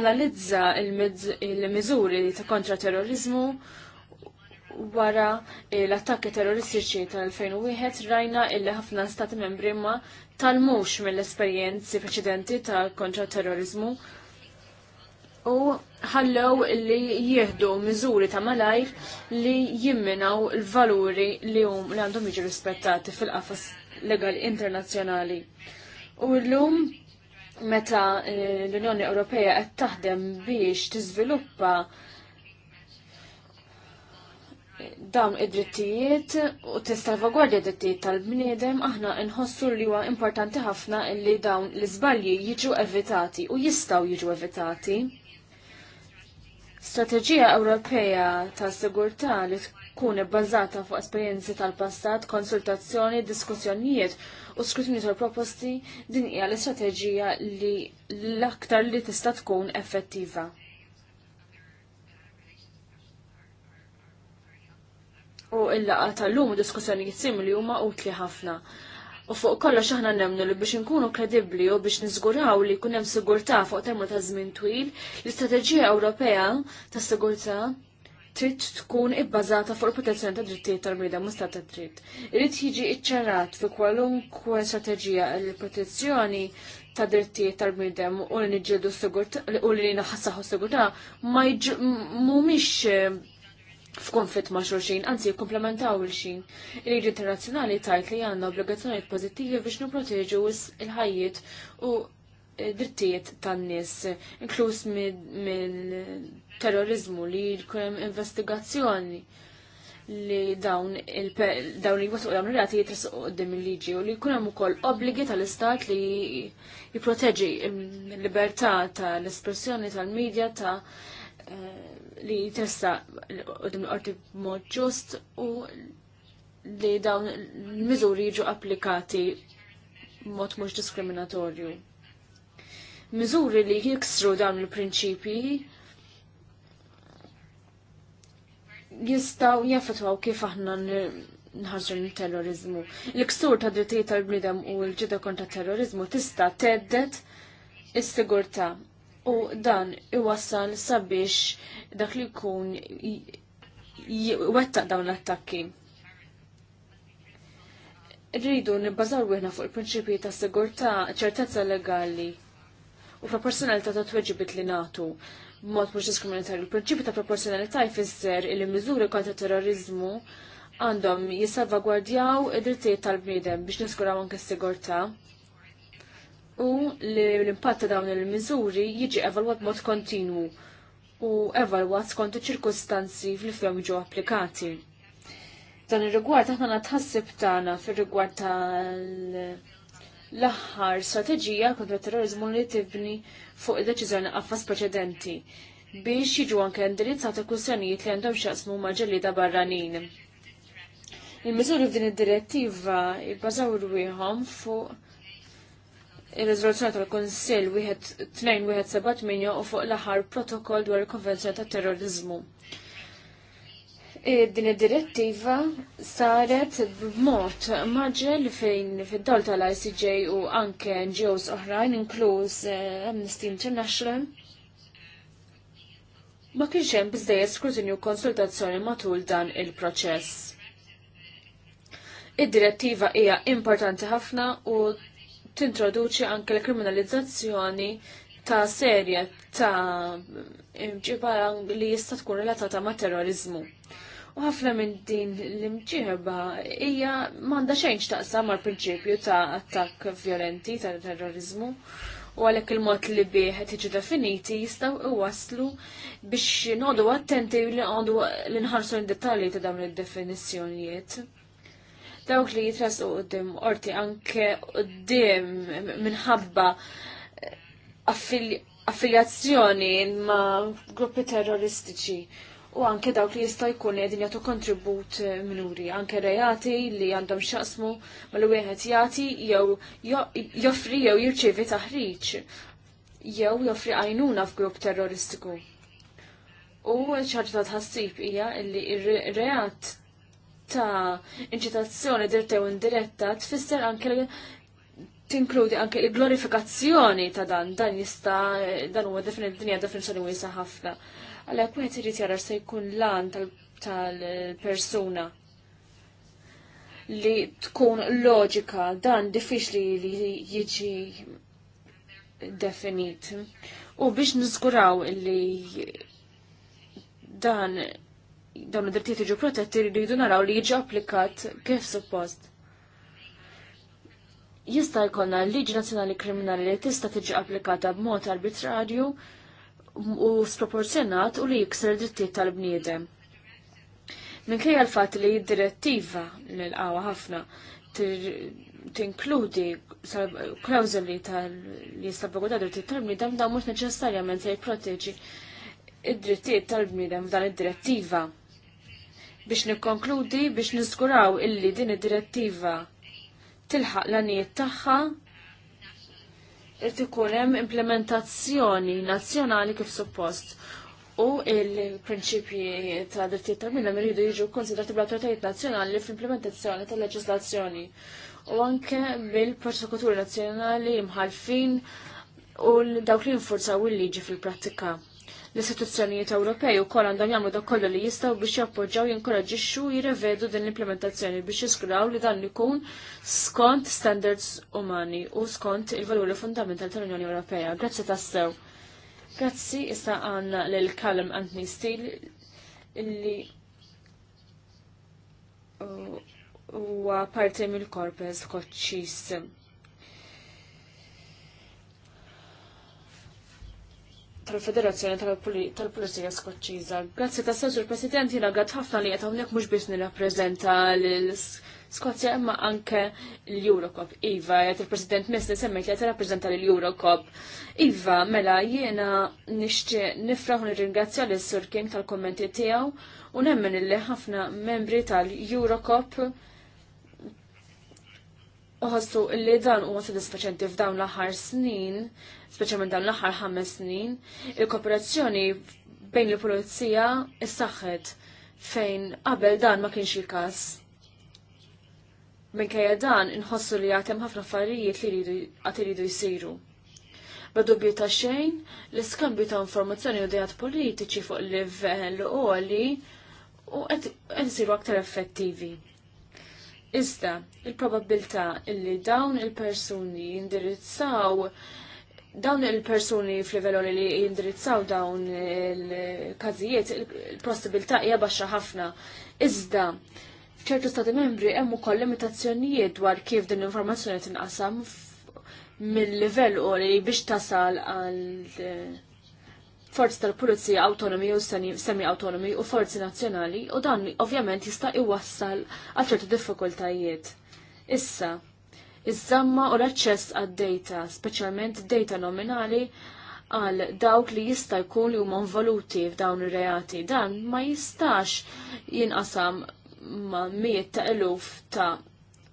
analizza il-miżuri ta' kontra terrorizmu wara l-attakki terroristiċi tal-2001 rajna illi ħafna stati membri ma talmux mill-esperjenzi preċedenti tal kontra terrorizmu u ħallew li jieħdu miżuri ta' malajr li jimminaw l-valuri li hum li għandhom jiġu rispettati fil-qafas legali internazzjonali. U l-lum meta eh, l-Unjoni Ewropea qed taħdem biex tiżviluppa eh, dawn id-drittijiet u t-salvagwardja id drittijiet tal-bniedem aħna nħossu li huwa importanti ħafna li dawn l-iżbalji jiġu evitati u jistaw jiġu evitati. Strateġija Ewropea ta' sigurtà li tkun ibbażata fuq esperjenzi tal-passat, konsultazzjoni, diskussjonijiet u skrutinju tal-proposti din hija l-istrateġija li l-aktar li tista' tkun effettiva. U l-laqgħa tal-lum u diskussjonijiet simili huma utli ħafna. U fuq kollox aħna nemnu li biex inkunu kredibbli u biex niżguraw li jkun hemm sigurtà fuq termu ta' żmien twil, l-Istrateġija Ewropea ta' Sigurtà trid tkun ibbażata fuq il-protezzjoni ta' drittijiet tal-bnieda mustat ta' dritt. Irid jiġi iċċarat fi kwalunkwe strateġija l protezzjoni ta' drittijiet tal bnidem u li niġġieldu u li naħassaħu sigurtà ma mhumiex f'konflitt ma' xulxin, anzi komplementaw il-xin. Il-liġi internazzjonali tajt li għandna obbligazzjonijiet pożittivi biex nipproteġu il ħajiet u drittijiet tan-nies, inkluż mill-terrorizmu li jkun investigazzjoni li dawn dawn li jwasqu dawn ir jitris jitrisqu il-liġi u li jkun hemm ukoll obbligi tal-istat li jipproteġi il libertà tal-espressjoni tal-medja ta' eh, li tista' qudiem l-qorti b'mod ġust u li dawn l-miżuri jiġu applikati b'mod mhux diskriminatorju. Miżuri li jiksru dawn il-prinċipji jistaw jaffetwaw kif aħna nħarġu l-terrorizmu. L-iksur ta' drittijiet tal-bnidem u l-ġida kontra terrorizmu tista' teddet is-sigurtà u dan iwassal sabiex dak li jkun wettaq dawn l-attakki. Rridu nibbażaw wieħna fuq il-prinċipji ta' sigurtà ċertezza legali u proporzjonalità ta' tweġibit li natu b'mod mhux diskriminatorju. il prinċipji ta' proporzjonalità jfisser li miżuri kontra terrorizmu għandhom jissalvagwardjaw id-drittijiet tal-bniedem biex niskuraw anke s-sigurtà u li l-impatt ta' dawn il-miżuri jiġi evalwat mod kontinwu u evalwat skont iċ-ċirkustanzi fil fehom jiġu applikati. Dan ir-rigward aħna natħassib tagħna fir-rigward tal- l-aħħar strateġija kontra terrorizmu li tibni fuq id-deċiżjoni qaffas preċedenti biex jiġu anke indirizzati kwistjonijiet li għandhom x'jaqsmu ma' ġellieda barranin. Il-miżuri f'din id-direttiva jibbażaw rwieħhom fuq il-rezoluzzjoni tal-Konsil 2178 u fuq l-aħħar protokoll dwar il-Konvenzjoni tat terrorizmu eh, Din id-direttiva saret b'mod maġġel fejn fid-dol tal-ICJ u anke NGOs oħrajn, inkluż eh, Amnesty International. Ma kienx hemm biżdejja skrutinju konsultazzjoni matul dan il-proċess. Id-direttiva hija importanti ħafna u tintroduċi anke l-kriminalizzazzjoni ta' serja ta' imġiba li jista' tkun relatata ma' terrorizmu. U ħafna minn din l-imġiba hija m'għandha xejn x'taqsam mal-prinċipju ta' attakk violenti ta' terrorizmu u għalhekk il-mod li bih tiġi definiti jistgħu iwasslu biex nodu attenti li għandu l-inħarsu l-dettalji ta' dawn id-definizzjonijiet dawk li jitrasqu għoddim, qorti anke għoddim minħabba eh, affiljazzjoni ma' gruppi terroristiċi u anke dawk li jista' jkun qegħdin jagħtu kontribut eh, minuri, anke rejati li għandhom xaqsmu mal wieħed jagħti jew joffri jew jirċievi taħriġ jew joffri għajnuna f'grupp terroristiku. U ċarta tħassib hija li r-reat ta' inċitazzjoni dirta u indiretta tfisser anke tinkludi anke il-glorifikazzjoni ta' dan, dan jista' dan huwa definit dinja definizjoni wisa ħafna. Għalhekk wieħed irid jara se jkun lan tal-persuna li tkun loġika dan diffiċli li jiġi definit. U biex niżguraw li dan dawn id-drittijiet iġu protetti rridu naraw li jiġu applikat kif suppost. Jista' jkollna l-Liġi Nazzjonali Kriminali li tista' tiġi applikata b'mod arbitrarju u sproporzjonat u li jikser id-drittijiet tal-bniedem. Minkejja l-fatt li d-direttiva l-qawa ħafna tinkludi klawżoli tal-li jistabbagu ta' drittijiet tal-bniedem da' mhux neċessarjament se jipproteġi id-drittijiet tal-bniedem f'dan id-direttiva biex nikkonkludi biex niskuraw illi din id-direttiva tilħaq l-għaniet tagħha irid ikun hemm implementazzjoni nazzjonali kif suppost u il-prinċipji ta' drittijiet tal minna iridu jiġu konsidrati bl autoritajiet nazzjonali fl-implementazzjoni tal-leġislazzjoni u anke bil-persekuturi nazzjonali mħalfin u dawk li nfurzaw il-liġi fil-prattika. L-istituzzjonijiet Ewropej kol għandhom jagħmlu dak kollu li jistgħu biex jappoġġaw jinkoraġixxu jirrevedu din l-implementazzjoni biex jiskraw li dan ikun skont standards umani u skont il-valuri fundamentali tal-Unjoni Ewropea. Grazzi tassew. Grazzi issa għandna lil Kalm Anthony Steele illi huwa parti mill-korpes koċċis. tal-Federazzjoni tal-Pulizija Skoċċiża. Grazzi ta' Sur President, jiena għad ħafna li qed hawnhekk mhux biex nirrappreżenta l-Skozja imma anke l-Eurocop. Iva, jgħid il-President Misni semmejt li qed rappreżenta l-Eurocop. Iva, mela jiena nixtieq nifraħu u nirringrazzja lis sur King tal-kommenti tiegħu u il-li ħafna membri tal-Eurocop uħassu li dan huwa sodisfaċenti f'dawn l-aħħar snin, speċjalment dawn l-aħħar ħames snin, il-kooperazzjoni bejn il-pulizija issaħħet fejn qabel dan ma kienx il-każ. Minkejja dan inħossu li għatem ħafna affarijiet li għat iridu jisiru. Bla dubju ta' xejn, l-iskambju ta' informazzjoni u dejat politiċi fuq livell u għoli u għed jisiru aktar effettivi. Iżda, il-probabilità illi dawn il-persuni jindirizzaw dawn il-persuni f'livell li jindirizzaw dawn il-każijiet, il-possibilità hija baxxa ħafna. Iżda, ċertu stati membri hemm ukoll limitazzjonijiet dwar kif din l-informazzjoni tinqasam mill-livell u li biex tasal għal forzi tal-Pulizija autonomi u semi autonomi u forzi nazzjonali u dan ovvjament jista' iwassal għal ċertu diffikultajiet. Issa, iż-żamma u l-aċċess għad-data, speċjalment data nominali, għal dawk li jista' jkun li huma involuti f'dawn ir-reati. Dan ma jistax jinqasam ma' mijiet ta' eluf ta'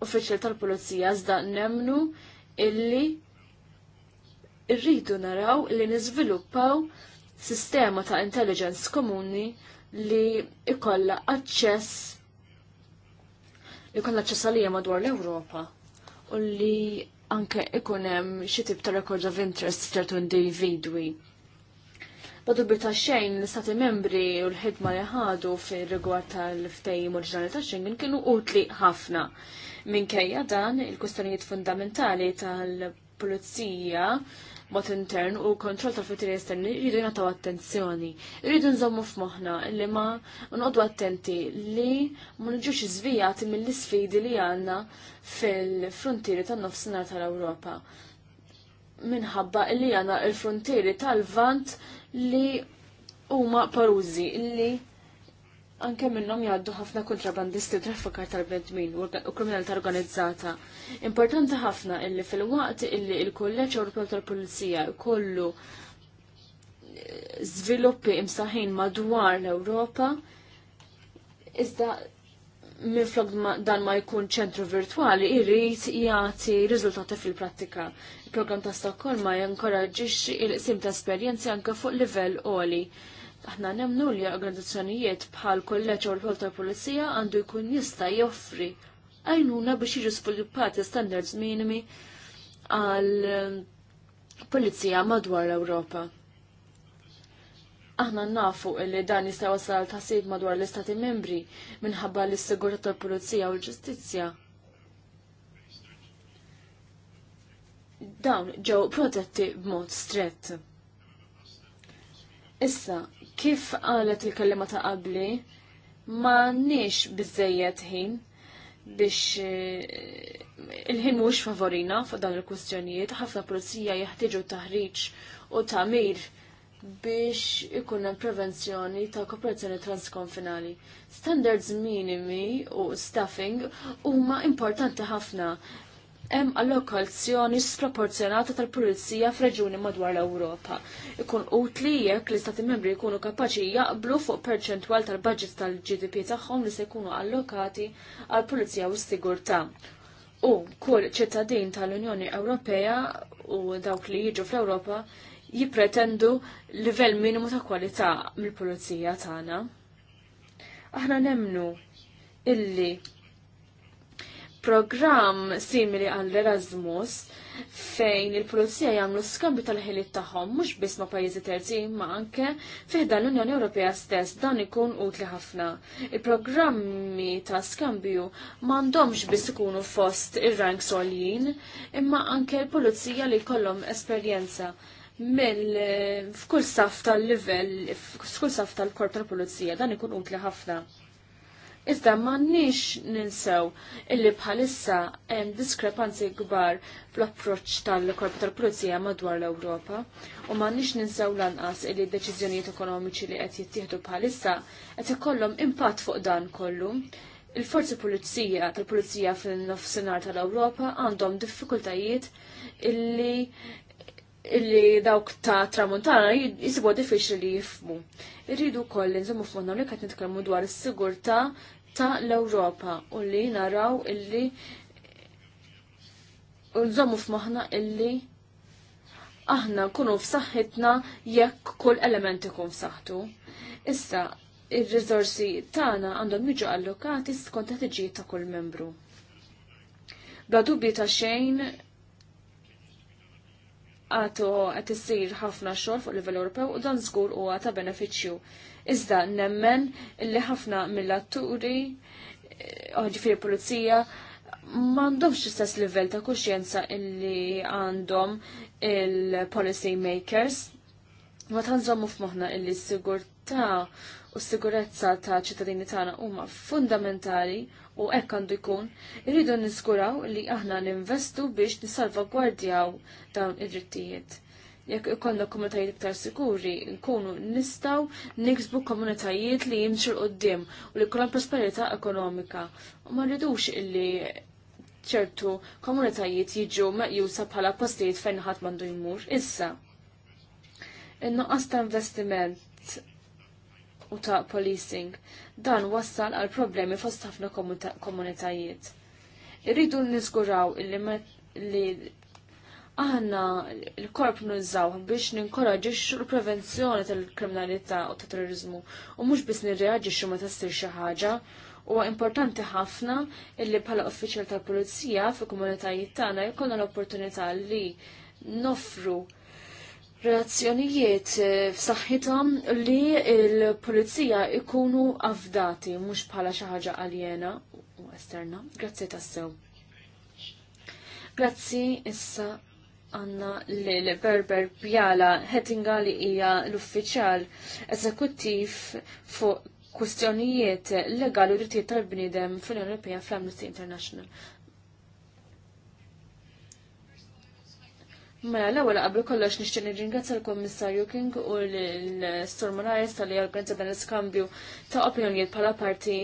uffiċjal tal-Pulizija iżda nemnu illi irridu naraw li niżviluppaw sistema ta' intelligence komuni li ikolla aċċess li ikolla aċċess għalija madwar l-Ewropa u li anke ikunem xi tip ta' record of interest ċertu individwi. Badu bita xejn l-istati membri u l-ħidma li ħadu fir rigward tal-ftejim oriġinali ta' Schengen kienu utli ħafna. Minkejja dan il-kustonijiet fundamentali tal-pulizija mod intern u kontroll tal-fitri esterni jridu jnataw attenzjoni. Jridu nżommu f'moħħna li ma nqodu attenti li ma nġuġi zvijati mill-isfidi li għandna fil-frontieri tan-nofsinhar tal-Ewropa. Minħabba li għanna il-frontieri tal-Vant li huma parużi li anke minnhom jgħaddu ħafna kontrabandisti u traffikar tal bedmin u kriminalità organizzata. Importanti ħafna illi fil-waqt illi il-Kolleġġ Ewropew tal-Pulizija kollu eh, żviluppi imsaħin madwar l-Ewropa, iżda minflok dan ma jkun ċentru virtuali, irrit jagħti riżultati fil-prattika. Il-programm ta' Stockholm ma jinkoraġġix il sim ta' esperjenzi anke fuq livell oli. Aħna nemnu li organizzazzjonijiet bħal kolleġġ u l-Pol tal-Pulizija għandu jkun jista' joffri għajnuna biex jiġu sviluppati standards minimi għal ehm, pulizija madwar l-Ewropa. Aħna nafu li dan jista' wasal tasib madwar l-Istati membri minħabba l sigurtà tal-Pulizija u l-Ġustizzja. Dawn ġew protetti b'mod strett. Issa, Kif qalet il-kellima ta' qabli, ma nix bizzejiet ħin biex eh, il-ħin mux favorina fuq dan il-kwistjonijiet, ħafna pulizija jeħtieġu taħriġ u tamir biex ikun hemm prevenzjoni ta' kooperazzjoni transkonfinali. Standards minimi u staffing huma importanti ħafna hemm allokazzjoni sproporzjonata tal-pulizija f'reġuni madwar l-Ewropa. Ikun utli jekk l-Istati membri jkunu kapaċi jaqblu fuq perċentwal tal-budget tal-GDP tagħhom li se jkunu allokati għall pulizija u s-sigurtà. U kull ċittadin tal-Unjoni Ewropea u dawk li jiġu fl-Ewropa jipretendu livell minimu ta' kwalità mill-pulizija tagħna. Aħna nemnu illi programm simili għall-Erasmus fejn il-Pulizija jagħmlu skambju tal-ħiliet tagħhom mhux biss ma' pajjiżi terzi imma anke fiħda l-Unjoni Ewropea stess dan ikun utli ħafna. Il-programmi ta' skambju m'għandhomx biss ikunu fost ir-rank soljin imma anke l-Pulizija li jkollhom esperjenza mill f'kull saf tal-livell, f'kull saf tal-korp tal-pulizija, dan ikun utli ħafna. Iżda m'għandniex ninsew illi bħalissa hemm diskrepanzi kbar fl-approċċ tal-Korp tal-Pulizija madwar l-Ewropa u m'għandniex ninsew lanqas illi d-deċiżjonijiet ekonomiċi li qed jittieħdu bħalissa qed ikollhom impatt fuq dan kollu. Il-forzi pulizija tal-pulizija fil-nofsinhar tal-Ewropa għandhom diffikultajiet illi illi dawk ta' tramuntana jisibu diffiċli li jifmu. Irridu koll nżommu f'monna li qed nitkellmu dwar is-sigurtà ta' l-Ewropa u li naraw illi u nżommu f'moħna illi aħna nkunu f'saħħitna jekk kull element ikun f'saħħtu. Issa, ir-riżorsi tagħna għandhom jiġu allokati skont ħtiġijiet ta' kull membru. Bla dubbi ta' xejn għatu qed isir ħafna xogħol fuq livell Ewropew u dan żgur huwa ta' benefiċċju Iżda nemmen li ħafna mill-atturi, eh, fil pulizija, mandomx istess livell ta' kuxjenza illi għandhom il-policy makers. Ma tanżommu f'moħna illi s-sigurta u s-sigurezza ta' ċittadini tagħna huma fundamentali u hekk għandu jkun, irridu niskuraw li aħna ninvestu biex nisalvagwardjaw dawn id-drittijiet jekk ikollna komunitajiet iktar sikuri, nkunu nistaw niksbu komunitajiet li jimxu l-qoddim u li kolla prosperità ekonomika. U ma rridux illi ċertu komunitajiet jiġu meqjusa bħala postijiet fejn ħadd mandu jmur. Issa, in-nuqqas ta' investiment u ta' policing. Dan wassal għal problemi fost ħafna komunitajiet. Irridu nizguraw li, li aħna l-korp nużaw biex ninkoraġixxu l-prevenzjoni tal-kriminalità u tat terrorizmu u mhux biss nirreaġixxu xumma ssir xi ħaġa. Huwa importanti ħafna illi bħala uffiċjal tal-pulizija fi komunitajiet tagħna jkollna l-opportunità li nofru relazzjonijiet f'saħħithom li l-pulizija ikunu avdati mhux bħala xi ħaġa aljena u esterna. Grazzi tassew. Grazzi issa għanna l-Berber Bjala Hettinga li hija l-uffiċjal eżekuttiv fuq kwistjonijiet legali u drittijiet tal-bniedem fl-Unjoni Ewropea fl-Amnesty International. Mela, l-ewwel qabel kollox nixtieq nirringrazzja l-Kummissarju King u l-Storm Malaris tal-li organizza dan l-iskambju ta' opinjonijiet bħala parti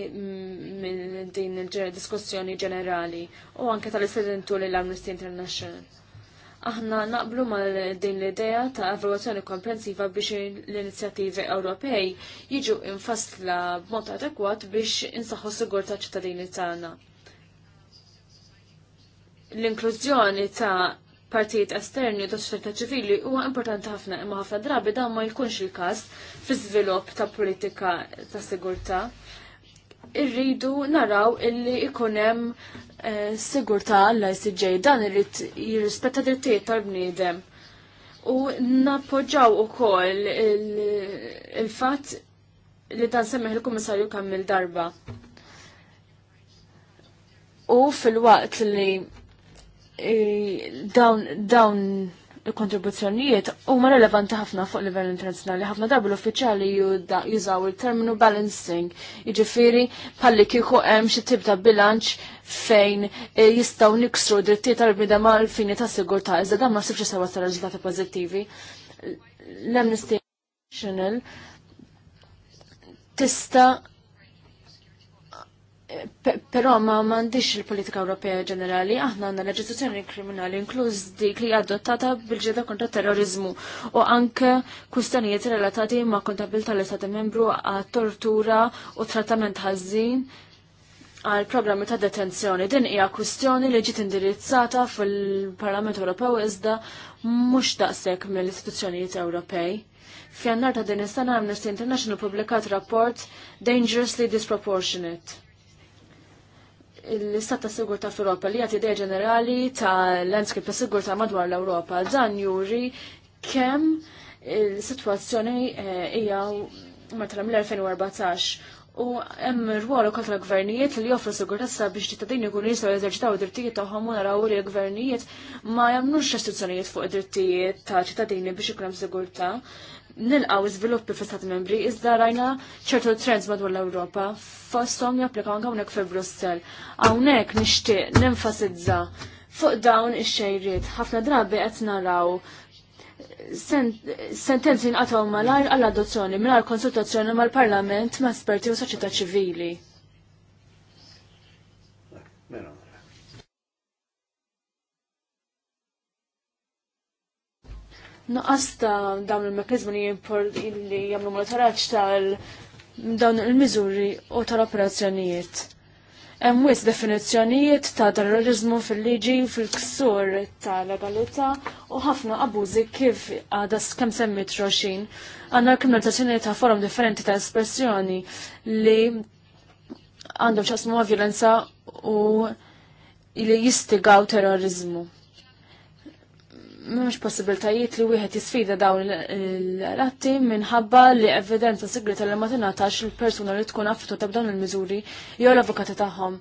minn din il-diskussjoni ġenerali u anke tal-istudentu l-Amnesty International. Aħna naqblu mal din l-idea ta' evaluazzjoni komprensiva biex l-inizjattivi Ewropej jiġu infassla b'mod adekwat biex insaħħu sigur ta' ċittadini tagħna. L-inklużjoni ta' partijiet esterni u ta' soċjetà ċivili huwa importanti ħafna imma ħafna drabi dan ma jkunx il-każ fi żvilupp ta' politika ta' sigurtà irridu naraw illi ikunem eh, sigurta għalla icj dan irrit jirrispetta drittijiet tal-bniedem. U nappoġġaw ukoll il-fatt li dan semmeħ il-Kummissarju kammil darba. U fil-waqt li eh, dawn dawn il-kontribuzzjonijiet huma relevanti ħafna fuq livell internazzjonali. Ħafna darbi l-uffiċjali jużaw il-terminu balancing, jiġifieri bħalli kieku hemm xi tip ta' bilanċ fejn eh, jistgħu niksru drittijiet tal-bnida mal-fini ta' sigurtà, iżda dan ma sibx sewa ta' riżultati pożittivi. L-Amnesty International tista' Però ma m'għandix il-politika Ewropea ġenerali, aħna għandna leġiżlazzjoni kriminali inkluż dik li adottata bil-ġeda kontra terrorizmu u anke kwistjonijiet relatati ma' kontabilta l-Istati membru għal tortura u trattament ħażin għal programmi ta' detenzjoni. Din hija kwistjoni li ġiet indirizzata fil-Parlament Ewropew iżda mhux daqshekk mill-istituzzjonijiet Ewropej. Fjannar ta' din is-sena Amnesty International publikat rapport Dangerously Disproportionate l-istat ta' sigurta fl-Europa li għati idea ġenerali ta' landscape ta' sigurta madwar l-Europa. Dan juri kemm il-situazzjoni eh, hija matra mill-2014 u hemm rwol ukoll tal-gvernijiet li joffru sigurtà biex ċittadini jkunu jistgħu jeżerċitaw id-drittijiet tagħhom u naraw li l-gvernijiet ma jagħmlux restrizzjonijiet fuq id-drittijiet ta' ċittadini biex ikun hemm sigurtà nilqaw iżviluppi fi stati membri iżda rajna ċertu trends madwar l-Ewropa fosthom japplika anke hawnhekk fi Brussell. Hawnhekk nixtieq nenfasizza fuq dawn ix-xejriet ħafna drabi qed naraw sentenzi nqatgħu malajr għall-adozzjoni mingħajr konsultazzjoni mal-Parlament ma' esperti u soċjetà ċivili. Naqas ta' dawn il mekkizmu li jagħmlu monitoraċ tal dawn il-miżuri u tal-operazzjonijiet. Hemm wis definizzjonijiet ta' terrorizmu fil-liġi fil-ksur ta' legalità u ħafna abuzi kif għada kemm semmit roxin. l kriminalizzazzjoni ta' forum differenti ta' espressjoni li għandhom ċasmu violenza u li jistigaw terrorizmu mhux possibiltajiet li wieħed jisfida dawn l-atti minħabba li evidenza sigri li ma tingħatax il-persuna li tkun affittu ta' dawn il-miżuri jew l-avukati tagħhom.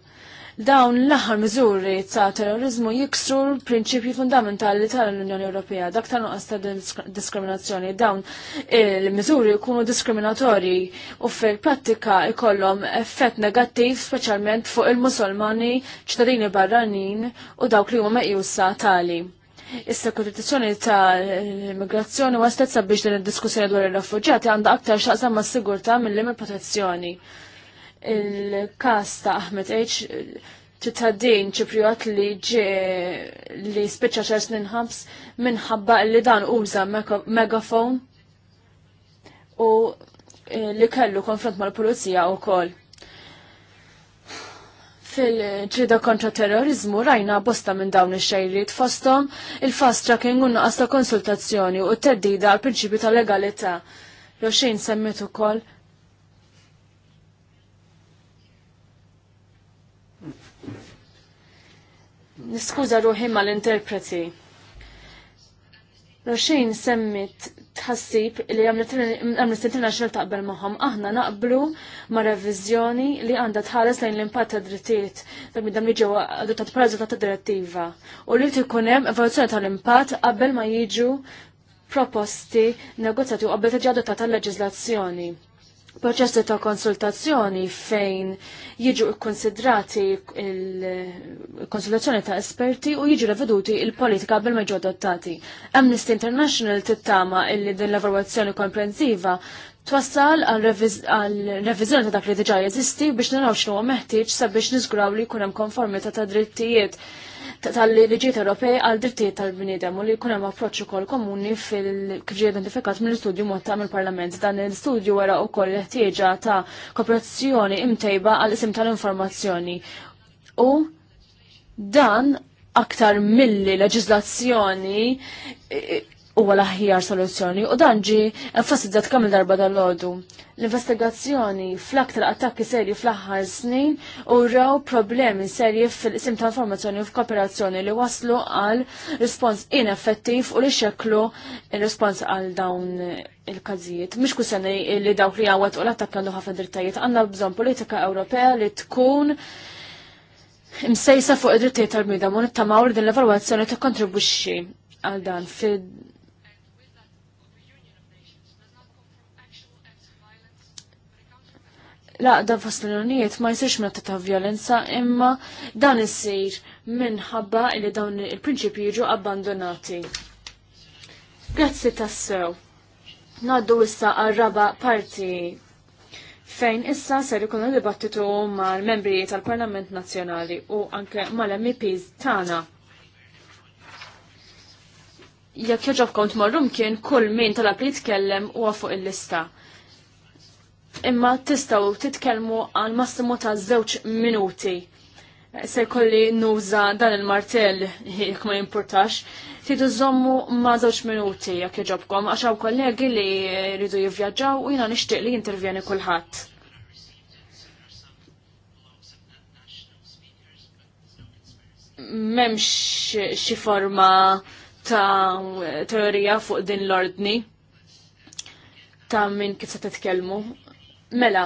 Dawn l-aħħar miżuri ta' terrorizmu jiksru l-prinċipji fundamentali tal-Unjoni Ewropea, dak ta' nuqqas ta' diskriminazzjoni. Dawn il-miżuri jkunu diskriminatorji u fil-prattika jkollhom effett negattiv speċjalment fuq il-Musulmani, ċittadini barranin u dawk li huma meqjusa tali. Is-sekuritazzjoni tal-immigrazzjoni waslet biex din id-diskussjoni dwar ir rifuġjati għandha aktar x'aqsam mas-sigurtà mill-lim il protezzjoni. Il-każ ta' Ahmed H ċittadin ċipriot li ġi li spiċċa ċar snin ħabs minħabba li dan uża megafon u eh, li kellu konfront mal-pulizija wkoll Fil-ġrida kontra terrorizmu rajna bosta minn dawn ix xejrit fosthom il-fast tracking u naqas ta' konsultazzjoni u t-teddida għal prinċipju ta' legalità. xejn semmet ukoll Niskuża ruħi mal-interpreti. Roxin semmit tħassib li Amnesty International taqbel magħhom. Aħna naqblu ma' revizjoni li għandha tħares lejn l-impatt ta' drittijiet dak dam jiġu adottat bħala riżultat ta' direttiva. U li tkun hemm evoluzzjoni tal-impatt qabel ma jiġu proposti negozjati u qabel tiġi adottata l leġizlazzjoni proċessi ta' konsultazzjoni fejn jiġu konsidrati il-konsultazzjoni ta' esperti u jiġu reveduti il-politika bil ma adottati. Amnesty International tittama illi din l-evaluazzjoni komprensiva twassal għal-revizjoni ta' dak li diġa jeżisti biex naraw x'nu meħtieġ sabiex niżguraw li jkun hemm konformità ta' drittijiet tal liġiet Ewropej għal drittijiet tal-bniedem u li jkun hemm approċċ ukoll komuni fil kif ġie identifikat mill-istudju mod ta' mill-Parlament. Dan l-istudju wara wkoll ħtieġa ta' kooperazzjoni imtejba għal isim tal-informazzjoni. U dan aktar milli leġiżlazzjoni huwa l-aħjar soluzzjoni u dan ġi enfasizzat kemm darba dal-għodu. L-investigazzjoni fl-aktar attakki serji fl-aħħar snin u raw problemi serji fil-isim ta' informazzjoni u f'kooperazzjoni li waslu għal rispons ineffettiv u li xeklu rispons għal dawn il-kazijiet. Mux kusani li dawk li għawet u l-attakki għandu ħafna drittajiet. Għanna bżonn politika Ewropea li tkun msejsa fuq id-drittijiet tal-bnidem u nittamaw li din l ta' tikkontribwixxi għal dan fid laqda fost ma jsirx meta ta' violenza imma dan issir minħabba li dawn il-prinċipi jiġu abbandonati. Grazzi tassew. Naddu issa għal-raba parti fejn issa ser ikun dibattitu mal-membri tal-Parlament Nazzjonali u anke mal-MPs tagħna jekk joġob kont marrum kien kull min tal-għab jitkellem huwa fuq il-lista imma tistaw titkellmu għal massimo ta' żewġ minuti. Se kolli nuża dan il-martell jekk ma jimpurtax, titu żommu ma' żewġ minuti jekk jġobkom għax kollegi li rridu jivvjaġġaw u jina nixtieq li jintervjeni kulħadd. Memx xi forma ta' teorija fuq din l-ordni ta' minn kif se titkellmu. Mela,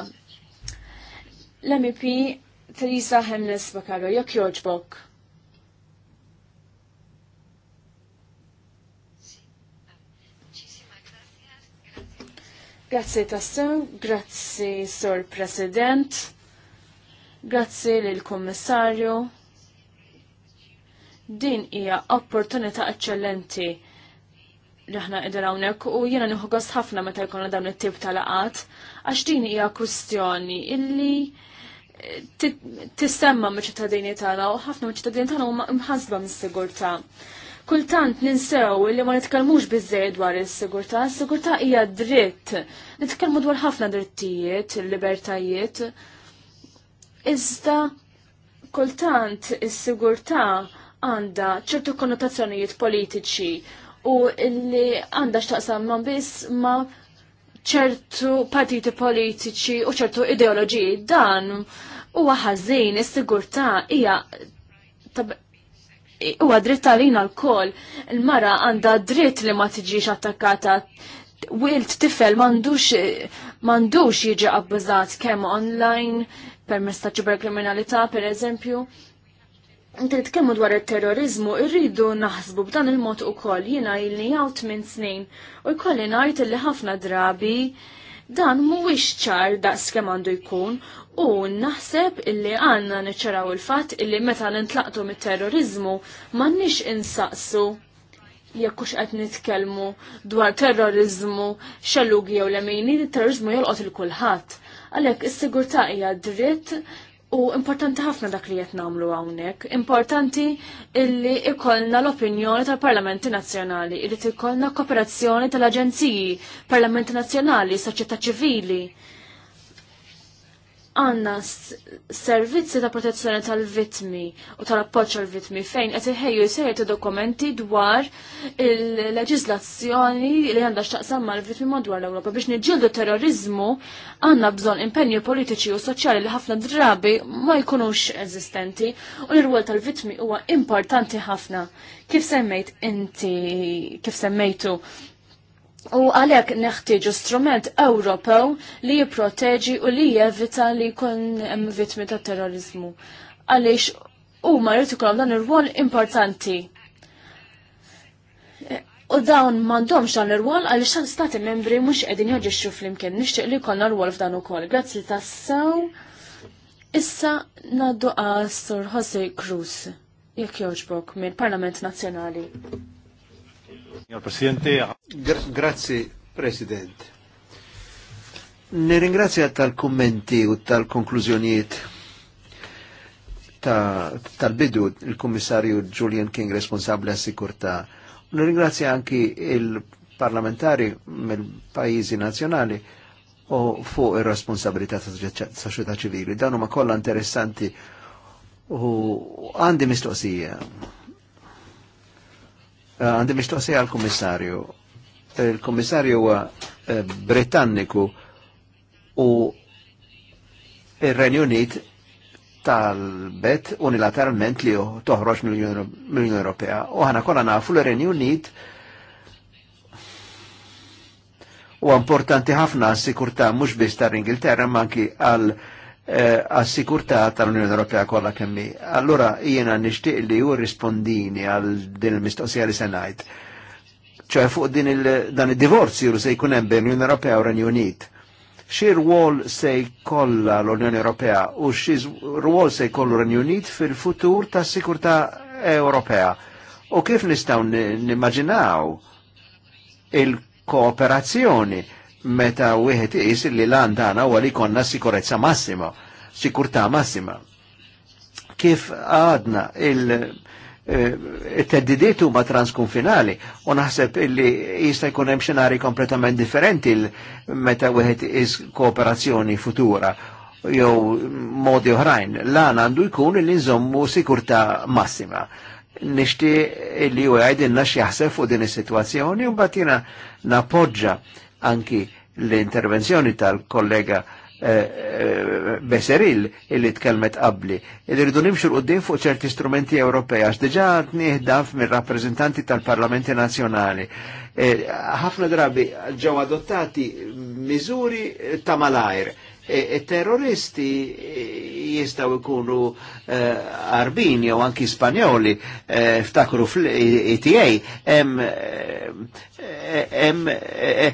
l mp Teresa Hemnes Bakaro, jekk joġbok. Grazie tassu, grazie Sor President, grazie lil kommissarju Din hija opportunità eċċellenti li aħna qegħdin hawnhekk u jiena nieħu gost ħafna meta jkunu dawn it-tip tal-laqat għax din hija kwistjoni illi eh, tistemma ma ċittadini tagħna u ħafna mill ċittadini tagħna huma mħassba mis-sigurtà. Kultant ninsew li ma nitkellmux biżejjed dwar is-sigurtà, is-sigurtà hija dritt. Nitkellmu dwar ħafna drittijiet, libertajiet. Iżda kultant is-sigurtà għandha ċertu konnotazzjonijiet politiċi u illi għandha x'taqsam ma biss ma' ċertu partiti politiċi u ċertu ideoloġiji dan huwa ħażin is-sigurtà hija huwa dritt għalina l-kol. Il-mara għandha dritt li ma tiġix attakkata. Wilt tifel mandux mandux jiġi abbużat kemm online permess ta' ċiberkriminalità per eżempju. Per Inti tkellmu dwar it-terrorizmu irridu naħsbu b'dan il-mod ukoll jiena ilni jaw tmien snin u jkolli ngħid li ħafna drabi dan mhuwiex ċar daqs kemm għandu jkun u naħseb illi għandna niċċaraw il-fatt illi meta nintlaqtu mit-terrorizmu m'għandniex insaqsu jekk hux qed nitkellmu dwar terrorizmu xellugi jew lemini, terrorizmu jolqot il-kulħadd. Għalhekk is-sigurtà hija dritt U importanti ħafna dak li qed nagħmlu hawnhekk. Importanti illi ikollna l-opinjoni tal-Parlamenti Nazzjonali, irid ikollna kooperazzjoni tal-Aġenziji, Parlamenti Nazzjonali, Soċjetà Ċivili, għanna servizzi ta' protezzjoni tal-vitmi u tal-appoċ għal-vitmi fejn qed iħeju jsejjer ta' dokumenti dwar il leġizlazzjoni li għandha x'taqsam mal-vitmi madwar l europa biex nġildu terrorizmu għandna bżonn impenju politiċi u soċjali li ħafna drabi ma jkunux eżistenti u l rwol tal-vitmi huwa importanti ħafna. Kif semmejt inti, kif semmejtu U għalek neħtieġu strument Ewropew li jipproteġi u li jevita li jkun hemm vittmi ta' terrorizmu. Għaliex huma jrid ikollhom dan ir-rwol importanti. U dawn m'għandhomx dan ir-rwol għaliex għal stati membri mhux qegħdin jaġixxu flimkien nixtieq li jkollna rwol f'dan ukoll. Grazzi tassew. Issa naddu għas Sur Jose Cruz, jekk jogħġbok mill Parlament Nazzjonali. Signor Presidente. Ne grazie, President. tal commenti u tal conclusioniet tal-bidu il commissario Julian King a sicurtà. Ne ringrazio anche il-parlamentari mill-pajizi nazionali o fu ir-responsabilità e ta' società civile. Dan ma kollha interessanti u andi mistoqsija Għandi biex mistoqsija għal-Komissarju. Il-Komissarju huwa eh, Britanniku u ir-Renju Unit talbet unilateralment li toħroġ mill-Unjoni Ewropea. U ħana kollha nafu l-Renju Unit u importanti ħafna s-sikurta mhux biss tar-Ingilterra manki għal Eh, għas-sikurtà tal-Unjoni Ewropea kollha kemmi. Allora jiena nixtieq li ju rispondini għal din il-mistoqsija li se ngħid. ċoħe fuq din dan il divorzju se jkun hemm bejn l-Unjoni Ewropea u Renju Unit. Xi rwol se jkollha l-Unjoni Ewropea u xi rwol se jkollu Renju Unit fil-futur ta' sikurtà Ewropea. U kif nistgħu nimmaġinaw il-kooperazzjoni meta wieħed is li lan tagħna huwa li konna sikurezza massima, sikurtà massima. Kif għadna il- eh, it-teddidiet huma transkonfinali u naħseb illi jista' jkun hemm xenari kompletament differenti meta wieħed is kooperazzjoni futura jew modi oħrajn. Lan għandu jkun li nżommu sikurtà massima. Nixti illi u għajdinna x'jaħseb fuq din is-sitwazzjoni u mbagħad jiena napoġġa anki l-intervenzjoni tal-kollega eh, eh Beseril illi tkelmet qabli. Irridu nimxu l-qoddim fuq ċerti strumenti Ewropej, għax diġa nieħdaf minn rappresentanti tal-Parlamenti Nazjonali. Eh, ħafna drabi ġew adottati miżuri ta' malajr terroristi jistaw ikunu eh, arbin jew anki spanjoli eh, ftakru fl-ETA hemm eh,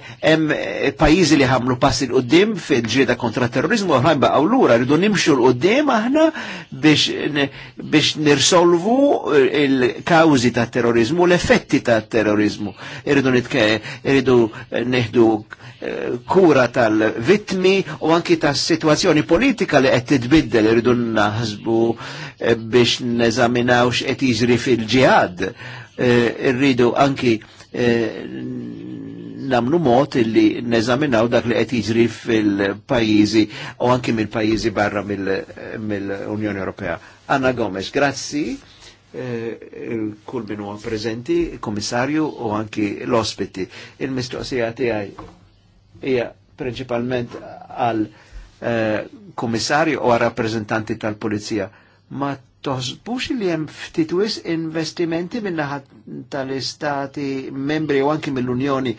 pajjiżi li ħamlu passi l qudiem fil ġieda kontra terrorizmu ħajba baqgħu lura rridu nimxu l qudiem aħna biex nirsolvu il-kawżi ta' terrorizmu l-effetti ta' terrorizmu. Irridu neħdu kura tal-vitmi u anki ta' situazzjoni politika li qed li irridu naħsbu eh, biex neżaminaw x'qed jiġri fil-ġihad. Eh, irridu anki eh, namlu mod illi neżaminaw dak li qed jiġri fil-pajjiżi u anki mill-pajjiżi barra mill-Unjoni Ewropea. Anna Gomez, grazzi kull minn preżenti, komissarju u anki l-ospiti. Il-mistoqsija tiegħi hija principalment għal Eh, komissarju u rappresentanti tal-Polizija. Ma toħsbux li jem ftitwis wis investimenti minnaħa tal-istati membri u anki mill-Unjoni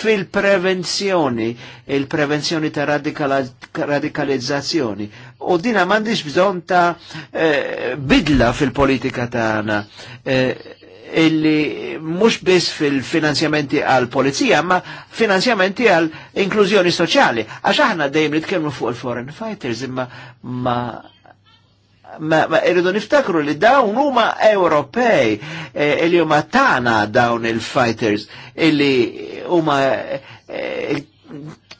fil-prevenzjoni, il-prevenzjoni ta' radikalizzazzjoni. U dina m'għandix bżon ta' eh, bidla fil-politika tagħna. Eh, illi mhux biss fil-finanzjamenti għal polizija ma finanzjamenti għal inklużjoni soċjali. Għax aħna dejjem nitkellmu fuq il-foreign fighters imma ma ma, ma irridu niftakru li dawn huma Ewropej eh, illi huma tana dawn il-fighters illi huma eh,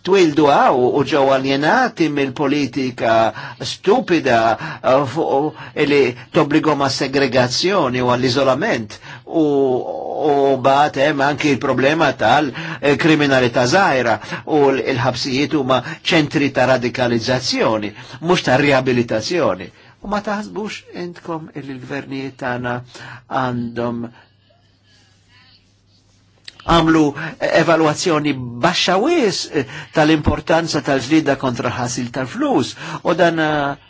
twildu għaw u ġew għaljenati mill-politika stupida uh, li tobbligom ma' segregazzjoni u għall-izolament u, u bat hemm anki il-problema tal-kriminalità zaħira u l-ħabsijiet huma ċentri ta' radikalizzazzjoni, mhux ta' riabilitazzjoni. U ma taħsbux intkom il-gvernijiet tagħna għandhom għamlu evaluazzjoni baxxa wis eh, tal-importanza tal-ġlida kontra ħasil tal-flus u dan eh,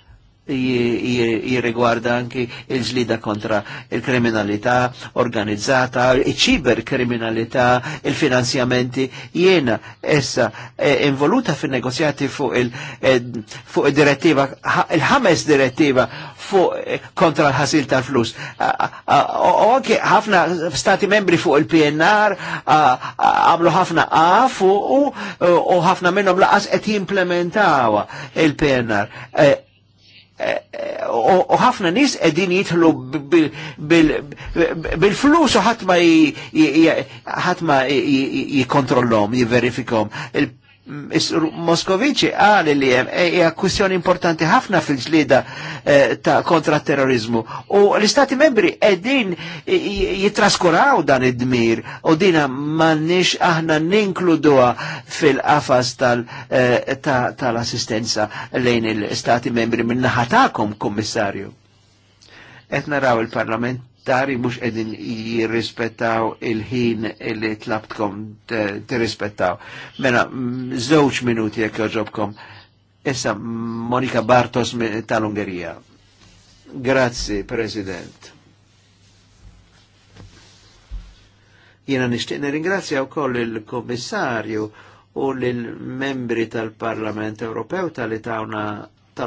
jirrigwarda anki il-ġlida kontra il-kriminalità organizzata, il kriminalità il-finanzjamenti. Jena essa eh, involuta fin negozjati fuq il-direttiva, eh, il-ħames direttiva fuq eh, kontra l-ħasil tal-flus. U anki ħafna stati membri fuq il-PNR għamlu ħafna għafu u ħafna minnhom laqas qed jimplementawa il-PNR u ħafna nis edin jitħlu bil-flus u ħatma jikontrollom, jiverifikom. Moskovici għal li jem e-, hija kwistjoni importanti ħafna fil-ġlida e, ta' kontra terrorizmu u l-istati membri edin jitraskuraw dan id-dmir u dina mannix aħna ninkluduha fil-qafas e, tal-assistenza lejn il istati membri minnaħatakom, kommissarju. Etna naraw il-parlament parlamentari mux edin jirrispettaw il-ħin li tlabtkom tirrispettaw. Mena, zewċ minuti jek joġobkom. Issa, Monika Bartos tal-Ungerija. Grazzi, President. Jena nishtiq ringrazzja koll il komissarju u l-membri tal-Parlament Ewropew tal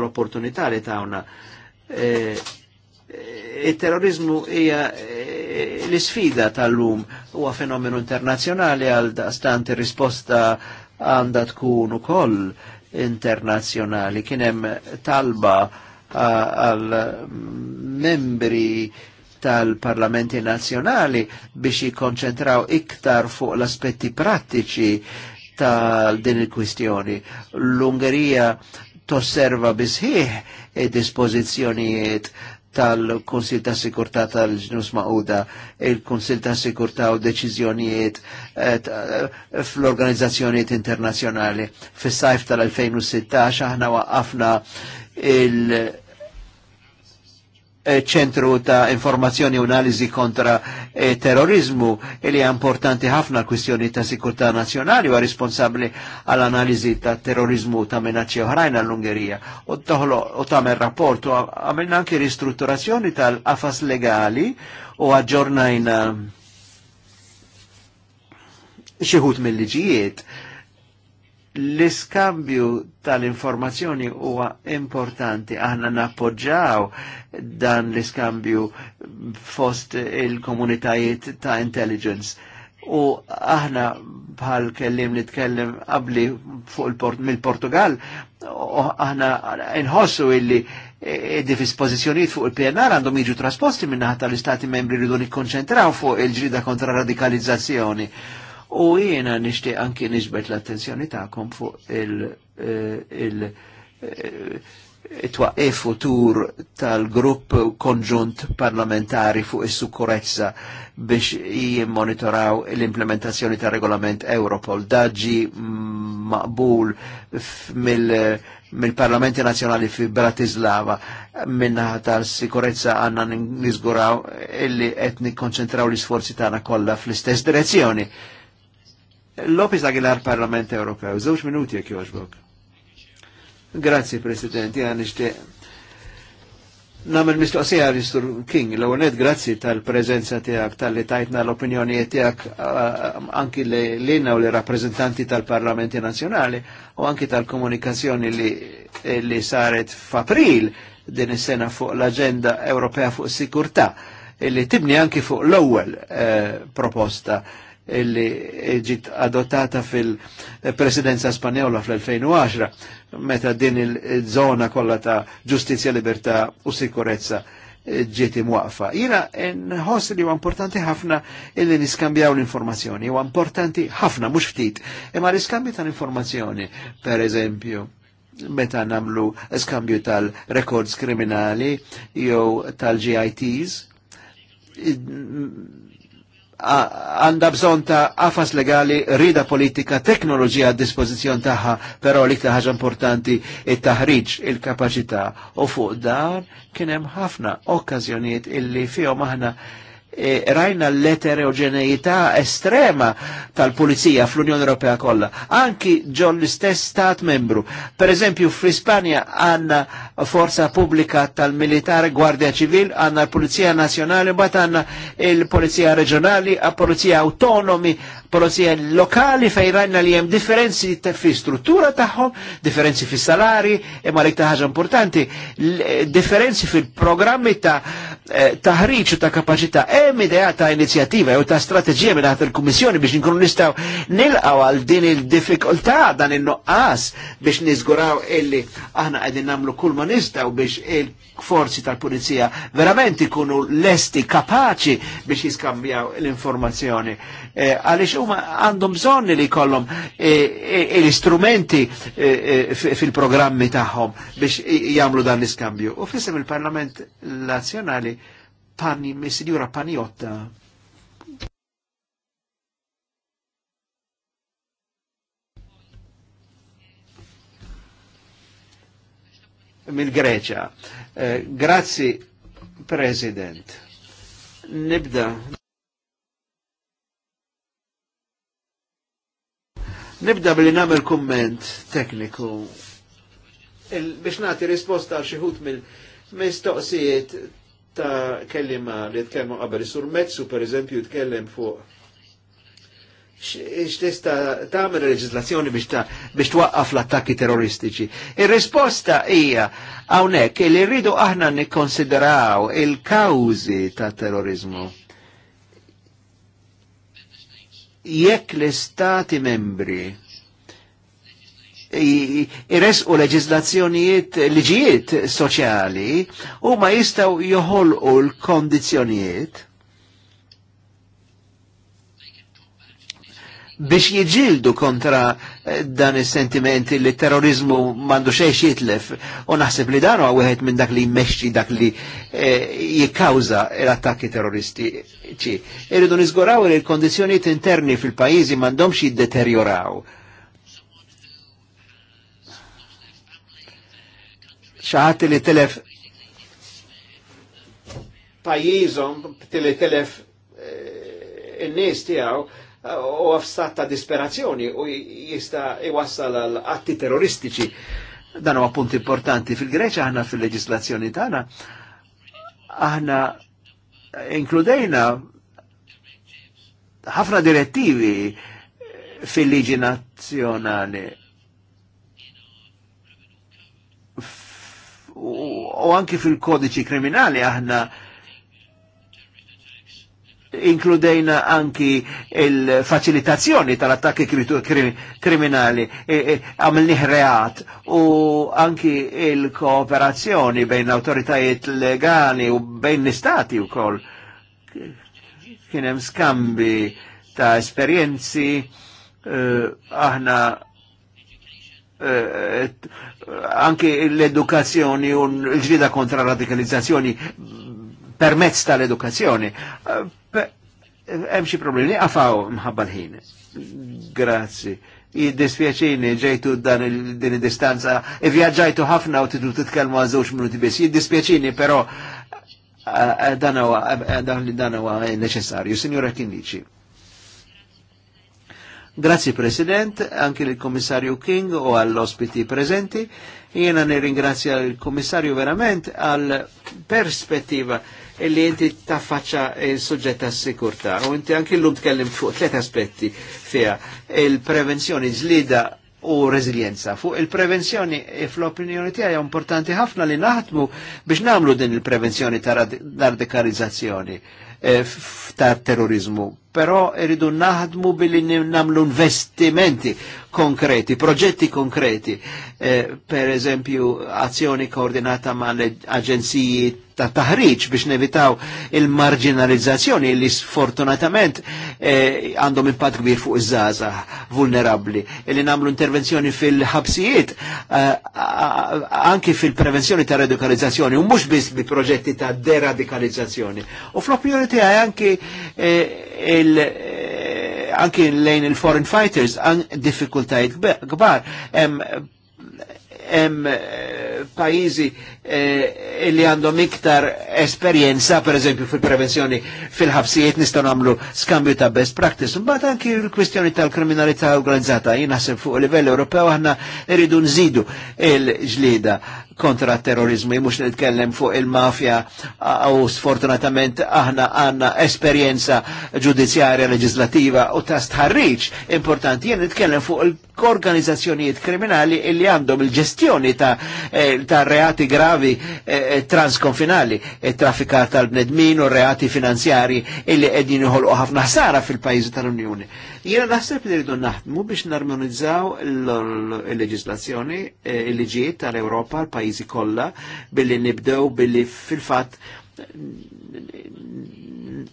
opportunità li tawna. Ta eh, il-terrorizmu hija eh, l-isfida tal-lum huwa fenomenu internazzjonali għal stant risposta għanda tkun ukoll internazzjonali. Kien hemm talba għal membri tal-parlamenti nazzjonali biex jikkonċentraw iktar fuq l-aspetti prattiċi tal din il-kwistjoni. L-Ungerija tosserva bisħiħ e dispożizzjonijiet tal-Konsil ta' Sikurtà tal-Ġnus Mauda, il-Konsil ta' Sikurtà u deċiżjonijiet eh, eh, fl-organizzazzjonijiet internazzjonali. Fis-sajf tal-2016 aħna waqqafna il- Eh, ċentru ta' informazzjoni u analizi kontra eh, terrorizmu e li hija importanti ħafna kwistjoni ta' sikurtà nazzjonali u responsabbli għal analizi ta' terrorizmu ta' minaċċi oħrajn għall-Ungerija. U toħlo u tagħmel rapport u għamilna anke ristrutturazzjoni tal-qafas legali u aġġornajna xi ħut mill-liġijiet L-iskambju tal-informazzjoni huwa importanti, aħna nappoġġaw dan l-iskambju fost il-komunitajiet ta' intelligence. U aħna bħal kellim li tkellem qabli fuq mill-Portugal, aħna nħossu illi di fispożizzjonijiet fuq il-PNR għandhom jiġu trasposti minnaħat tal-istati membri rridu nikkonċentraw fuq il-ġrida kontra radikalizzazzjoni U jiena nishtiq anki nisbet l-attenzjoni ta'kom fuq il-twaqif eh, eh, futur tal-grupp konġunt parlamentari fuq is-sukurezza biex jimmonitoraw l-implementazzjoni ta' regolament Europol. Daġi maqbul mill-Parlamenti Nazjonali fi Bratislava minna tal-sikurezza għanna nizguraw illi etni konċentraw l-isforzi tagħna kollha fl-istess direzzjoni Lopez Aguilar Parlament Ewropew, żewġ minuti jek joġbok. Grazie, Presidenti, għan iġte. Namel mistoqsija Ristur King, l għonet grazzi tal-prezenza tijak, tal-li tajtna l-opinjoni tijak eh, anki li l-inna u li rappresentanti tal-parlamenti nazjonali u anki tal-komunikazzjoni li, li saret f'april din is-sena fuq l-agenda Ewropea fuq sikurta li tibni anki fuq l-ewwel eh, proposta. Eh, illi ġit adottata fil-presidenza spanjola fl-2010, meta din il-zona kollha ta' ġustizja, libertà u sikurezza ġiet imwaqfa. Jina nħoss li huwa importanti ħafna illi niskambjaw l-informazzjoni, huwa importanti ħafna, mhux ftit, imma l-iskambju tal-informazzjoni, per eżempju, meta namlu skambju tal-records kriminali jew tal-GITs, għanda bżon ta' għafas legali, rida politika, teknoloġija a dispozizjon taħħa, pero li ħaġa importanti il taħriġ il kapacita u fuq dar kienem ħafna okkazjoniet illi fihom aħna E, rajna l-eterogeneità estrema tal-pulizija fl-Unjoni Ewropea kollha, anki ġol l-istess stat membru. Per eżempju, fl-Ispanja għanna forza pubblika tal militar gwardja ċivil, għanna l-Pulizija Nazjonali, bat għanna il-Polizija Reġjonali, a Polizija Autonomi, polizija lokali fej rajna li hemm differenzi fi struttura tagħhom, differenzi fi salari, ma li ħaġa importanti, eh, differenzi fil-programmi ta' eh, taħriċ u ta' kapaċità. Hemm idea ta' inizjattiva jew ta' strategija minn il-Kummissjoni biex inkunu nistgħu nilqgħu għal din il-diffikultà dan in-nuqqas biex niżguraw illi aħna qegħdin nagħmlu kull ma nistgħu biex il-forzi tal-pulizija verament ikunu lesti kapaċi biex jiskambjaw l-informazzjoni Eh, għalix huma għandhom bżonn li jkollhom eh, eh, l-istrumenti fil-programmi tagħhom biex jagħmlu dan l-iskambju. U fissem il-Parlament Nazzjonali pani, Sinjura Paniotta. mill-Greċa. Grazzi, President. Nibda. Nibda billi namel komment tekniku biex nagħti risposta għal xi ħud mill-mistoqsijiet ta' kellima li tkellmu qabel sur Mezzu pereżempju tkellem fuq x'tista tagħmel leġislazzjoni biex biex twaqqaf l-attakki terroristiċi. Ir-risposta hija hawnhekk li rridu aħna nikkonsideraw il-kawżi ta' terrorizmu jekk l-istati membri jires u leġizlazzjonijiet, liġijiet soċjali u ma jistaw joħolqu l-kondizjonijiet biex jiġildu kontra eh, dan is-sentimenti li terrorizmu mandu xejx jitlef. U naħseb li dan huwa wieħed minn dak li jmexxi dak li eh, jikkawża l-attakki terroristi ċi. Irridu li l-kondizzjonijiet interni fil-pajjiżi m'għandhomx jiddeterjoraw. ċaħat li telef pajizom, li telef eh, in-nies tiegħu u għafstat ta' disperazzjoni u jista' iwassal għal atti terroristiċi. Dan huwa punt importanti. Fil-Greċa aħna fil-leġislazzjoni tagħna aħna inkludejna ħafna direttivi fil-liġi nazzjonali. U anki fil-kodiċi kriminali aħna inkludejna anki il-facilitazzjoni tal-attakki kriminali, għamilni e, e reat u anki il-kooperazzjoni bejn autoritajiet legali u bejn l-istati u kol. Kienem skambi ta' esperienzi, e, aħna e, anki l-edukazzjoni u l-ġrida kontra radikalizzazzjoni permezz tal-edukazzjoni. Hemm problemi għafaw mħabba l-ħin. Grazzi. Jiddispjaċini ġejtu dan din id-distanza, ivvjaġġajtu e ħafna u tidu titkellmu għal żewġ minuti biss. Jiddispjaċini però eh, eh, eh, dan huwa neċessarju. Signora Kindici. Grazzi President, anche il Commissario King o all'ospiti presenti. Jena nirringrazzja il Commissario verament għal perspettiva li inti taffaċċa il sujġetta s sikurtà u inti anki llum tkellim fuq tliet aspetti fiha il-prevenzjoni ġlida u rezilienza. Fuq il-prevenzjoni eh, fl-opinjoni tiegħi importanti ħafna li naħdmu biex nagħmlu din il-prevenzjoni ta' radikalizzazzjoni eh, ta' terrorizmu però irridu naħdmu billi namlu investimenti konkreti, proġetti konkreti, eh, per eżempju azzjoni koordinata ma' agenziji ta' taħriġ biex nevitaw il-marginalizzazzjoni li sfortunatament eh, għandhom eh, impatt kbir fuq iż-żaza vulnerabli. E li namlu intervenzjoni fil-ħabsijiet, eh, anki fil-prevenzjoni ta' radikalizzazzjoni, u mux biss bi proġetti ta' deradikalizzazzjoni. U fl-opinjoni tiegħi anki eh, il eh, anki lejn il-foreign fighters għan diffikultajt gbar. em eh, pajizi Eh, illi għandhom iktar esperienza, per eżempju, fil-prevenzjoni fil-ħabsijiet nistgħu nagħmlu skambju ta' best practice. Mbagħad anki l-kwistjoni tal-kriminalità organizzata jien naħseb fuq livell Ewropew aħna rridu nżidu il-ġlida kontra terrorizmu, mux nitkellem fuq il-mafja u sfortunatament aħna għanna esperienza ġudizzjarja, leġislativa u ta' stħarriċ importanti, jien nitkellem fuq l-organizzazzjonijiet kriminali illi għandhom il-ġestjoni ta', eh, ta reati gravi gravi eh, eh, transkonfinali, eh, traffika tal-bnedmin u reati finanzjari illi edin uħol ħafna ħsara fil-pajizi tal-Unjoni. Jena naħseb li rridu naħdmu biex narmonizzaw il-leġislazzjoni, il-liġijiet tal-Europa, l-pajizi kolla, billi nibdew billi fil fat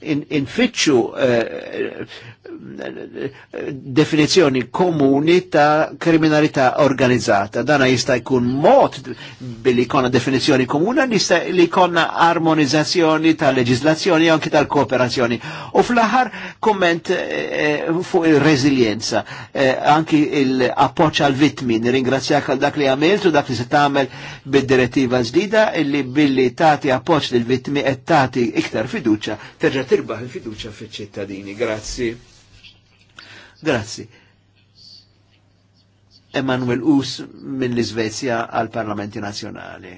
infittxu in definizjoni komuni ta' kriminalità organizzata. Dana jista' jkun mod billi konna definizjoni komuna nista' li konna armonizzazzjoni ta' leġislazzjoni u e anki tal-kooperazzjoni. U fl-aħħar komment eh, eh, fuq il-reżiljenza, eh, anki il-appoċ għal vitmi nirringrazzjak għal dak li għamilt u dak li se tagħmel bid-direttiva ġdida illi billi tagħti appoċ lil vittmi qed tagħti iktar fiduċa terġa' tirbaħ il-fiduċa fiċ-ċittadini. Grazzi. Grazzi. Emanuel Us minn l-Izvezja għal Parlamenti Nazjonali.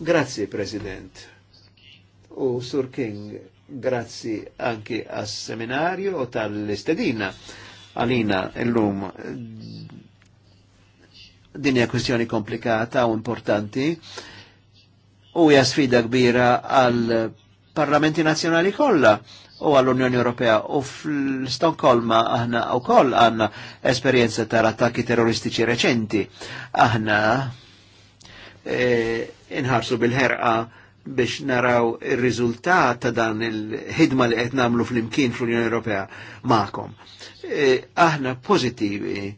Grazzi, President. U Sur King, grazzi anki għas seminarju u tal-istedina għalina l-lum dinja kwestjoni komplikata u importanti u hija sfida kbira għal parlamenti nazzjonali kollha u għall-Unjoni Ewropea u fl-Stokkolma aħna u koll għanna esperienza ta' attakki terroristiċi reċenti. Aħna e, inħarsu bil-ħerqa biex naraw il-riżultat ta' dan il-ħidma li qed nagħmlu fl-imkien fl-Unjoni Ewropea magħkom. E, aħna pożittivi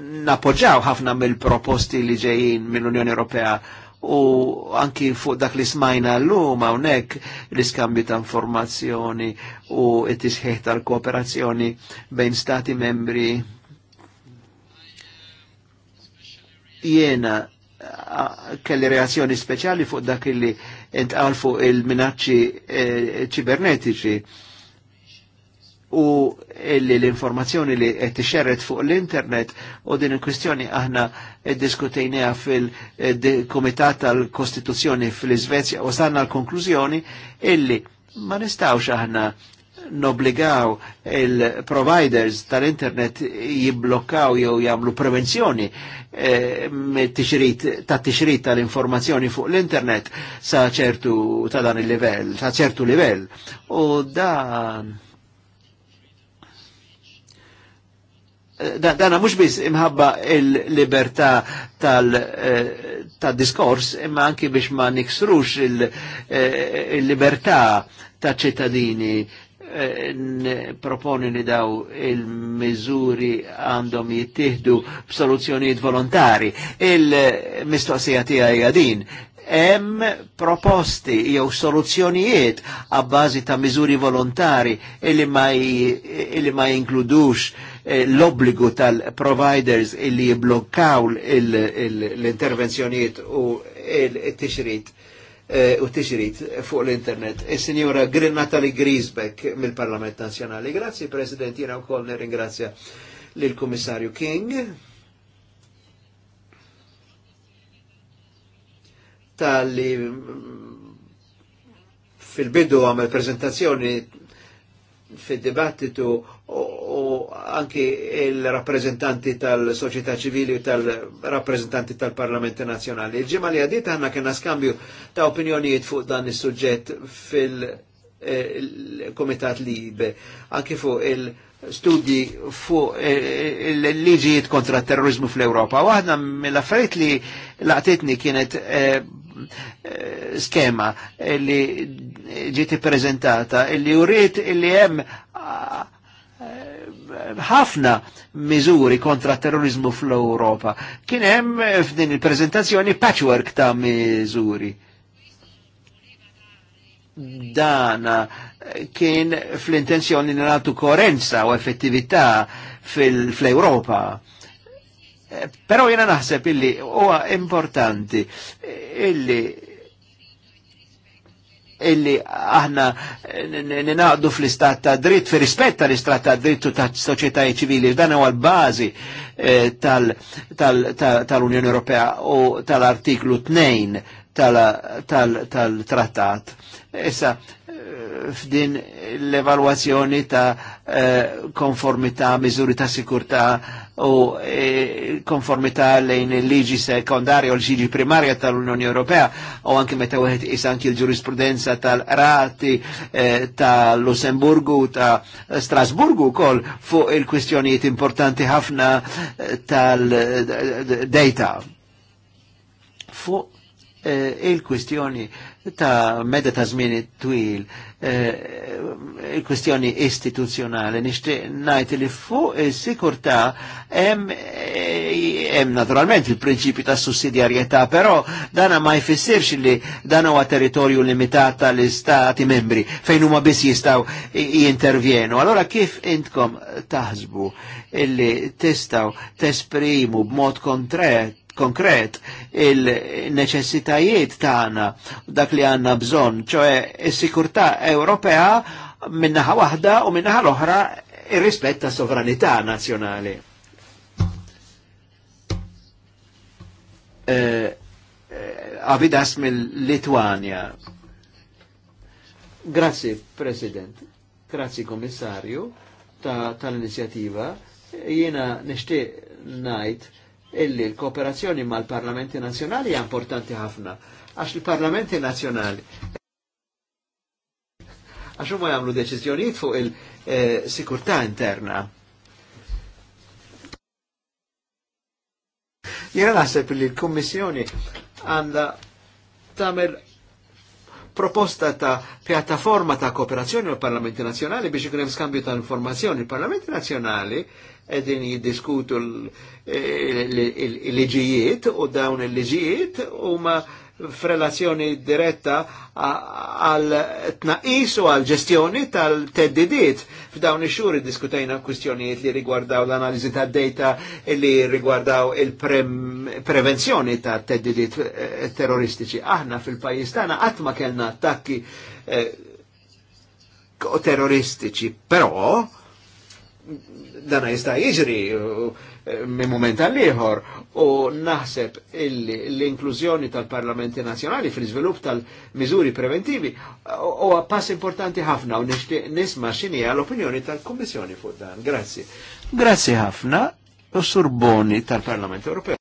Nappoġġaw ħafna mill-proposti li ġejjin mill-Unjoni Ewropea u anki fuq dak li smajna l-lum hawnhekk l-iskambju ta' informazzjoni u it tisħiħ tal-kooperazzjoni bejn stati membri Jena kelli reazzjoni speċjali fuq dak li entqalfu fuq il-minacċi eh, ċibernetiċi. Eh, u illi l-informazzjoni li qed tixerret fuq l-internet u din il-kwistjoni aħna diskutejniha fil-Kumitat tal-Kostituzzjoni fl-Iżvezja u sanna l-konklużjoni illi ma nistgħux aħna nobligaw il-providers tal-internet jibblokkaw jew jagħmlu prevenzjoni eh, ta' tixrit tal-informazzjoni fuq l-internet sa' ċertu ta' dan il-livell, sa' ċertu livell. U dan dana mux biz imħabba il-libertà tal-diskors, tal eh, imma anki biex ma niksrux eh, il-libertà il ta' ċittadini eh, proponi li daw il-mizuri għandhom jittihdu b'soluzzjonijiet volontari. Il-mistoqsija tiegħi għadin, hemm proposti jew soluzzjonijiet għabbażi ta' miżuri volontari illi ma, illi ma jinkludux Eh, l-obbligu tal-providers illi jiblokkaw l-intervenzjoniet u t tixrit eh, u tixrit fuq l-internet. Il-Sinjora e Grin Natalie Grisbeck mill-Parlament Nazjonali. Grazie President, jena u koll ringrazja l-Komissarju King tal-li fil-bidu għamil prezentazzjoni fil-dibattitu u anki il-rappresentanti tal-soċjetà ċivili u tal-rappresentanti tal-Parlamenti Nazzjonali. Il-ġimgħa li għadiet aħna kena skambju ta' opinjonijiet fuq dan is-suġġett fil-Komitat eh, Libe, anki fuq il- studji fuq eh, il-liġijiet kontra terrorizmu fl-Europa. Waħda mill affariet li laqtitni kienet eh, Eh, skema li ġiti prezentata li uriet li hemm eh, ħafna miżuri kontra terrorizmu fl-Europa. Kien hemm f'din il-prezentazzjoni patchwork ta' miżuri. Dana kien fl-intenzjoni nagħtu koerenza u effettività fil-Europa. fil europa Però jena naħseb illi huwa importanti illi illi aħna ninaqdu fl-istat ta' dritt, fi rispetta l-istat ta' dritt u ta' soċieta' ċivili, dan huwa l-bazi eh, tal-Unjoni Ewropea u tal-artiklu 2 tal-trattat. Issa, eh, f'din l-evalwazzjoni ta' eh, konformità, miżuri ta' sikurtà, u e, konformità lejn il-liġi sekondarja u l-liġi primarja tal-Unjoni Ewropea u anki meta wieħed is anki l-ġurisprudenza tal-rati e, tal-Lussemburgu ta' Strasburgu kol fuq il-kwistjonijiet importanti ħafna e, tal-data. Fuq il-kwistjoni ta' meda ta' żmien twil Eh, kwestjoni eh, istituzjonali, nishtiq najt li fuq il sikurtà eh, hemm naturalment il-prinċipju ta' sussidjarjetà, però dana ma jfissirx li dana huwa territorju limitat tal-istati membri fejn huma biss jistgħu jintervjenu. Allora kif intkom taħsbu illi tistgħu tesprimu b'mod konkret konkret il-neċessitajiet tagħna dak li għandna bżonn, ċoe is-sikurtà Ewropea minnaħa waħda u minnaħa l-oħra ir-rispett ta' sovranità nazzjonali. Eh, eh, Avidas mill-Litwanja. Grazzi, President. Grazzi, Komissarju, tal-inizjativa. Jena Jiena nishtiq najt illi l-kooperazzjoni ma l parlamenti nazjonali hija importanti ħafna, għax l parlamenti nazjonali għax huma jagħmlu deċiżjonijiet fuq il-sikurtà interna. Jena naħseb li l-Kummissjoni għandha tagħmel proposta ta' pjattaforma ta' kooperazzjoni mal parlamenti Nazzjonali biex ikun hemm skambju ta' informazzjoni. Il-Parlamenti Nazzjonali qegħdin jiddiskutu eh, l-liġijiet u dawn il-liġijiet huma f'relazzjoni diretta għal tnaqis u għal ġestjoni tal-teddidiet. F'dawn ix diskutajna kwistjonijiet li rigwardaw l-analiżi tad-data li rigwardaw il-prevenzjoni ta' teddidiet eh, terroristiċi. Aħna fil-pajjiż tagħna qatt ma kellna attakki eh, terroristiċi, però dana jista' jiġri minn moment għall-ieħor u naħseb l-inklużjoni tal-Parlamenti Nazzjonali fil-iżvilupp tal-miżuri preventivi huwa pass importanti ħafna u nixtieq nisma' x'inhi l-opinjoni tal-Kummissjoni fuq dan. Grazzi. Grazzi ħafna u Surboni tal-Parlament Ewropew.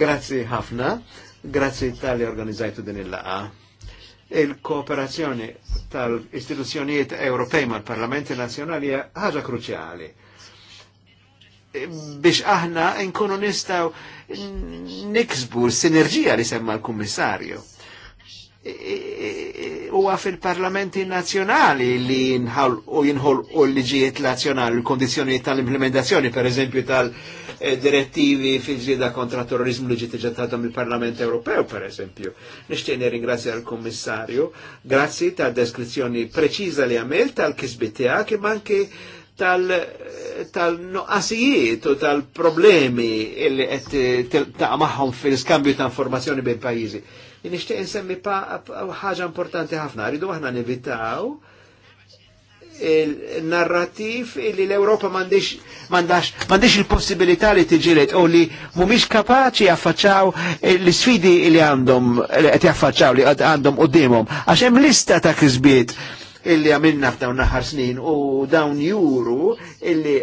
Grazzi ħafna, grazzi tal-li organizzajtu din il-laqa il-kooperazzjoni tal-istituzzjonijiet Ewropej mal parlamenti nazjonali ħaġa kruċjali. Biex aħna nkunu nistaw niksbu s-sinerġija li semma l-Kummissarju huwa fil-parlamenti nazjonali li jinħol u jinħol u liġijiet nazjonali, l-kondizjoni tal-implementazzjoni, per eżempju, tal-direttivi fil-ġida kontra terrorizmu li ġiet ġattata mill-Parlament Ewropew, per eżempju. Nishtieni ringrazzja l-Kommissarju, grazzi tal-deskrizzjoni preċiza li għamil tal-kisbit kim imma tal-noqqasijiet u tal-problemi li għet ta' maħħom fil-skambju ta' informazzjoni bejn pajizi nixtieq insemmi ħaġa importanti ħafna, rridu aħna nevitaw il-narrativ li l-Europa mandax il-possibilità li tiġilet u li mumiex kapaċi jaffaċċaw l-sfidi li għandhom, li għandhom u dimom, għaxem lista ta' kizbiet illi għamilna f'dawn naħar snin u dawn juru illi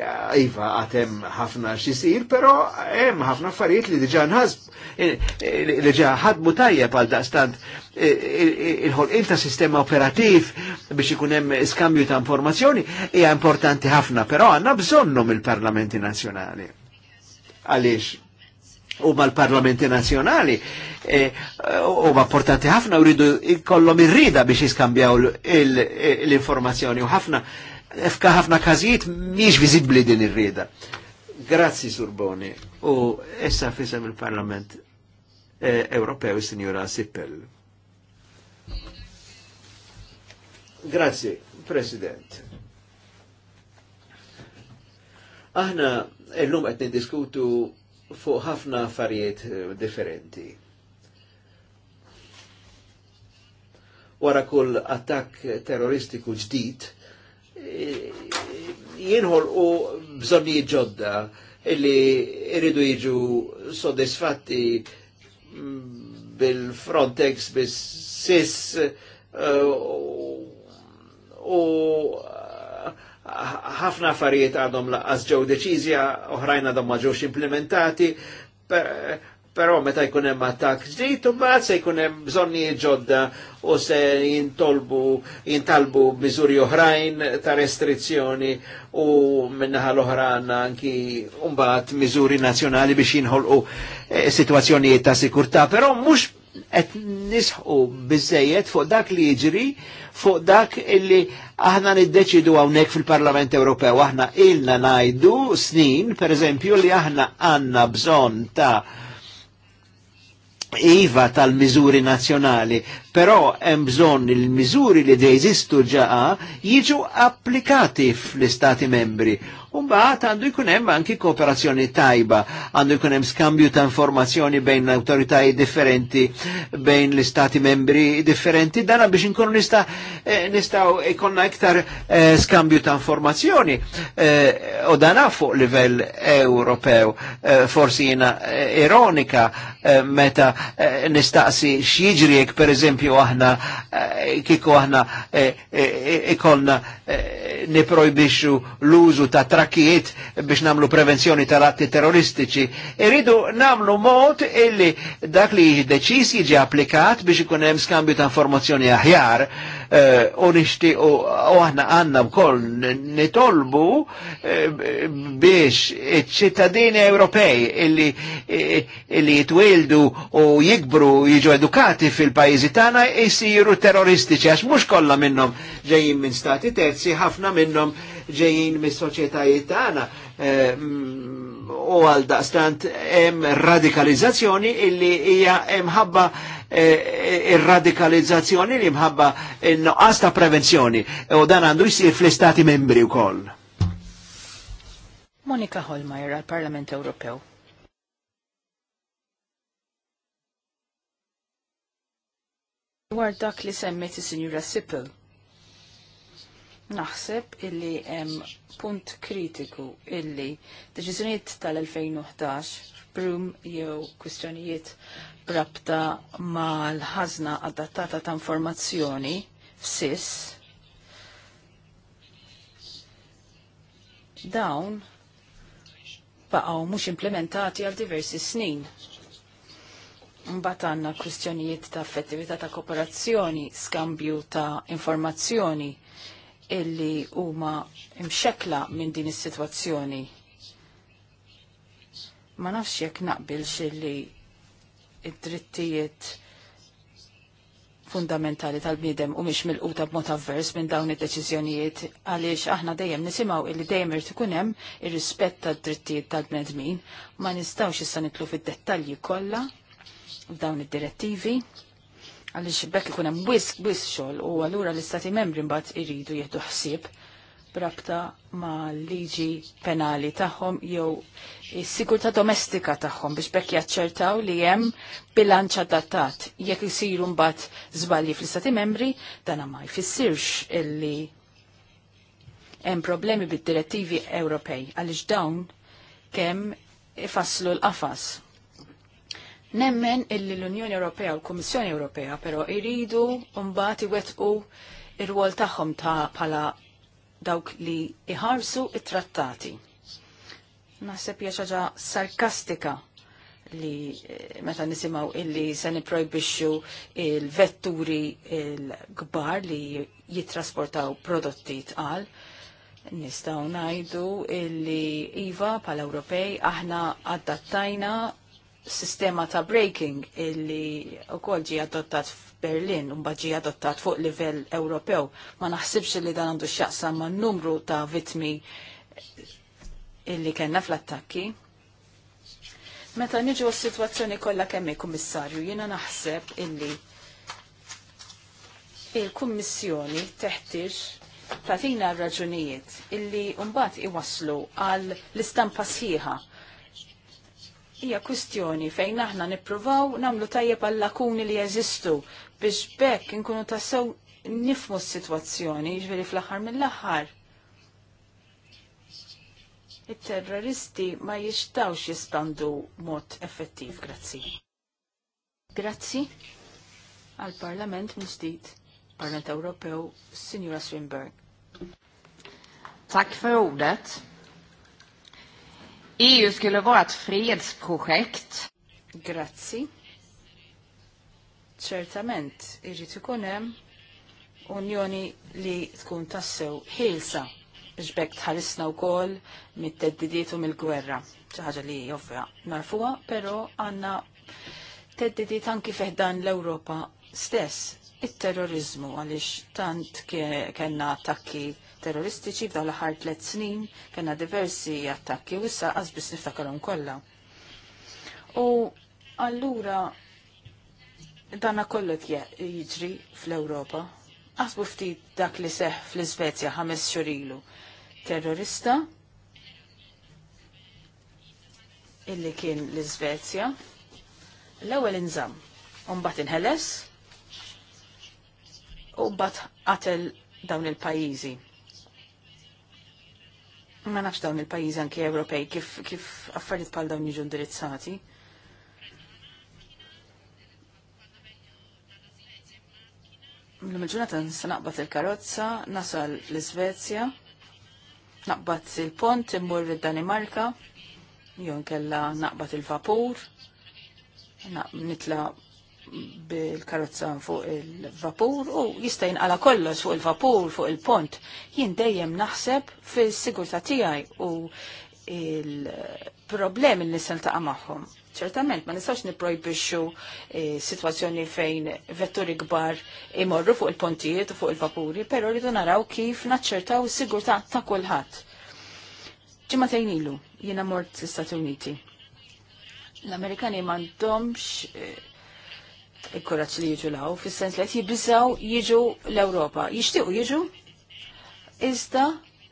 iva għatem ħafna xisir, pero hemm ħafna affarijiet li diġa nħasb li ġa ħadmu tajja pal daqstant eh, eh, il-ħolqin ta' sistema operativ biex ikun hemm iskambju ta' informazzjoni hija importanti ħafna, però għandna bżonnhom il-parlamenti nazzjonali. Għaliex u mal-parlamenti nazjonali e, u ma portanti ħafna u rridu kollom irrida biex jiskambjaw l-informazzjoni u ħafna fka ħafna kazijiet miex vizibli din irrida. Grazzi Surboni u essa fisem il-Parlament e, Ewropew Signora Sippel. Grazzi, President. Aħna l-lum għetni niddiskutu fuq ħafna affarijiet eh, differenti. Wara kull attakk terroristiku ġdid, eh, jienħol u bżonni ġodda illi irridu jiġu soddisfatti mm, bil-Frontex, bis sis eh, u uh, ħafna affarijiet għadhom laqqas ġew deċiżja, oħrajn għadhom ma ġewx implementati, però meta jkun hemm attakk ġdid, mbagħad se jkun hemm bżonnijiet ġodda u se jintolbu jintalbu miżuri oħrajn ta' restrizzjoni u minnaħa l-oħra għandna anki mbagħad miżuri nazzjonali biex jinħolqu eh, situazzjonijiet ta' sikurtà, però mhux qed nisħu biżejjed fuq dak li jiġri fuq dak illi aħna niddeċidu hawnhekk fil-Parlament Ewropew aħna ilna ngħidu snin pereżempju li aħna għandna bżonn ta' iva tal-miżuri nazzjonali, però hemm bżonn il-miżuri li dejżistu ġaqa jiġu applikati fl-Istati membri Umbaħt għandu jkunem anki kooperazzjoni tajba, għandu jkunem skambju ta' informazzjoni bejn autoritajiet differenti, bejn l-istati membri differenti, dana biex nkunu nista' eh, nistaw ikonna iktar eh, skambju ta' informazzjoni eh, u dana fuq livell Ewropew. Eh, forsi jena eh, ironika meta nistaqsi xieġriek per eżempju aħna kiko aħna ikolna niprojbixu l-użu ta' trak attakkijiet biex namlu prevenzjoni tal-atti terroristiċi. Iridu namlu mod illi dak li jiġi deċis jiġi applikat biex ikun hemm skambju ta' informazzjoni aħjar eh, u nixti u aħna għanna wkoll nitolbu eh, biex iċ-ċittadini Ewropej eh, illi jitwildu u jikbru jiġu edukati fil-pajjiżi tagħna jsiru terroristiċi għax mhux kollha minnhom ġejjin minn stati terzi ħafna minnhom ġejjin mis-soċjetajiet tagħna eh, mm, u għal daqstant hemm radikalizzazzjoni illi hija imħabba eh, ir-radikalizzazzjoni li mħabba n noqqas ta' prevenzjoni u dan għandu jsir fl-istati membri wkoll. Monika Holmajer għal Parlament Ewropew. Dwar dak li il Sinjura Sipple, Naħseb illi hemm punt kritiku illi deċiżjonijiet tal-2011 brum jew kwistjonijiet brabta mal-ħażna adattata ta' informazzjoni f'sis dawn baqgħu mhux implementati għal diversi snin. Mbagħad għandna kwistjonijiet ta' effettività ta' kooperazzjoni, skambju ta' informazzjoni, illi huma imxekla minn din is-sitwazzjoni. Ma nafx jekk naqbilx illi id-drittijiet fundamentali tal-bniedem u mhix milquta b'mod avvers minn dawn id-deċiżjonijiet għaliex aħna dejjem nisimgħu illi dejjem irid ikun hemm ir-rispett tad-drittijiet tal-bnedmin ma nistgħux issa nitlu fid-dettalji kollha f'dawn id-direttivi għaliex bekk ikun hemm wisq wisq xogħol u allura l-istati membri mbagħad iridu jieħdu ħsieb brabta ma' liġi penali tagħhom jew is-sigurtà domestika tagħhom biex bekk jaċċertaw li hemm bilanċ adattat. Jekk isiru mbagħad żbalji fl-istati membri, dan ma jfissirx illi hemm problemi bid-direttivi Ewropej għaliex dawn kemm ifasslu l-qafas Nemmen illi l-Unjoni Ewropea u l-Kummissjoni Ewropea però iridu mbagħad iwettqu ir-rwol tagħhom ta' bħala dawk li iħarsu it-trattati. Naħseb hija ħaġa sarkastika li eh, meta nisimgħu illi se niprojbixxu il-vetturi il-kbar li jittrasportaw prodotti tqal. Nistgħu ngħidu illi Iva pal Ewropej aħna adattajna sistema ta' breaking illi u kol ġi adottat f'Berlin un ġi adottat fuq livell Ewropew. Ma naħsibx li dan għandu xaqsa ma' numru ta' vitmi illi kena fl-attakki. Meta niġu s-situazzjoni kollha kemm il-Kummissarju, jiena naħseb illi il-Kummissjoni ta' tatina raġunijiet illi mbagħad iwaslu għal l-istampa sħiħa hija kwistjoni fejn aħna nippruvaw nagħmlu tajjeb għall lakuni li jeżistu biex bekk inkunu tassew nifmu s-sitwazzjoni, ġveri fl-aħħar mill-aħħar. Il-terroristi ma jixtawx jispandu mod effettiv, grazzi. Grazzi għal-Parlament mill Parlament Ewropew, Signora Swinburne. Tack för that. EU skulle vara ett fredsprojekt. Grazzi. Certament irrit ikun hemm unjoni li tkun tassew ħilsa ġbek tħarisna u kol mit-teddidiet u mill-gwerra. ċaħġa li jovja narfuwa, pero għanna teddidiet anki dan l-Europa stess. it terrorizmu għalix tant kena attakki terroristiċi f'dawn l-aħħar tliet snin kellna diversi attakki u issa qas biss niftakarhom kollha. U allura dana kollu jiġri fl-Ewropa. Qasbu ftit dak li seħ fl-Iżvezja ħames xhur ilu. Terrorista illi kien l-Iżvezja l-ewwel inżamm, u mbagħad inħeles u mbagħad qatel dawn il-pajjiżi. Ma nafx dawn il-pajjiżi anki Ewropej kif kif affarijiet bħal dawn jiġu indirizzati. L-lum mela il naqbad il-karozza, nasal l-Svezja, naqbad il-pont, immur il danimarka jew nkella naqbad il-vapur, nitla bil-karozza fuq il-vapur u jista' jinqala kollox fuq il-vapur, fuq il-pont. Jien dejjem naħseb fis-sigurtà tiegħi u il-problemi li nisel taqa' magħhom. Ċertament, ma nistax niprojbixxu eh, situazzjoni fejn vetturi kbar imorru fuq il-pontijiet u fuq il-vapuri, però rridu naraw kif naċċertaw is sigurta ta' kulħadd. Ġimgħatejn ilu jiena mort l-Istati Uniti. L-Amerikani m'għandhomx eh, il-kuraċ li jiġu law, fis-sens li qed jibżaw jiġu l-Ewropa. Jixtiequ jiġu, iżda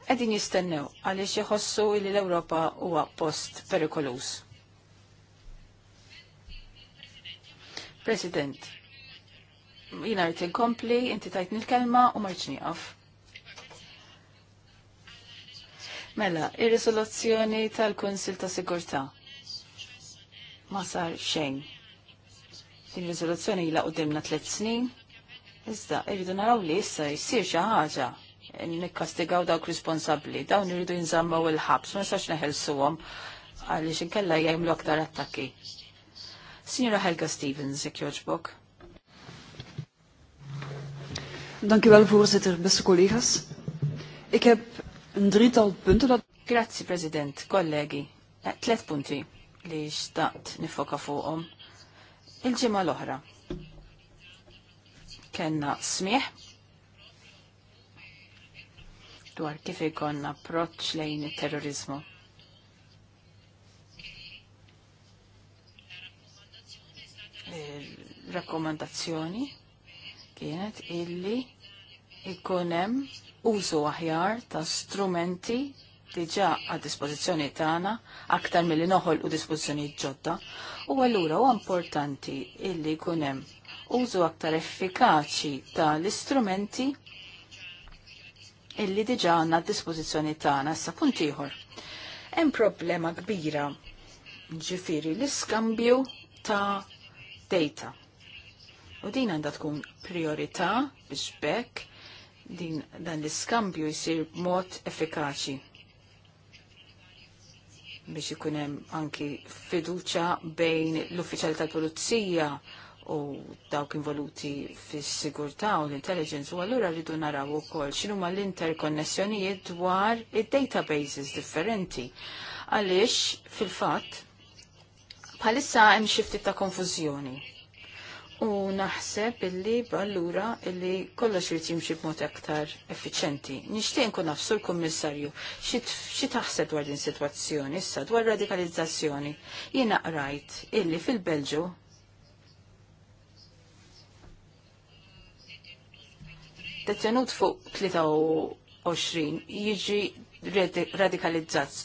qegħdin jistennew għaliex jħossu li l-Ewropa huwa post perikolus. President, jina rritin inkompli, inti tajtni l-kelma u marċni għaf. Mela, ir-risoluzzjoni tal-Kunsil ta' Sigurtà ma sar xejn Din riżoluzzjoni u qudiemna tliet snin. Iżda, irridu naraw li issa jsir xi ħaġa nikkastigaw dawk responsabbli, dawn irridu jinżammaw il-ħabs, ma nistax neħelsuhom għaliex inkella jgħamlu aktar attakki. Signora Helga Stevens, jek joġbok. Dankjewel, voorzitter, beste bessu Ik Ikeb een drietal puntu da. Grazzi, president, kollegi. Eh, Tlet punti li xtaqt nifoka fuqom il-ġimgħa l-oħra. Kenna smieħ dwar kif ikonna approċċ lejn it-terrorizmu. Rakkomandazzjoni kienet illi hemm użu aħjar ta' strumenti diġa għad dispożizzjoni tagħna aktar milli noħol u dispożizzjoni ġodda U allura huwa importanti illi jkun hemm użu aktar effikaċi tal-istrumenti illi diġa għandna d-dispożizzjoni tagħna sa punt ieħor. Hemm problema kbira ġifiri l-iskambju ta' data. U din għandha tkun priorità biex bekk din dan l-iskambju jisir mod effikaċi biex ikun hemm anki fiduċa bejn l-uffiċjali tal-Pulizija u dawk involuti fis-sigurtà u l-intelligence u allura rridu naraw ukoll x'inhuma l-interkonnessjonijiet dwar id-databases differenti. Għaliex fil-fatt bħalissa hemm xi ftit ta' konfużjoni U naħseb illi ballura illi kollox irid jimxi b'mod aktar effiċenti. Nixtieq nkun nafsu l-Kummissarju xi taħseb dwar din sitwazzjoni issa dwar radikalizzazzjoni. Jiena qrajt illi fil-Belġu detenut fuq 23 jiġi radikalizzat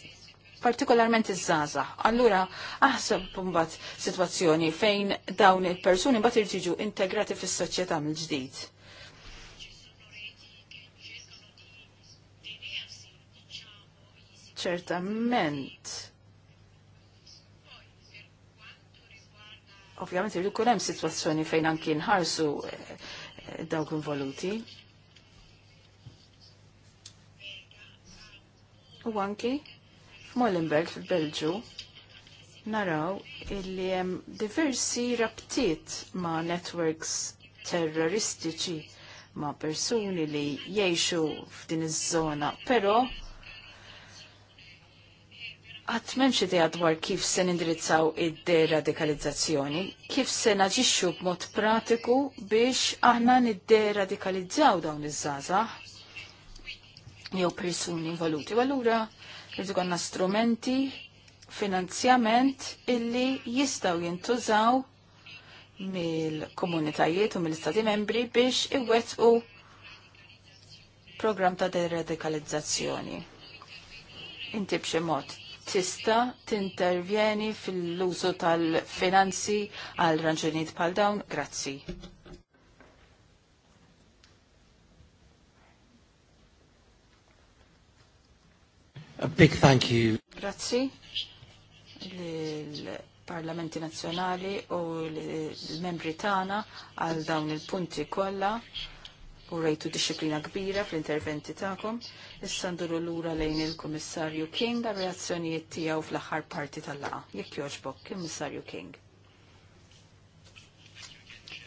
partikolarment iż-żaza. Allura, aħseb mbagħad sitwazzjoni fejn dawn il-persuni mbagħad irtiġu integrati fis-soċjetà mill-ġdid. ċertament. Ovvjament irridu kun hemm sitwazzjoni fejn anki nħarsu eh, dawk involuti. U anki Molenberg fil-Belġu naraw illi hemm diversi rabtiet ma' networks terroristiċi ma' persuni li jgħixu f'din iż-żona, però għat m'hemmx idea dwar kif se nindirizzaw id-deradikalizzazzjoni, kif se naġixxu b'mod pratiku biex aħna nidderadikalizzaw dawn iż żgħażagħ jew persuni involuti. Allura Irridu konna strumenti, finanzjament illi jistaw jintużaw mill-komunitajiet u mill-istati membri biex iwettqu program ta' deradikalizzazzjoni. Inti b'xi mod tista tintervjeni fil-użu tal-finanzi għal raġunijiet bħal dawn? Grazzi. A big thank you. Grazzi l-Parlamenti Nazzjonali u l-Membri tagħna għal dawn il-punti kollha u rejtu disciplina kbira fl-interventi tagħkom. Issa nduru lura lejn il-Kummissarju King għal reazzjonijiet tiegħu fl-aħħar parti tal-laqgħa. Jekk jogħġbok, Kummissarju King.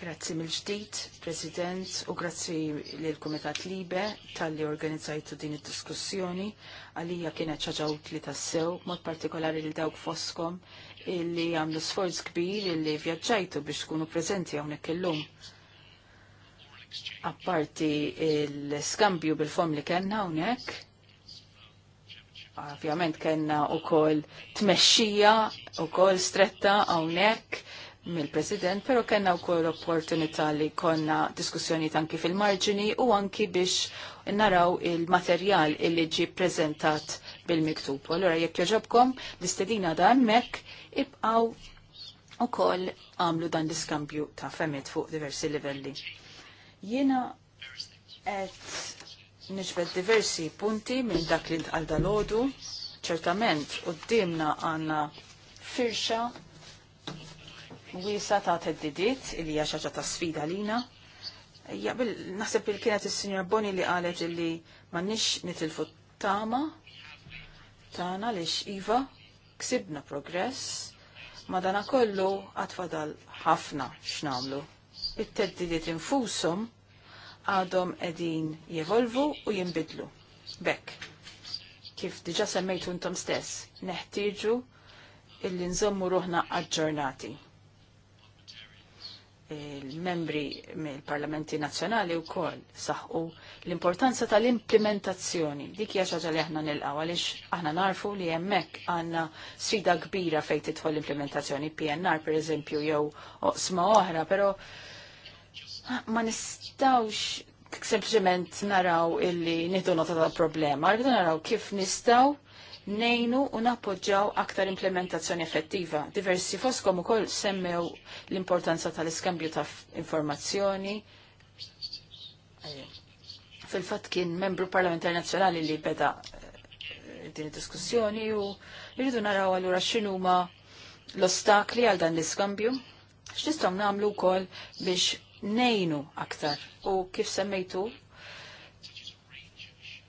Grazzi mill-ġdid, President, u grazzi l-Komitat Libe tal-li organizzajtu din id-diskussjoni għalija kienet ċaġawt li tassew, mod partikolari li dawk foskom illi għamlu sforz kbir illi vjaġġajtu biex tkunu prezenti hawnhekk illum. Apparti l-skambju bil-fom li kellna hawnhekk, ovvjament kellna mesċija tmexxija kol stretta hawnhekk mill-President, pero kena u koll opportunità li konna diskussjoni tanki fil-marġini u anki biex naraw il-materjal illi ġi prezentat bil-miktub. Allora, jekk joġobkom, l-istedina da emmek, ibqaw u koll għamlu dan l-iskambju ta' femmet fuq diversi livelli. Jena et nġbet diversi punti minn dak li għal dalodu, ċertament u d-dimna għanna firxa wiesa ta' teddidiet il hija xaġa ta' sfida lina. Jaqbel naħseb il kienet is-Sinjor Boni li qalet li m'għandniex nitilfu tama tagħna lix iva ksibna progress madana kollu għatfadal ħafna x'namlu. It-teddidiet infushom għadhom qegħdin jevolvu u jinbidlu. Bekk kif diġa semmejtu intom stess, neħtieġu illi nżommu ruħna aġġornati il-membri mill-parlamenti nazzjonali u kol saħu l-importanza tal-implementazzjoni. Dik hija xaġa li aħna nilqgħu għaliex aħna narfu li hemmhekk għandna sfida kbira fejn tidħol l-implementazzjoni PNR pereżempju jew oqsma oħra, però ma nistawx sempliċement naraw illi nidu nota tal problema, rridu naraw kif nistaw nejnu u nappoġġaw aktar implementazzjoni effettiva. Diversi foskom ukoll semmew l-importanza tal-iskambju ta' informazzjoni. Fil-fatt kien membru parlamentari nazjonali li beda eh, din diskussjoni u jridu naraw allura x'inhuma l-ostakli għal dan l-iskambju. X'nistgħu nagħmlu wkoll biex nejnu aktar u kif semmejtu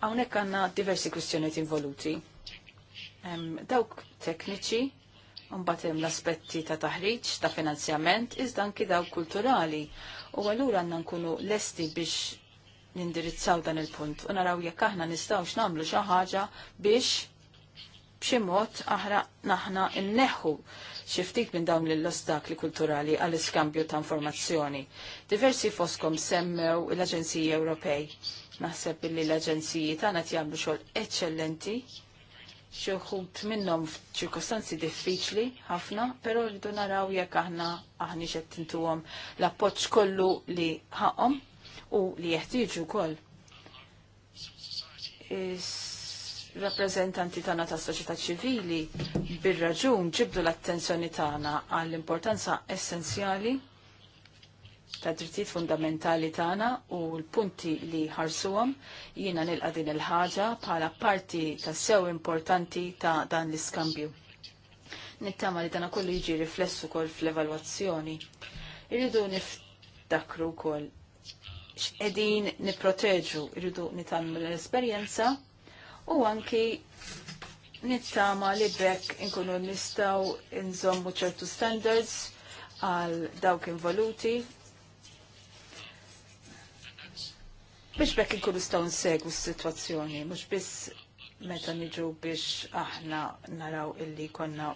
Għawnek għanna diversi kwistjonijiet involuti dawk tekniċi, mbagħad hemm l-aspetti ta' taħriġ, ta' finanzjament, iżda anki dawk kulturali. U allura għandna nkunu lesti biex nindirizzaw dan il-punt u naraw jekk aħna nistgħux nagħmlu xi ħaġa biex b'xi mod aħra naħna nneħħu xi ftit minn dawn l-ostakli kulturali għall iskambju ta' informazzjoni. Diversi foskom semmew l-Aġenziji Ewropej. Naħseb billi l-Aġenziji tagħna jagħmlu xogħol eċċellenti xoħut minnom ċirkostanzi diffiċli ħafna, pero rridu naraw jekk aħna aħni xed tintuhom l-appoġġ kollu li ħaqhom u li jeħtieġu wkoll. Rappreżentanti tagħna tas-soċjetà ċivili bir-raġun ġibdu l-attenzjoni tagħna għall-importanza essenzjali ta' drittijiet fundamentali tagħna u l-punti li ħarsuhom jiena nilqa din il-ħaġa bħala parti ta' sew importanti ta' dan l-iskambju. Nittama li dana kollu jiġi riflessu kol fl-evalwazzjoni. Irridu niftakru kol x'qegħdin nipproteġu, irridu nitalmu l-esperjenza u anki nittama li bekk inkunu nistgħu nżommu ċertu standards għal dawk involuti Mux bekk inkunu staw nsegwu s-situazzjoni, mux biss meta nġu biex aħna naraw illi konna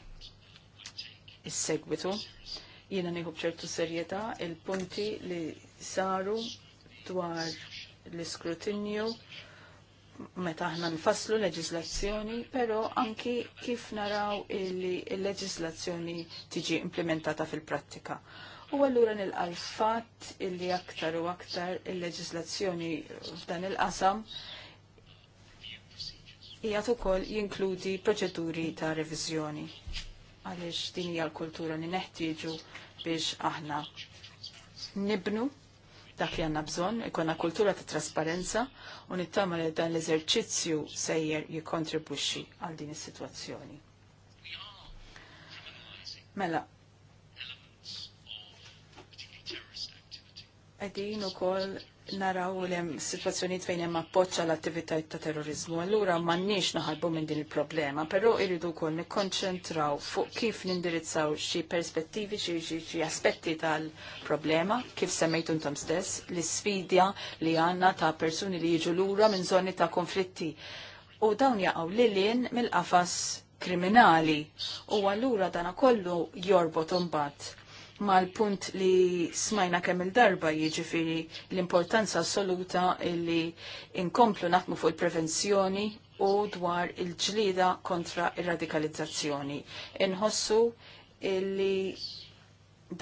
s-segwitu. Jiena nieħu bċertu serjetà il-punti li saru dwar l-iskrutinju meta aħna nfasslu leġislazzjoni, pero anki kif naraw illi l-leġislazzjoni tiġi implementata fil-prattika. U għallura nilqal fatt illi aktar u aktar il-leġislazzjoni f'dan il-qasam jgħat ukoll jinkludi proċeduri ta' revizjoni. Għaliex din hija l-kultura li neħtieġu biex aħna nibnu dak li għanna bżon, ikonna kultura ta' trasparenza u nittama li dan l-eżerċizzju sejjer jikontribuxxi għal din is-sitwazzjoni. Mela, Għedin u kol naraw l hemm situazzjonijiet fejn hemm appoġġ l attivitajiet ta' terrorizmu. Allura m'għandniex naħarbu minn din il-problema, però irridu wkoll nikkonċentraw fuq kif nindirizzaw xi perspettivi, xi aspetti tal-problema, kif semmejtu ntom stess, l-isfidja li għandna ta' persuni li jiġu lura minn żoni ta' konflitti. U dawn jaqgħu in mill-qafas kriminali u allura dana kollu jorbot imbagħad mal-punt li smajna kemm il-darba jiġifieri l-importanza assoluta li inkomplu naħmu fuq il-prevenzjoni u dwar il-ġlida kontra il radikalizzazzjoni Inħossu li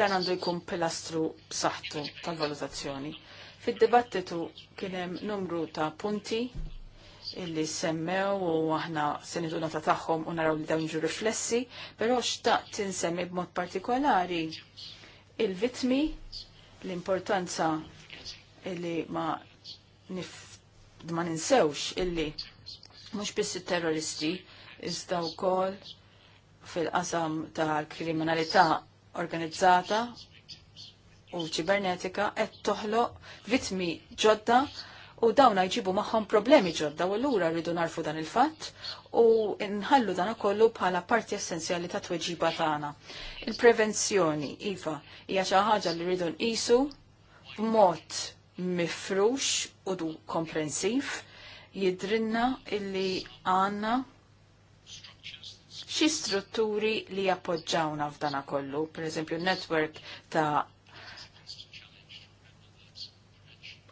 dan għandu jkun pilastru b'saħħtu tal-valutazzjoni. Fid-dibattitu kien hemm numru ta' punti illi semmew u aħna senidu nota tagħhom u naraw li dawn jiġu riflessi, però xtaq tinsemmi b'mod partikolari il-vitmi, l-importanza illi ma nif, ma ninsewx illi mhux biss it-terroristi iżda wkoll fil-qasam tal-kriminalità organizzata u ċibernetika qed toħloq vitmi ġodda u dawna jġibu maħħom problemi ġodda u l-ura rridu narfu dan il-fatt u nħallu dan kollu bħala parti essenzjali ta' tweġiba tagħna. Il-prevenzjoni, iva, hija xi ħaġa li rridu nqisu b'mod mifrux u du komprensiv jidrinna illi għanna xi strutturi li jappoġġawna f'dana kollu, per eżempju network ta'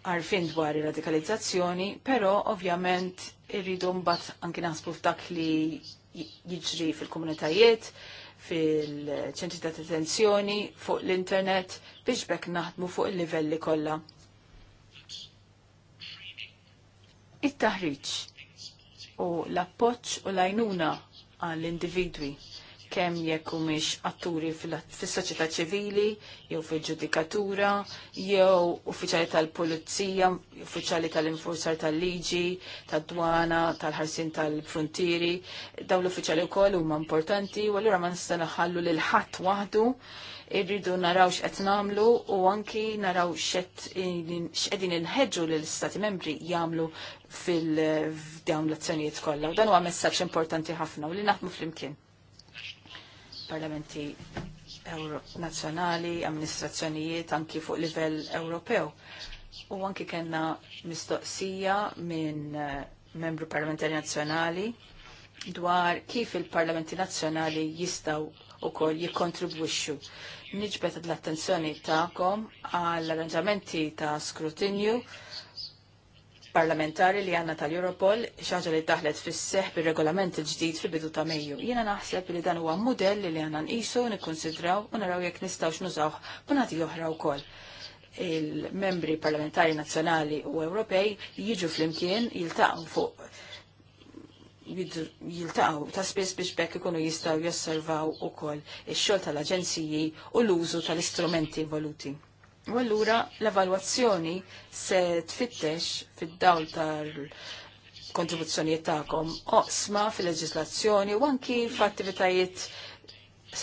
għarfin dwar ir-radikalizzazzjoni, però ovvjament irridu mbagħad anki naħsbu f'dak li jiġri fil-komunitajiet, fil-ċentri ta' detenzjoni, fuq l-internet, biex bekk naħdmu fuq il-livelli kollha. It-taħriġ u l-appoċ u l-għajnuna għall-individwi kemm jekk humiex atturi fis-soċjetà ċivili jew fil-ġudikatura jew uffiċjali tal-pulizija, uffiċjali tal-infurzar tal-liġi, tad-dwana, tal-ħarsin tal-frontieri, dawn l-uffiċjali wkoll huma importanti u allura ma nista' naħallu lil ħadd waħdu irridu naraw x'qed nagħmlu u anki naraw x'qegħdin inħeġġu lill istati membri jagħmlu fil-dawn l-azzjonijiet kollha. U dan huwa messaġġ importanti ħafna u li naħdmu flimkien parlamenti nazzjonali, amministrazzjonijiet, anki fuq livell Ewropew. U anki kena mistoqsija minn eh, membru parlamentari nazzjonali dwar kif il-parlamenti nazzjonali jistaw u kol jikontribwixxu. Nġbet l-attenzjoni ta'kom għall arranġamenti ta' skrutinju parlamentari li għanna tal-Europol xaġa li daħlet fis seħ bil-regolament il-ġdid fil-bidu ta' Mejju. Jiena naħseb li dan huwa mudell li għanna nqisu, nikkonsidraw u naraw jekk nistgħux nużawh b'nagħti oħra wkoll il-membri parlamentari nazzjonali u Ewropej jiġu flimkien jiltaqgħu fuq jiltaqgħu ta' spiss biex bekk ikunu jistgħu josservaw ukoll ix-xogħol tal-aġenziji u l-użu tal-istrumenti voluti. U allura l-evalwazzjoni se tfittex fid-dawl tal-kontribuzzjonijiet tagħkom oqsma fil-leġislazzjoni u anki f'attivitajiet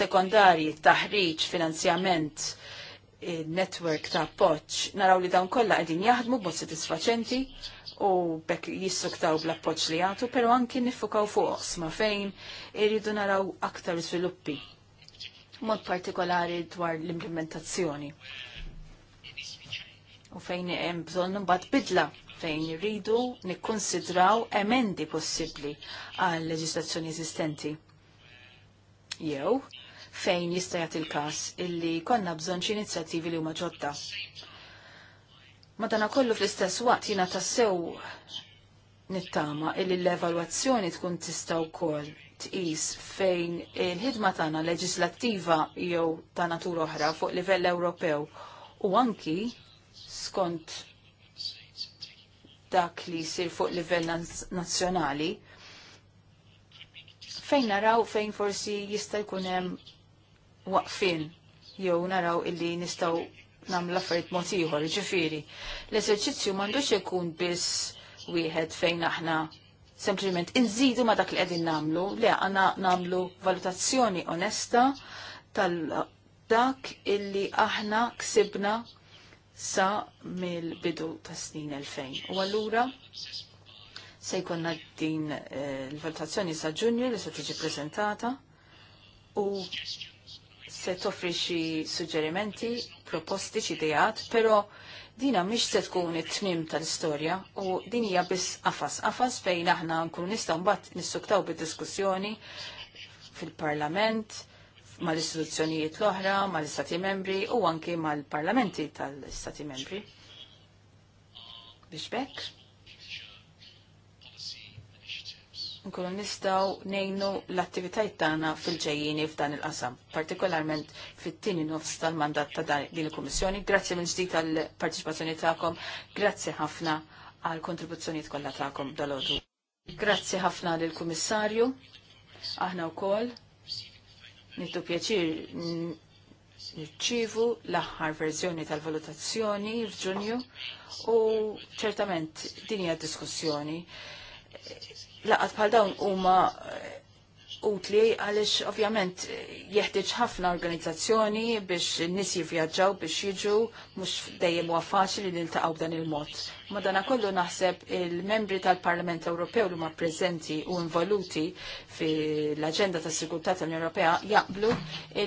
sekondarji, taħriġ, finanzjament, network ta' appoġġ naraw li dawn kollha qegħdin jaħdmu b'mod sodisfaċenti u bekk jissuktaw bl appoġġ li jagħtu, però anki nifukaw fuq oqsma fejn irridu naraw aktar żviluppi. Mod partikolari dwar l-implementazzjoni u fejn hemm bżonn imbagħad bidla fejn iridu nikkonsidraw emendi possibbli għal leġislazzjoni eżistenti. Jew fejn jista' jagħti il-każ illi konna bżonn xi inizjattivi li huma ġodda. Madana kollu fl-istess waqt jiena tassew nittama illi l-evalwazzjoni tkun tista' wkoll tqis fejn il-ħidma tagħna leġislattiva jew ta' natura oħra fuq livell Ewropew u anki skont dak li jisir fuq livell nazzjonali fejn naraw fejn forsi jista' jkun hemm waqfin jew naraw illi nistgħu nagħmlu affarijiet mod ieħor, ġifieri. L-eżerċizzju m'għandux ikun biss wieħed fejn aħna sempliment inżidu ma dak li qegħdin nagħmlu, le għandna nagħmlu valutazzjoni onesta tal dak illi aħna ksibna sa mill-bidu ta' snin 2000. U allura se jkonna din eh, l-valutazzjoni sa' ġunju li se tiġi prezentata u se toffri xi suġġerimenti, proposti, xi dejat, però dina mhix se tkun it-tmim tal-istorja u din hija biss qafas qafas fejn aħna nkunu nistgħu mbagħad nissuktaw bid-diskussjoni fil-Parlament mal-istituzzjonijiet l-oħra, mal-istati membri u anki mal-parlamenti tal-istati membri. Biex bekk? Nkunu nistaw nejnu l attivitajt tagħna fil-ġejjini f'dan il-qasam, partikolarment fit-tieni nofs tal-mandat ta' dan din il-Kummissjoni. Grazzi minn ġdid għall partiċipazzjoni tagħkom, grazzi ħafna għall kontribuzzjonijiet kollha tagħkom dal Grazzi ħafna lill-Kummissarju, aħna wkoll Nittu pjaċir nirċivu l-aħħar verżjoni tal-valutazzjoni f'Ġunju u ċertament din hija diskussjoni. Laqat bħal dawn huma utli għalix ovvjament jeħtieġ ħafna organizzazzjoni biex n-nis biex jiġu mhux dejjem huwa faċli li niltaqgħu dan il-mod. Madanakollu naħseb il-membri tal-Parlament Ewropew li huma preżenti u involuti fil-aġenda tas sigurtà tal-Unjoni Ewropea jaqblu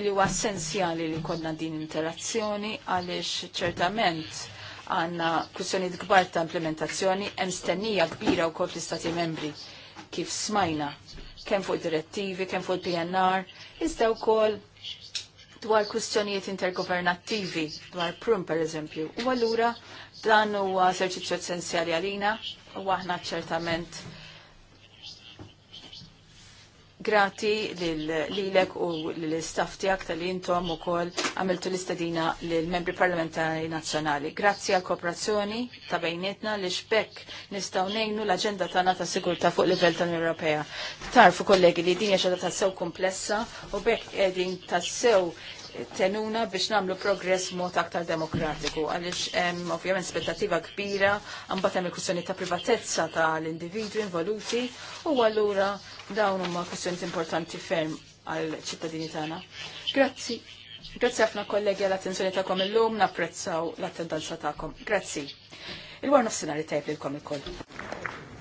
li huwa essenzjali li konna din interazzjoni għaliex ċertament għanna kussjoni kbar ta' implementazzjoni hemm stennija kbira wkoll fl-Istati membri kif smajna kemm fuq direttivi, kemm fuq PNR, iżda wkoll dwar kwistjonijiet intergovernattivi dwar prum per eżempju. U allura dan huwa eżerċizzju essenzjali għalina u aħna ċertament Grati lilek u l-istaff tijak tal intom u kol għamiltu l-istadina l-membri parlamentari nazjonali. Grazzi għal kooperazzjoni ta' bejnietna li xbek nistaw nejnu l-agenda tana ta' sigurta fuq livell tal Ewropea. Tarfu kollegi li dinja xada ta' sew komplessa u bekk edin ta' sew tenuna biex namlu progress mod aktar demokratiku għaliex hemm ovvjament spettattiva kbira imbagħad hemm il kussjoni ta' privatezza tal-individwi involuti u allura dawn huma kwistjonijiet importanti ferm għal ċittadini tagħna. Grazzi. Grazzi ħafna kollegi għall attenzjoni tagħkom illum, napprezzaw l-attendanza tagħkom. Grazzi. Il-war nofsinhar tajb lilkom ilkoll.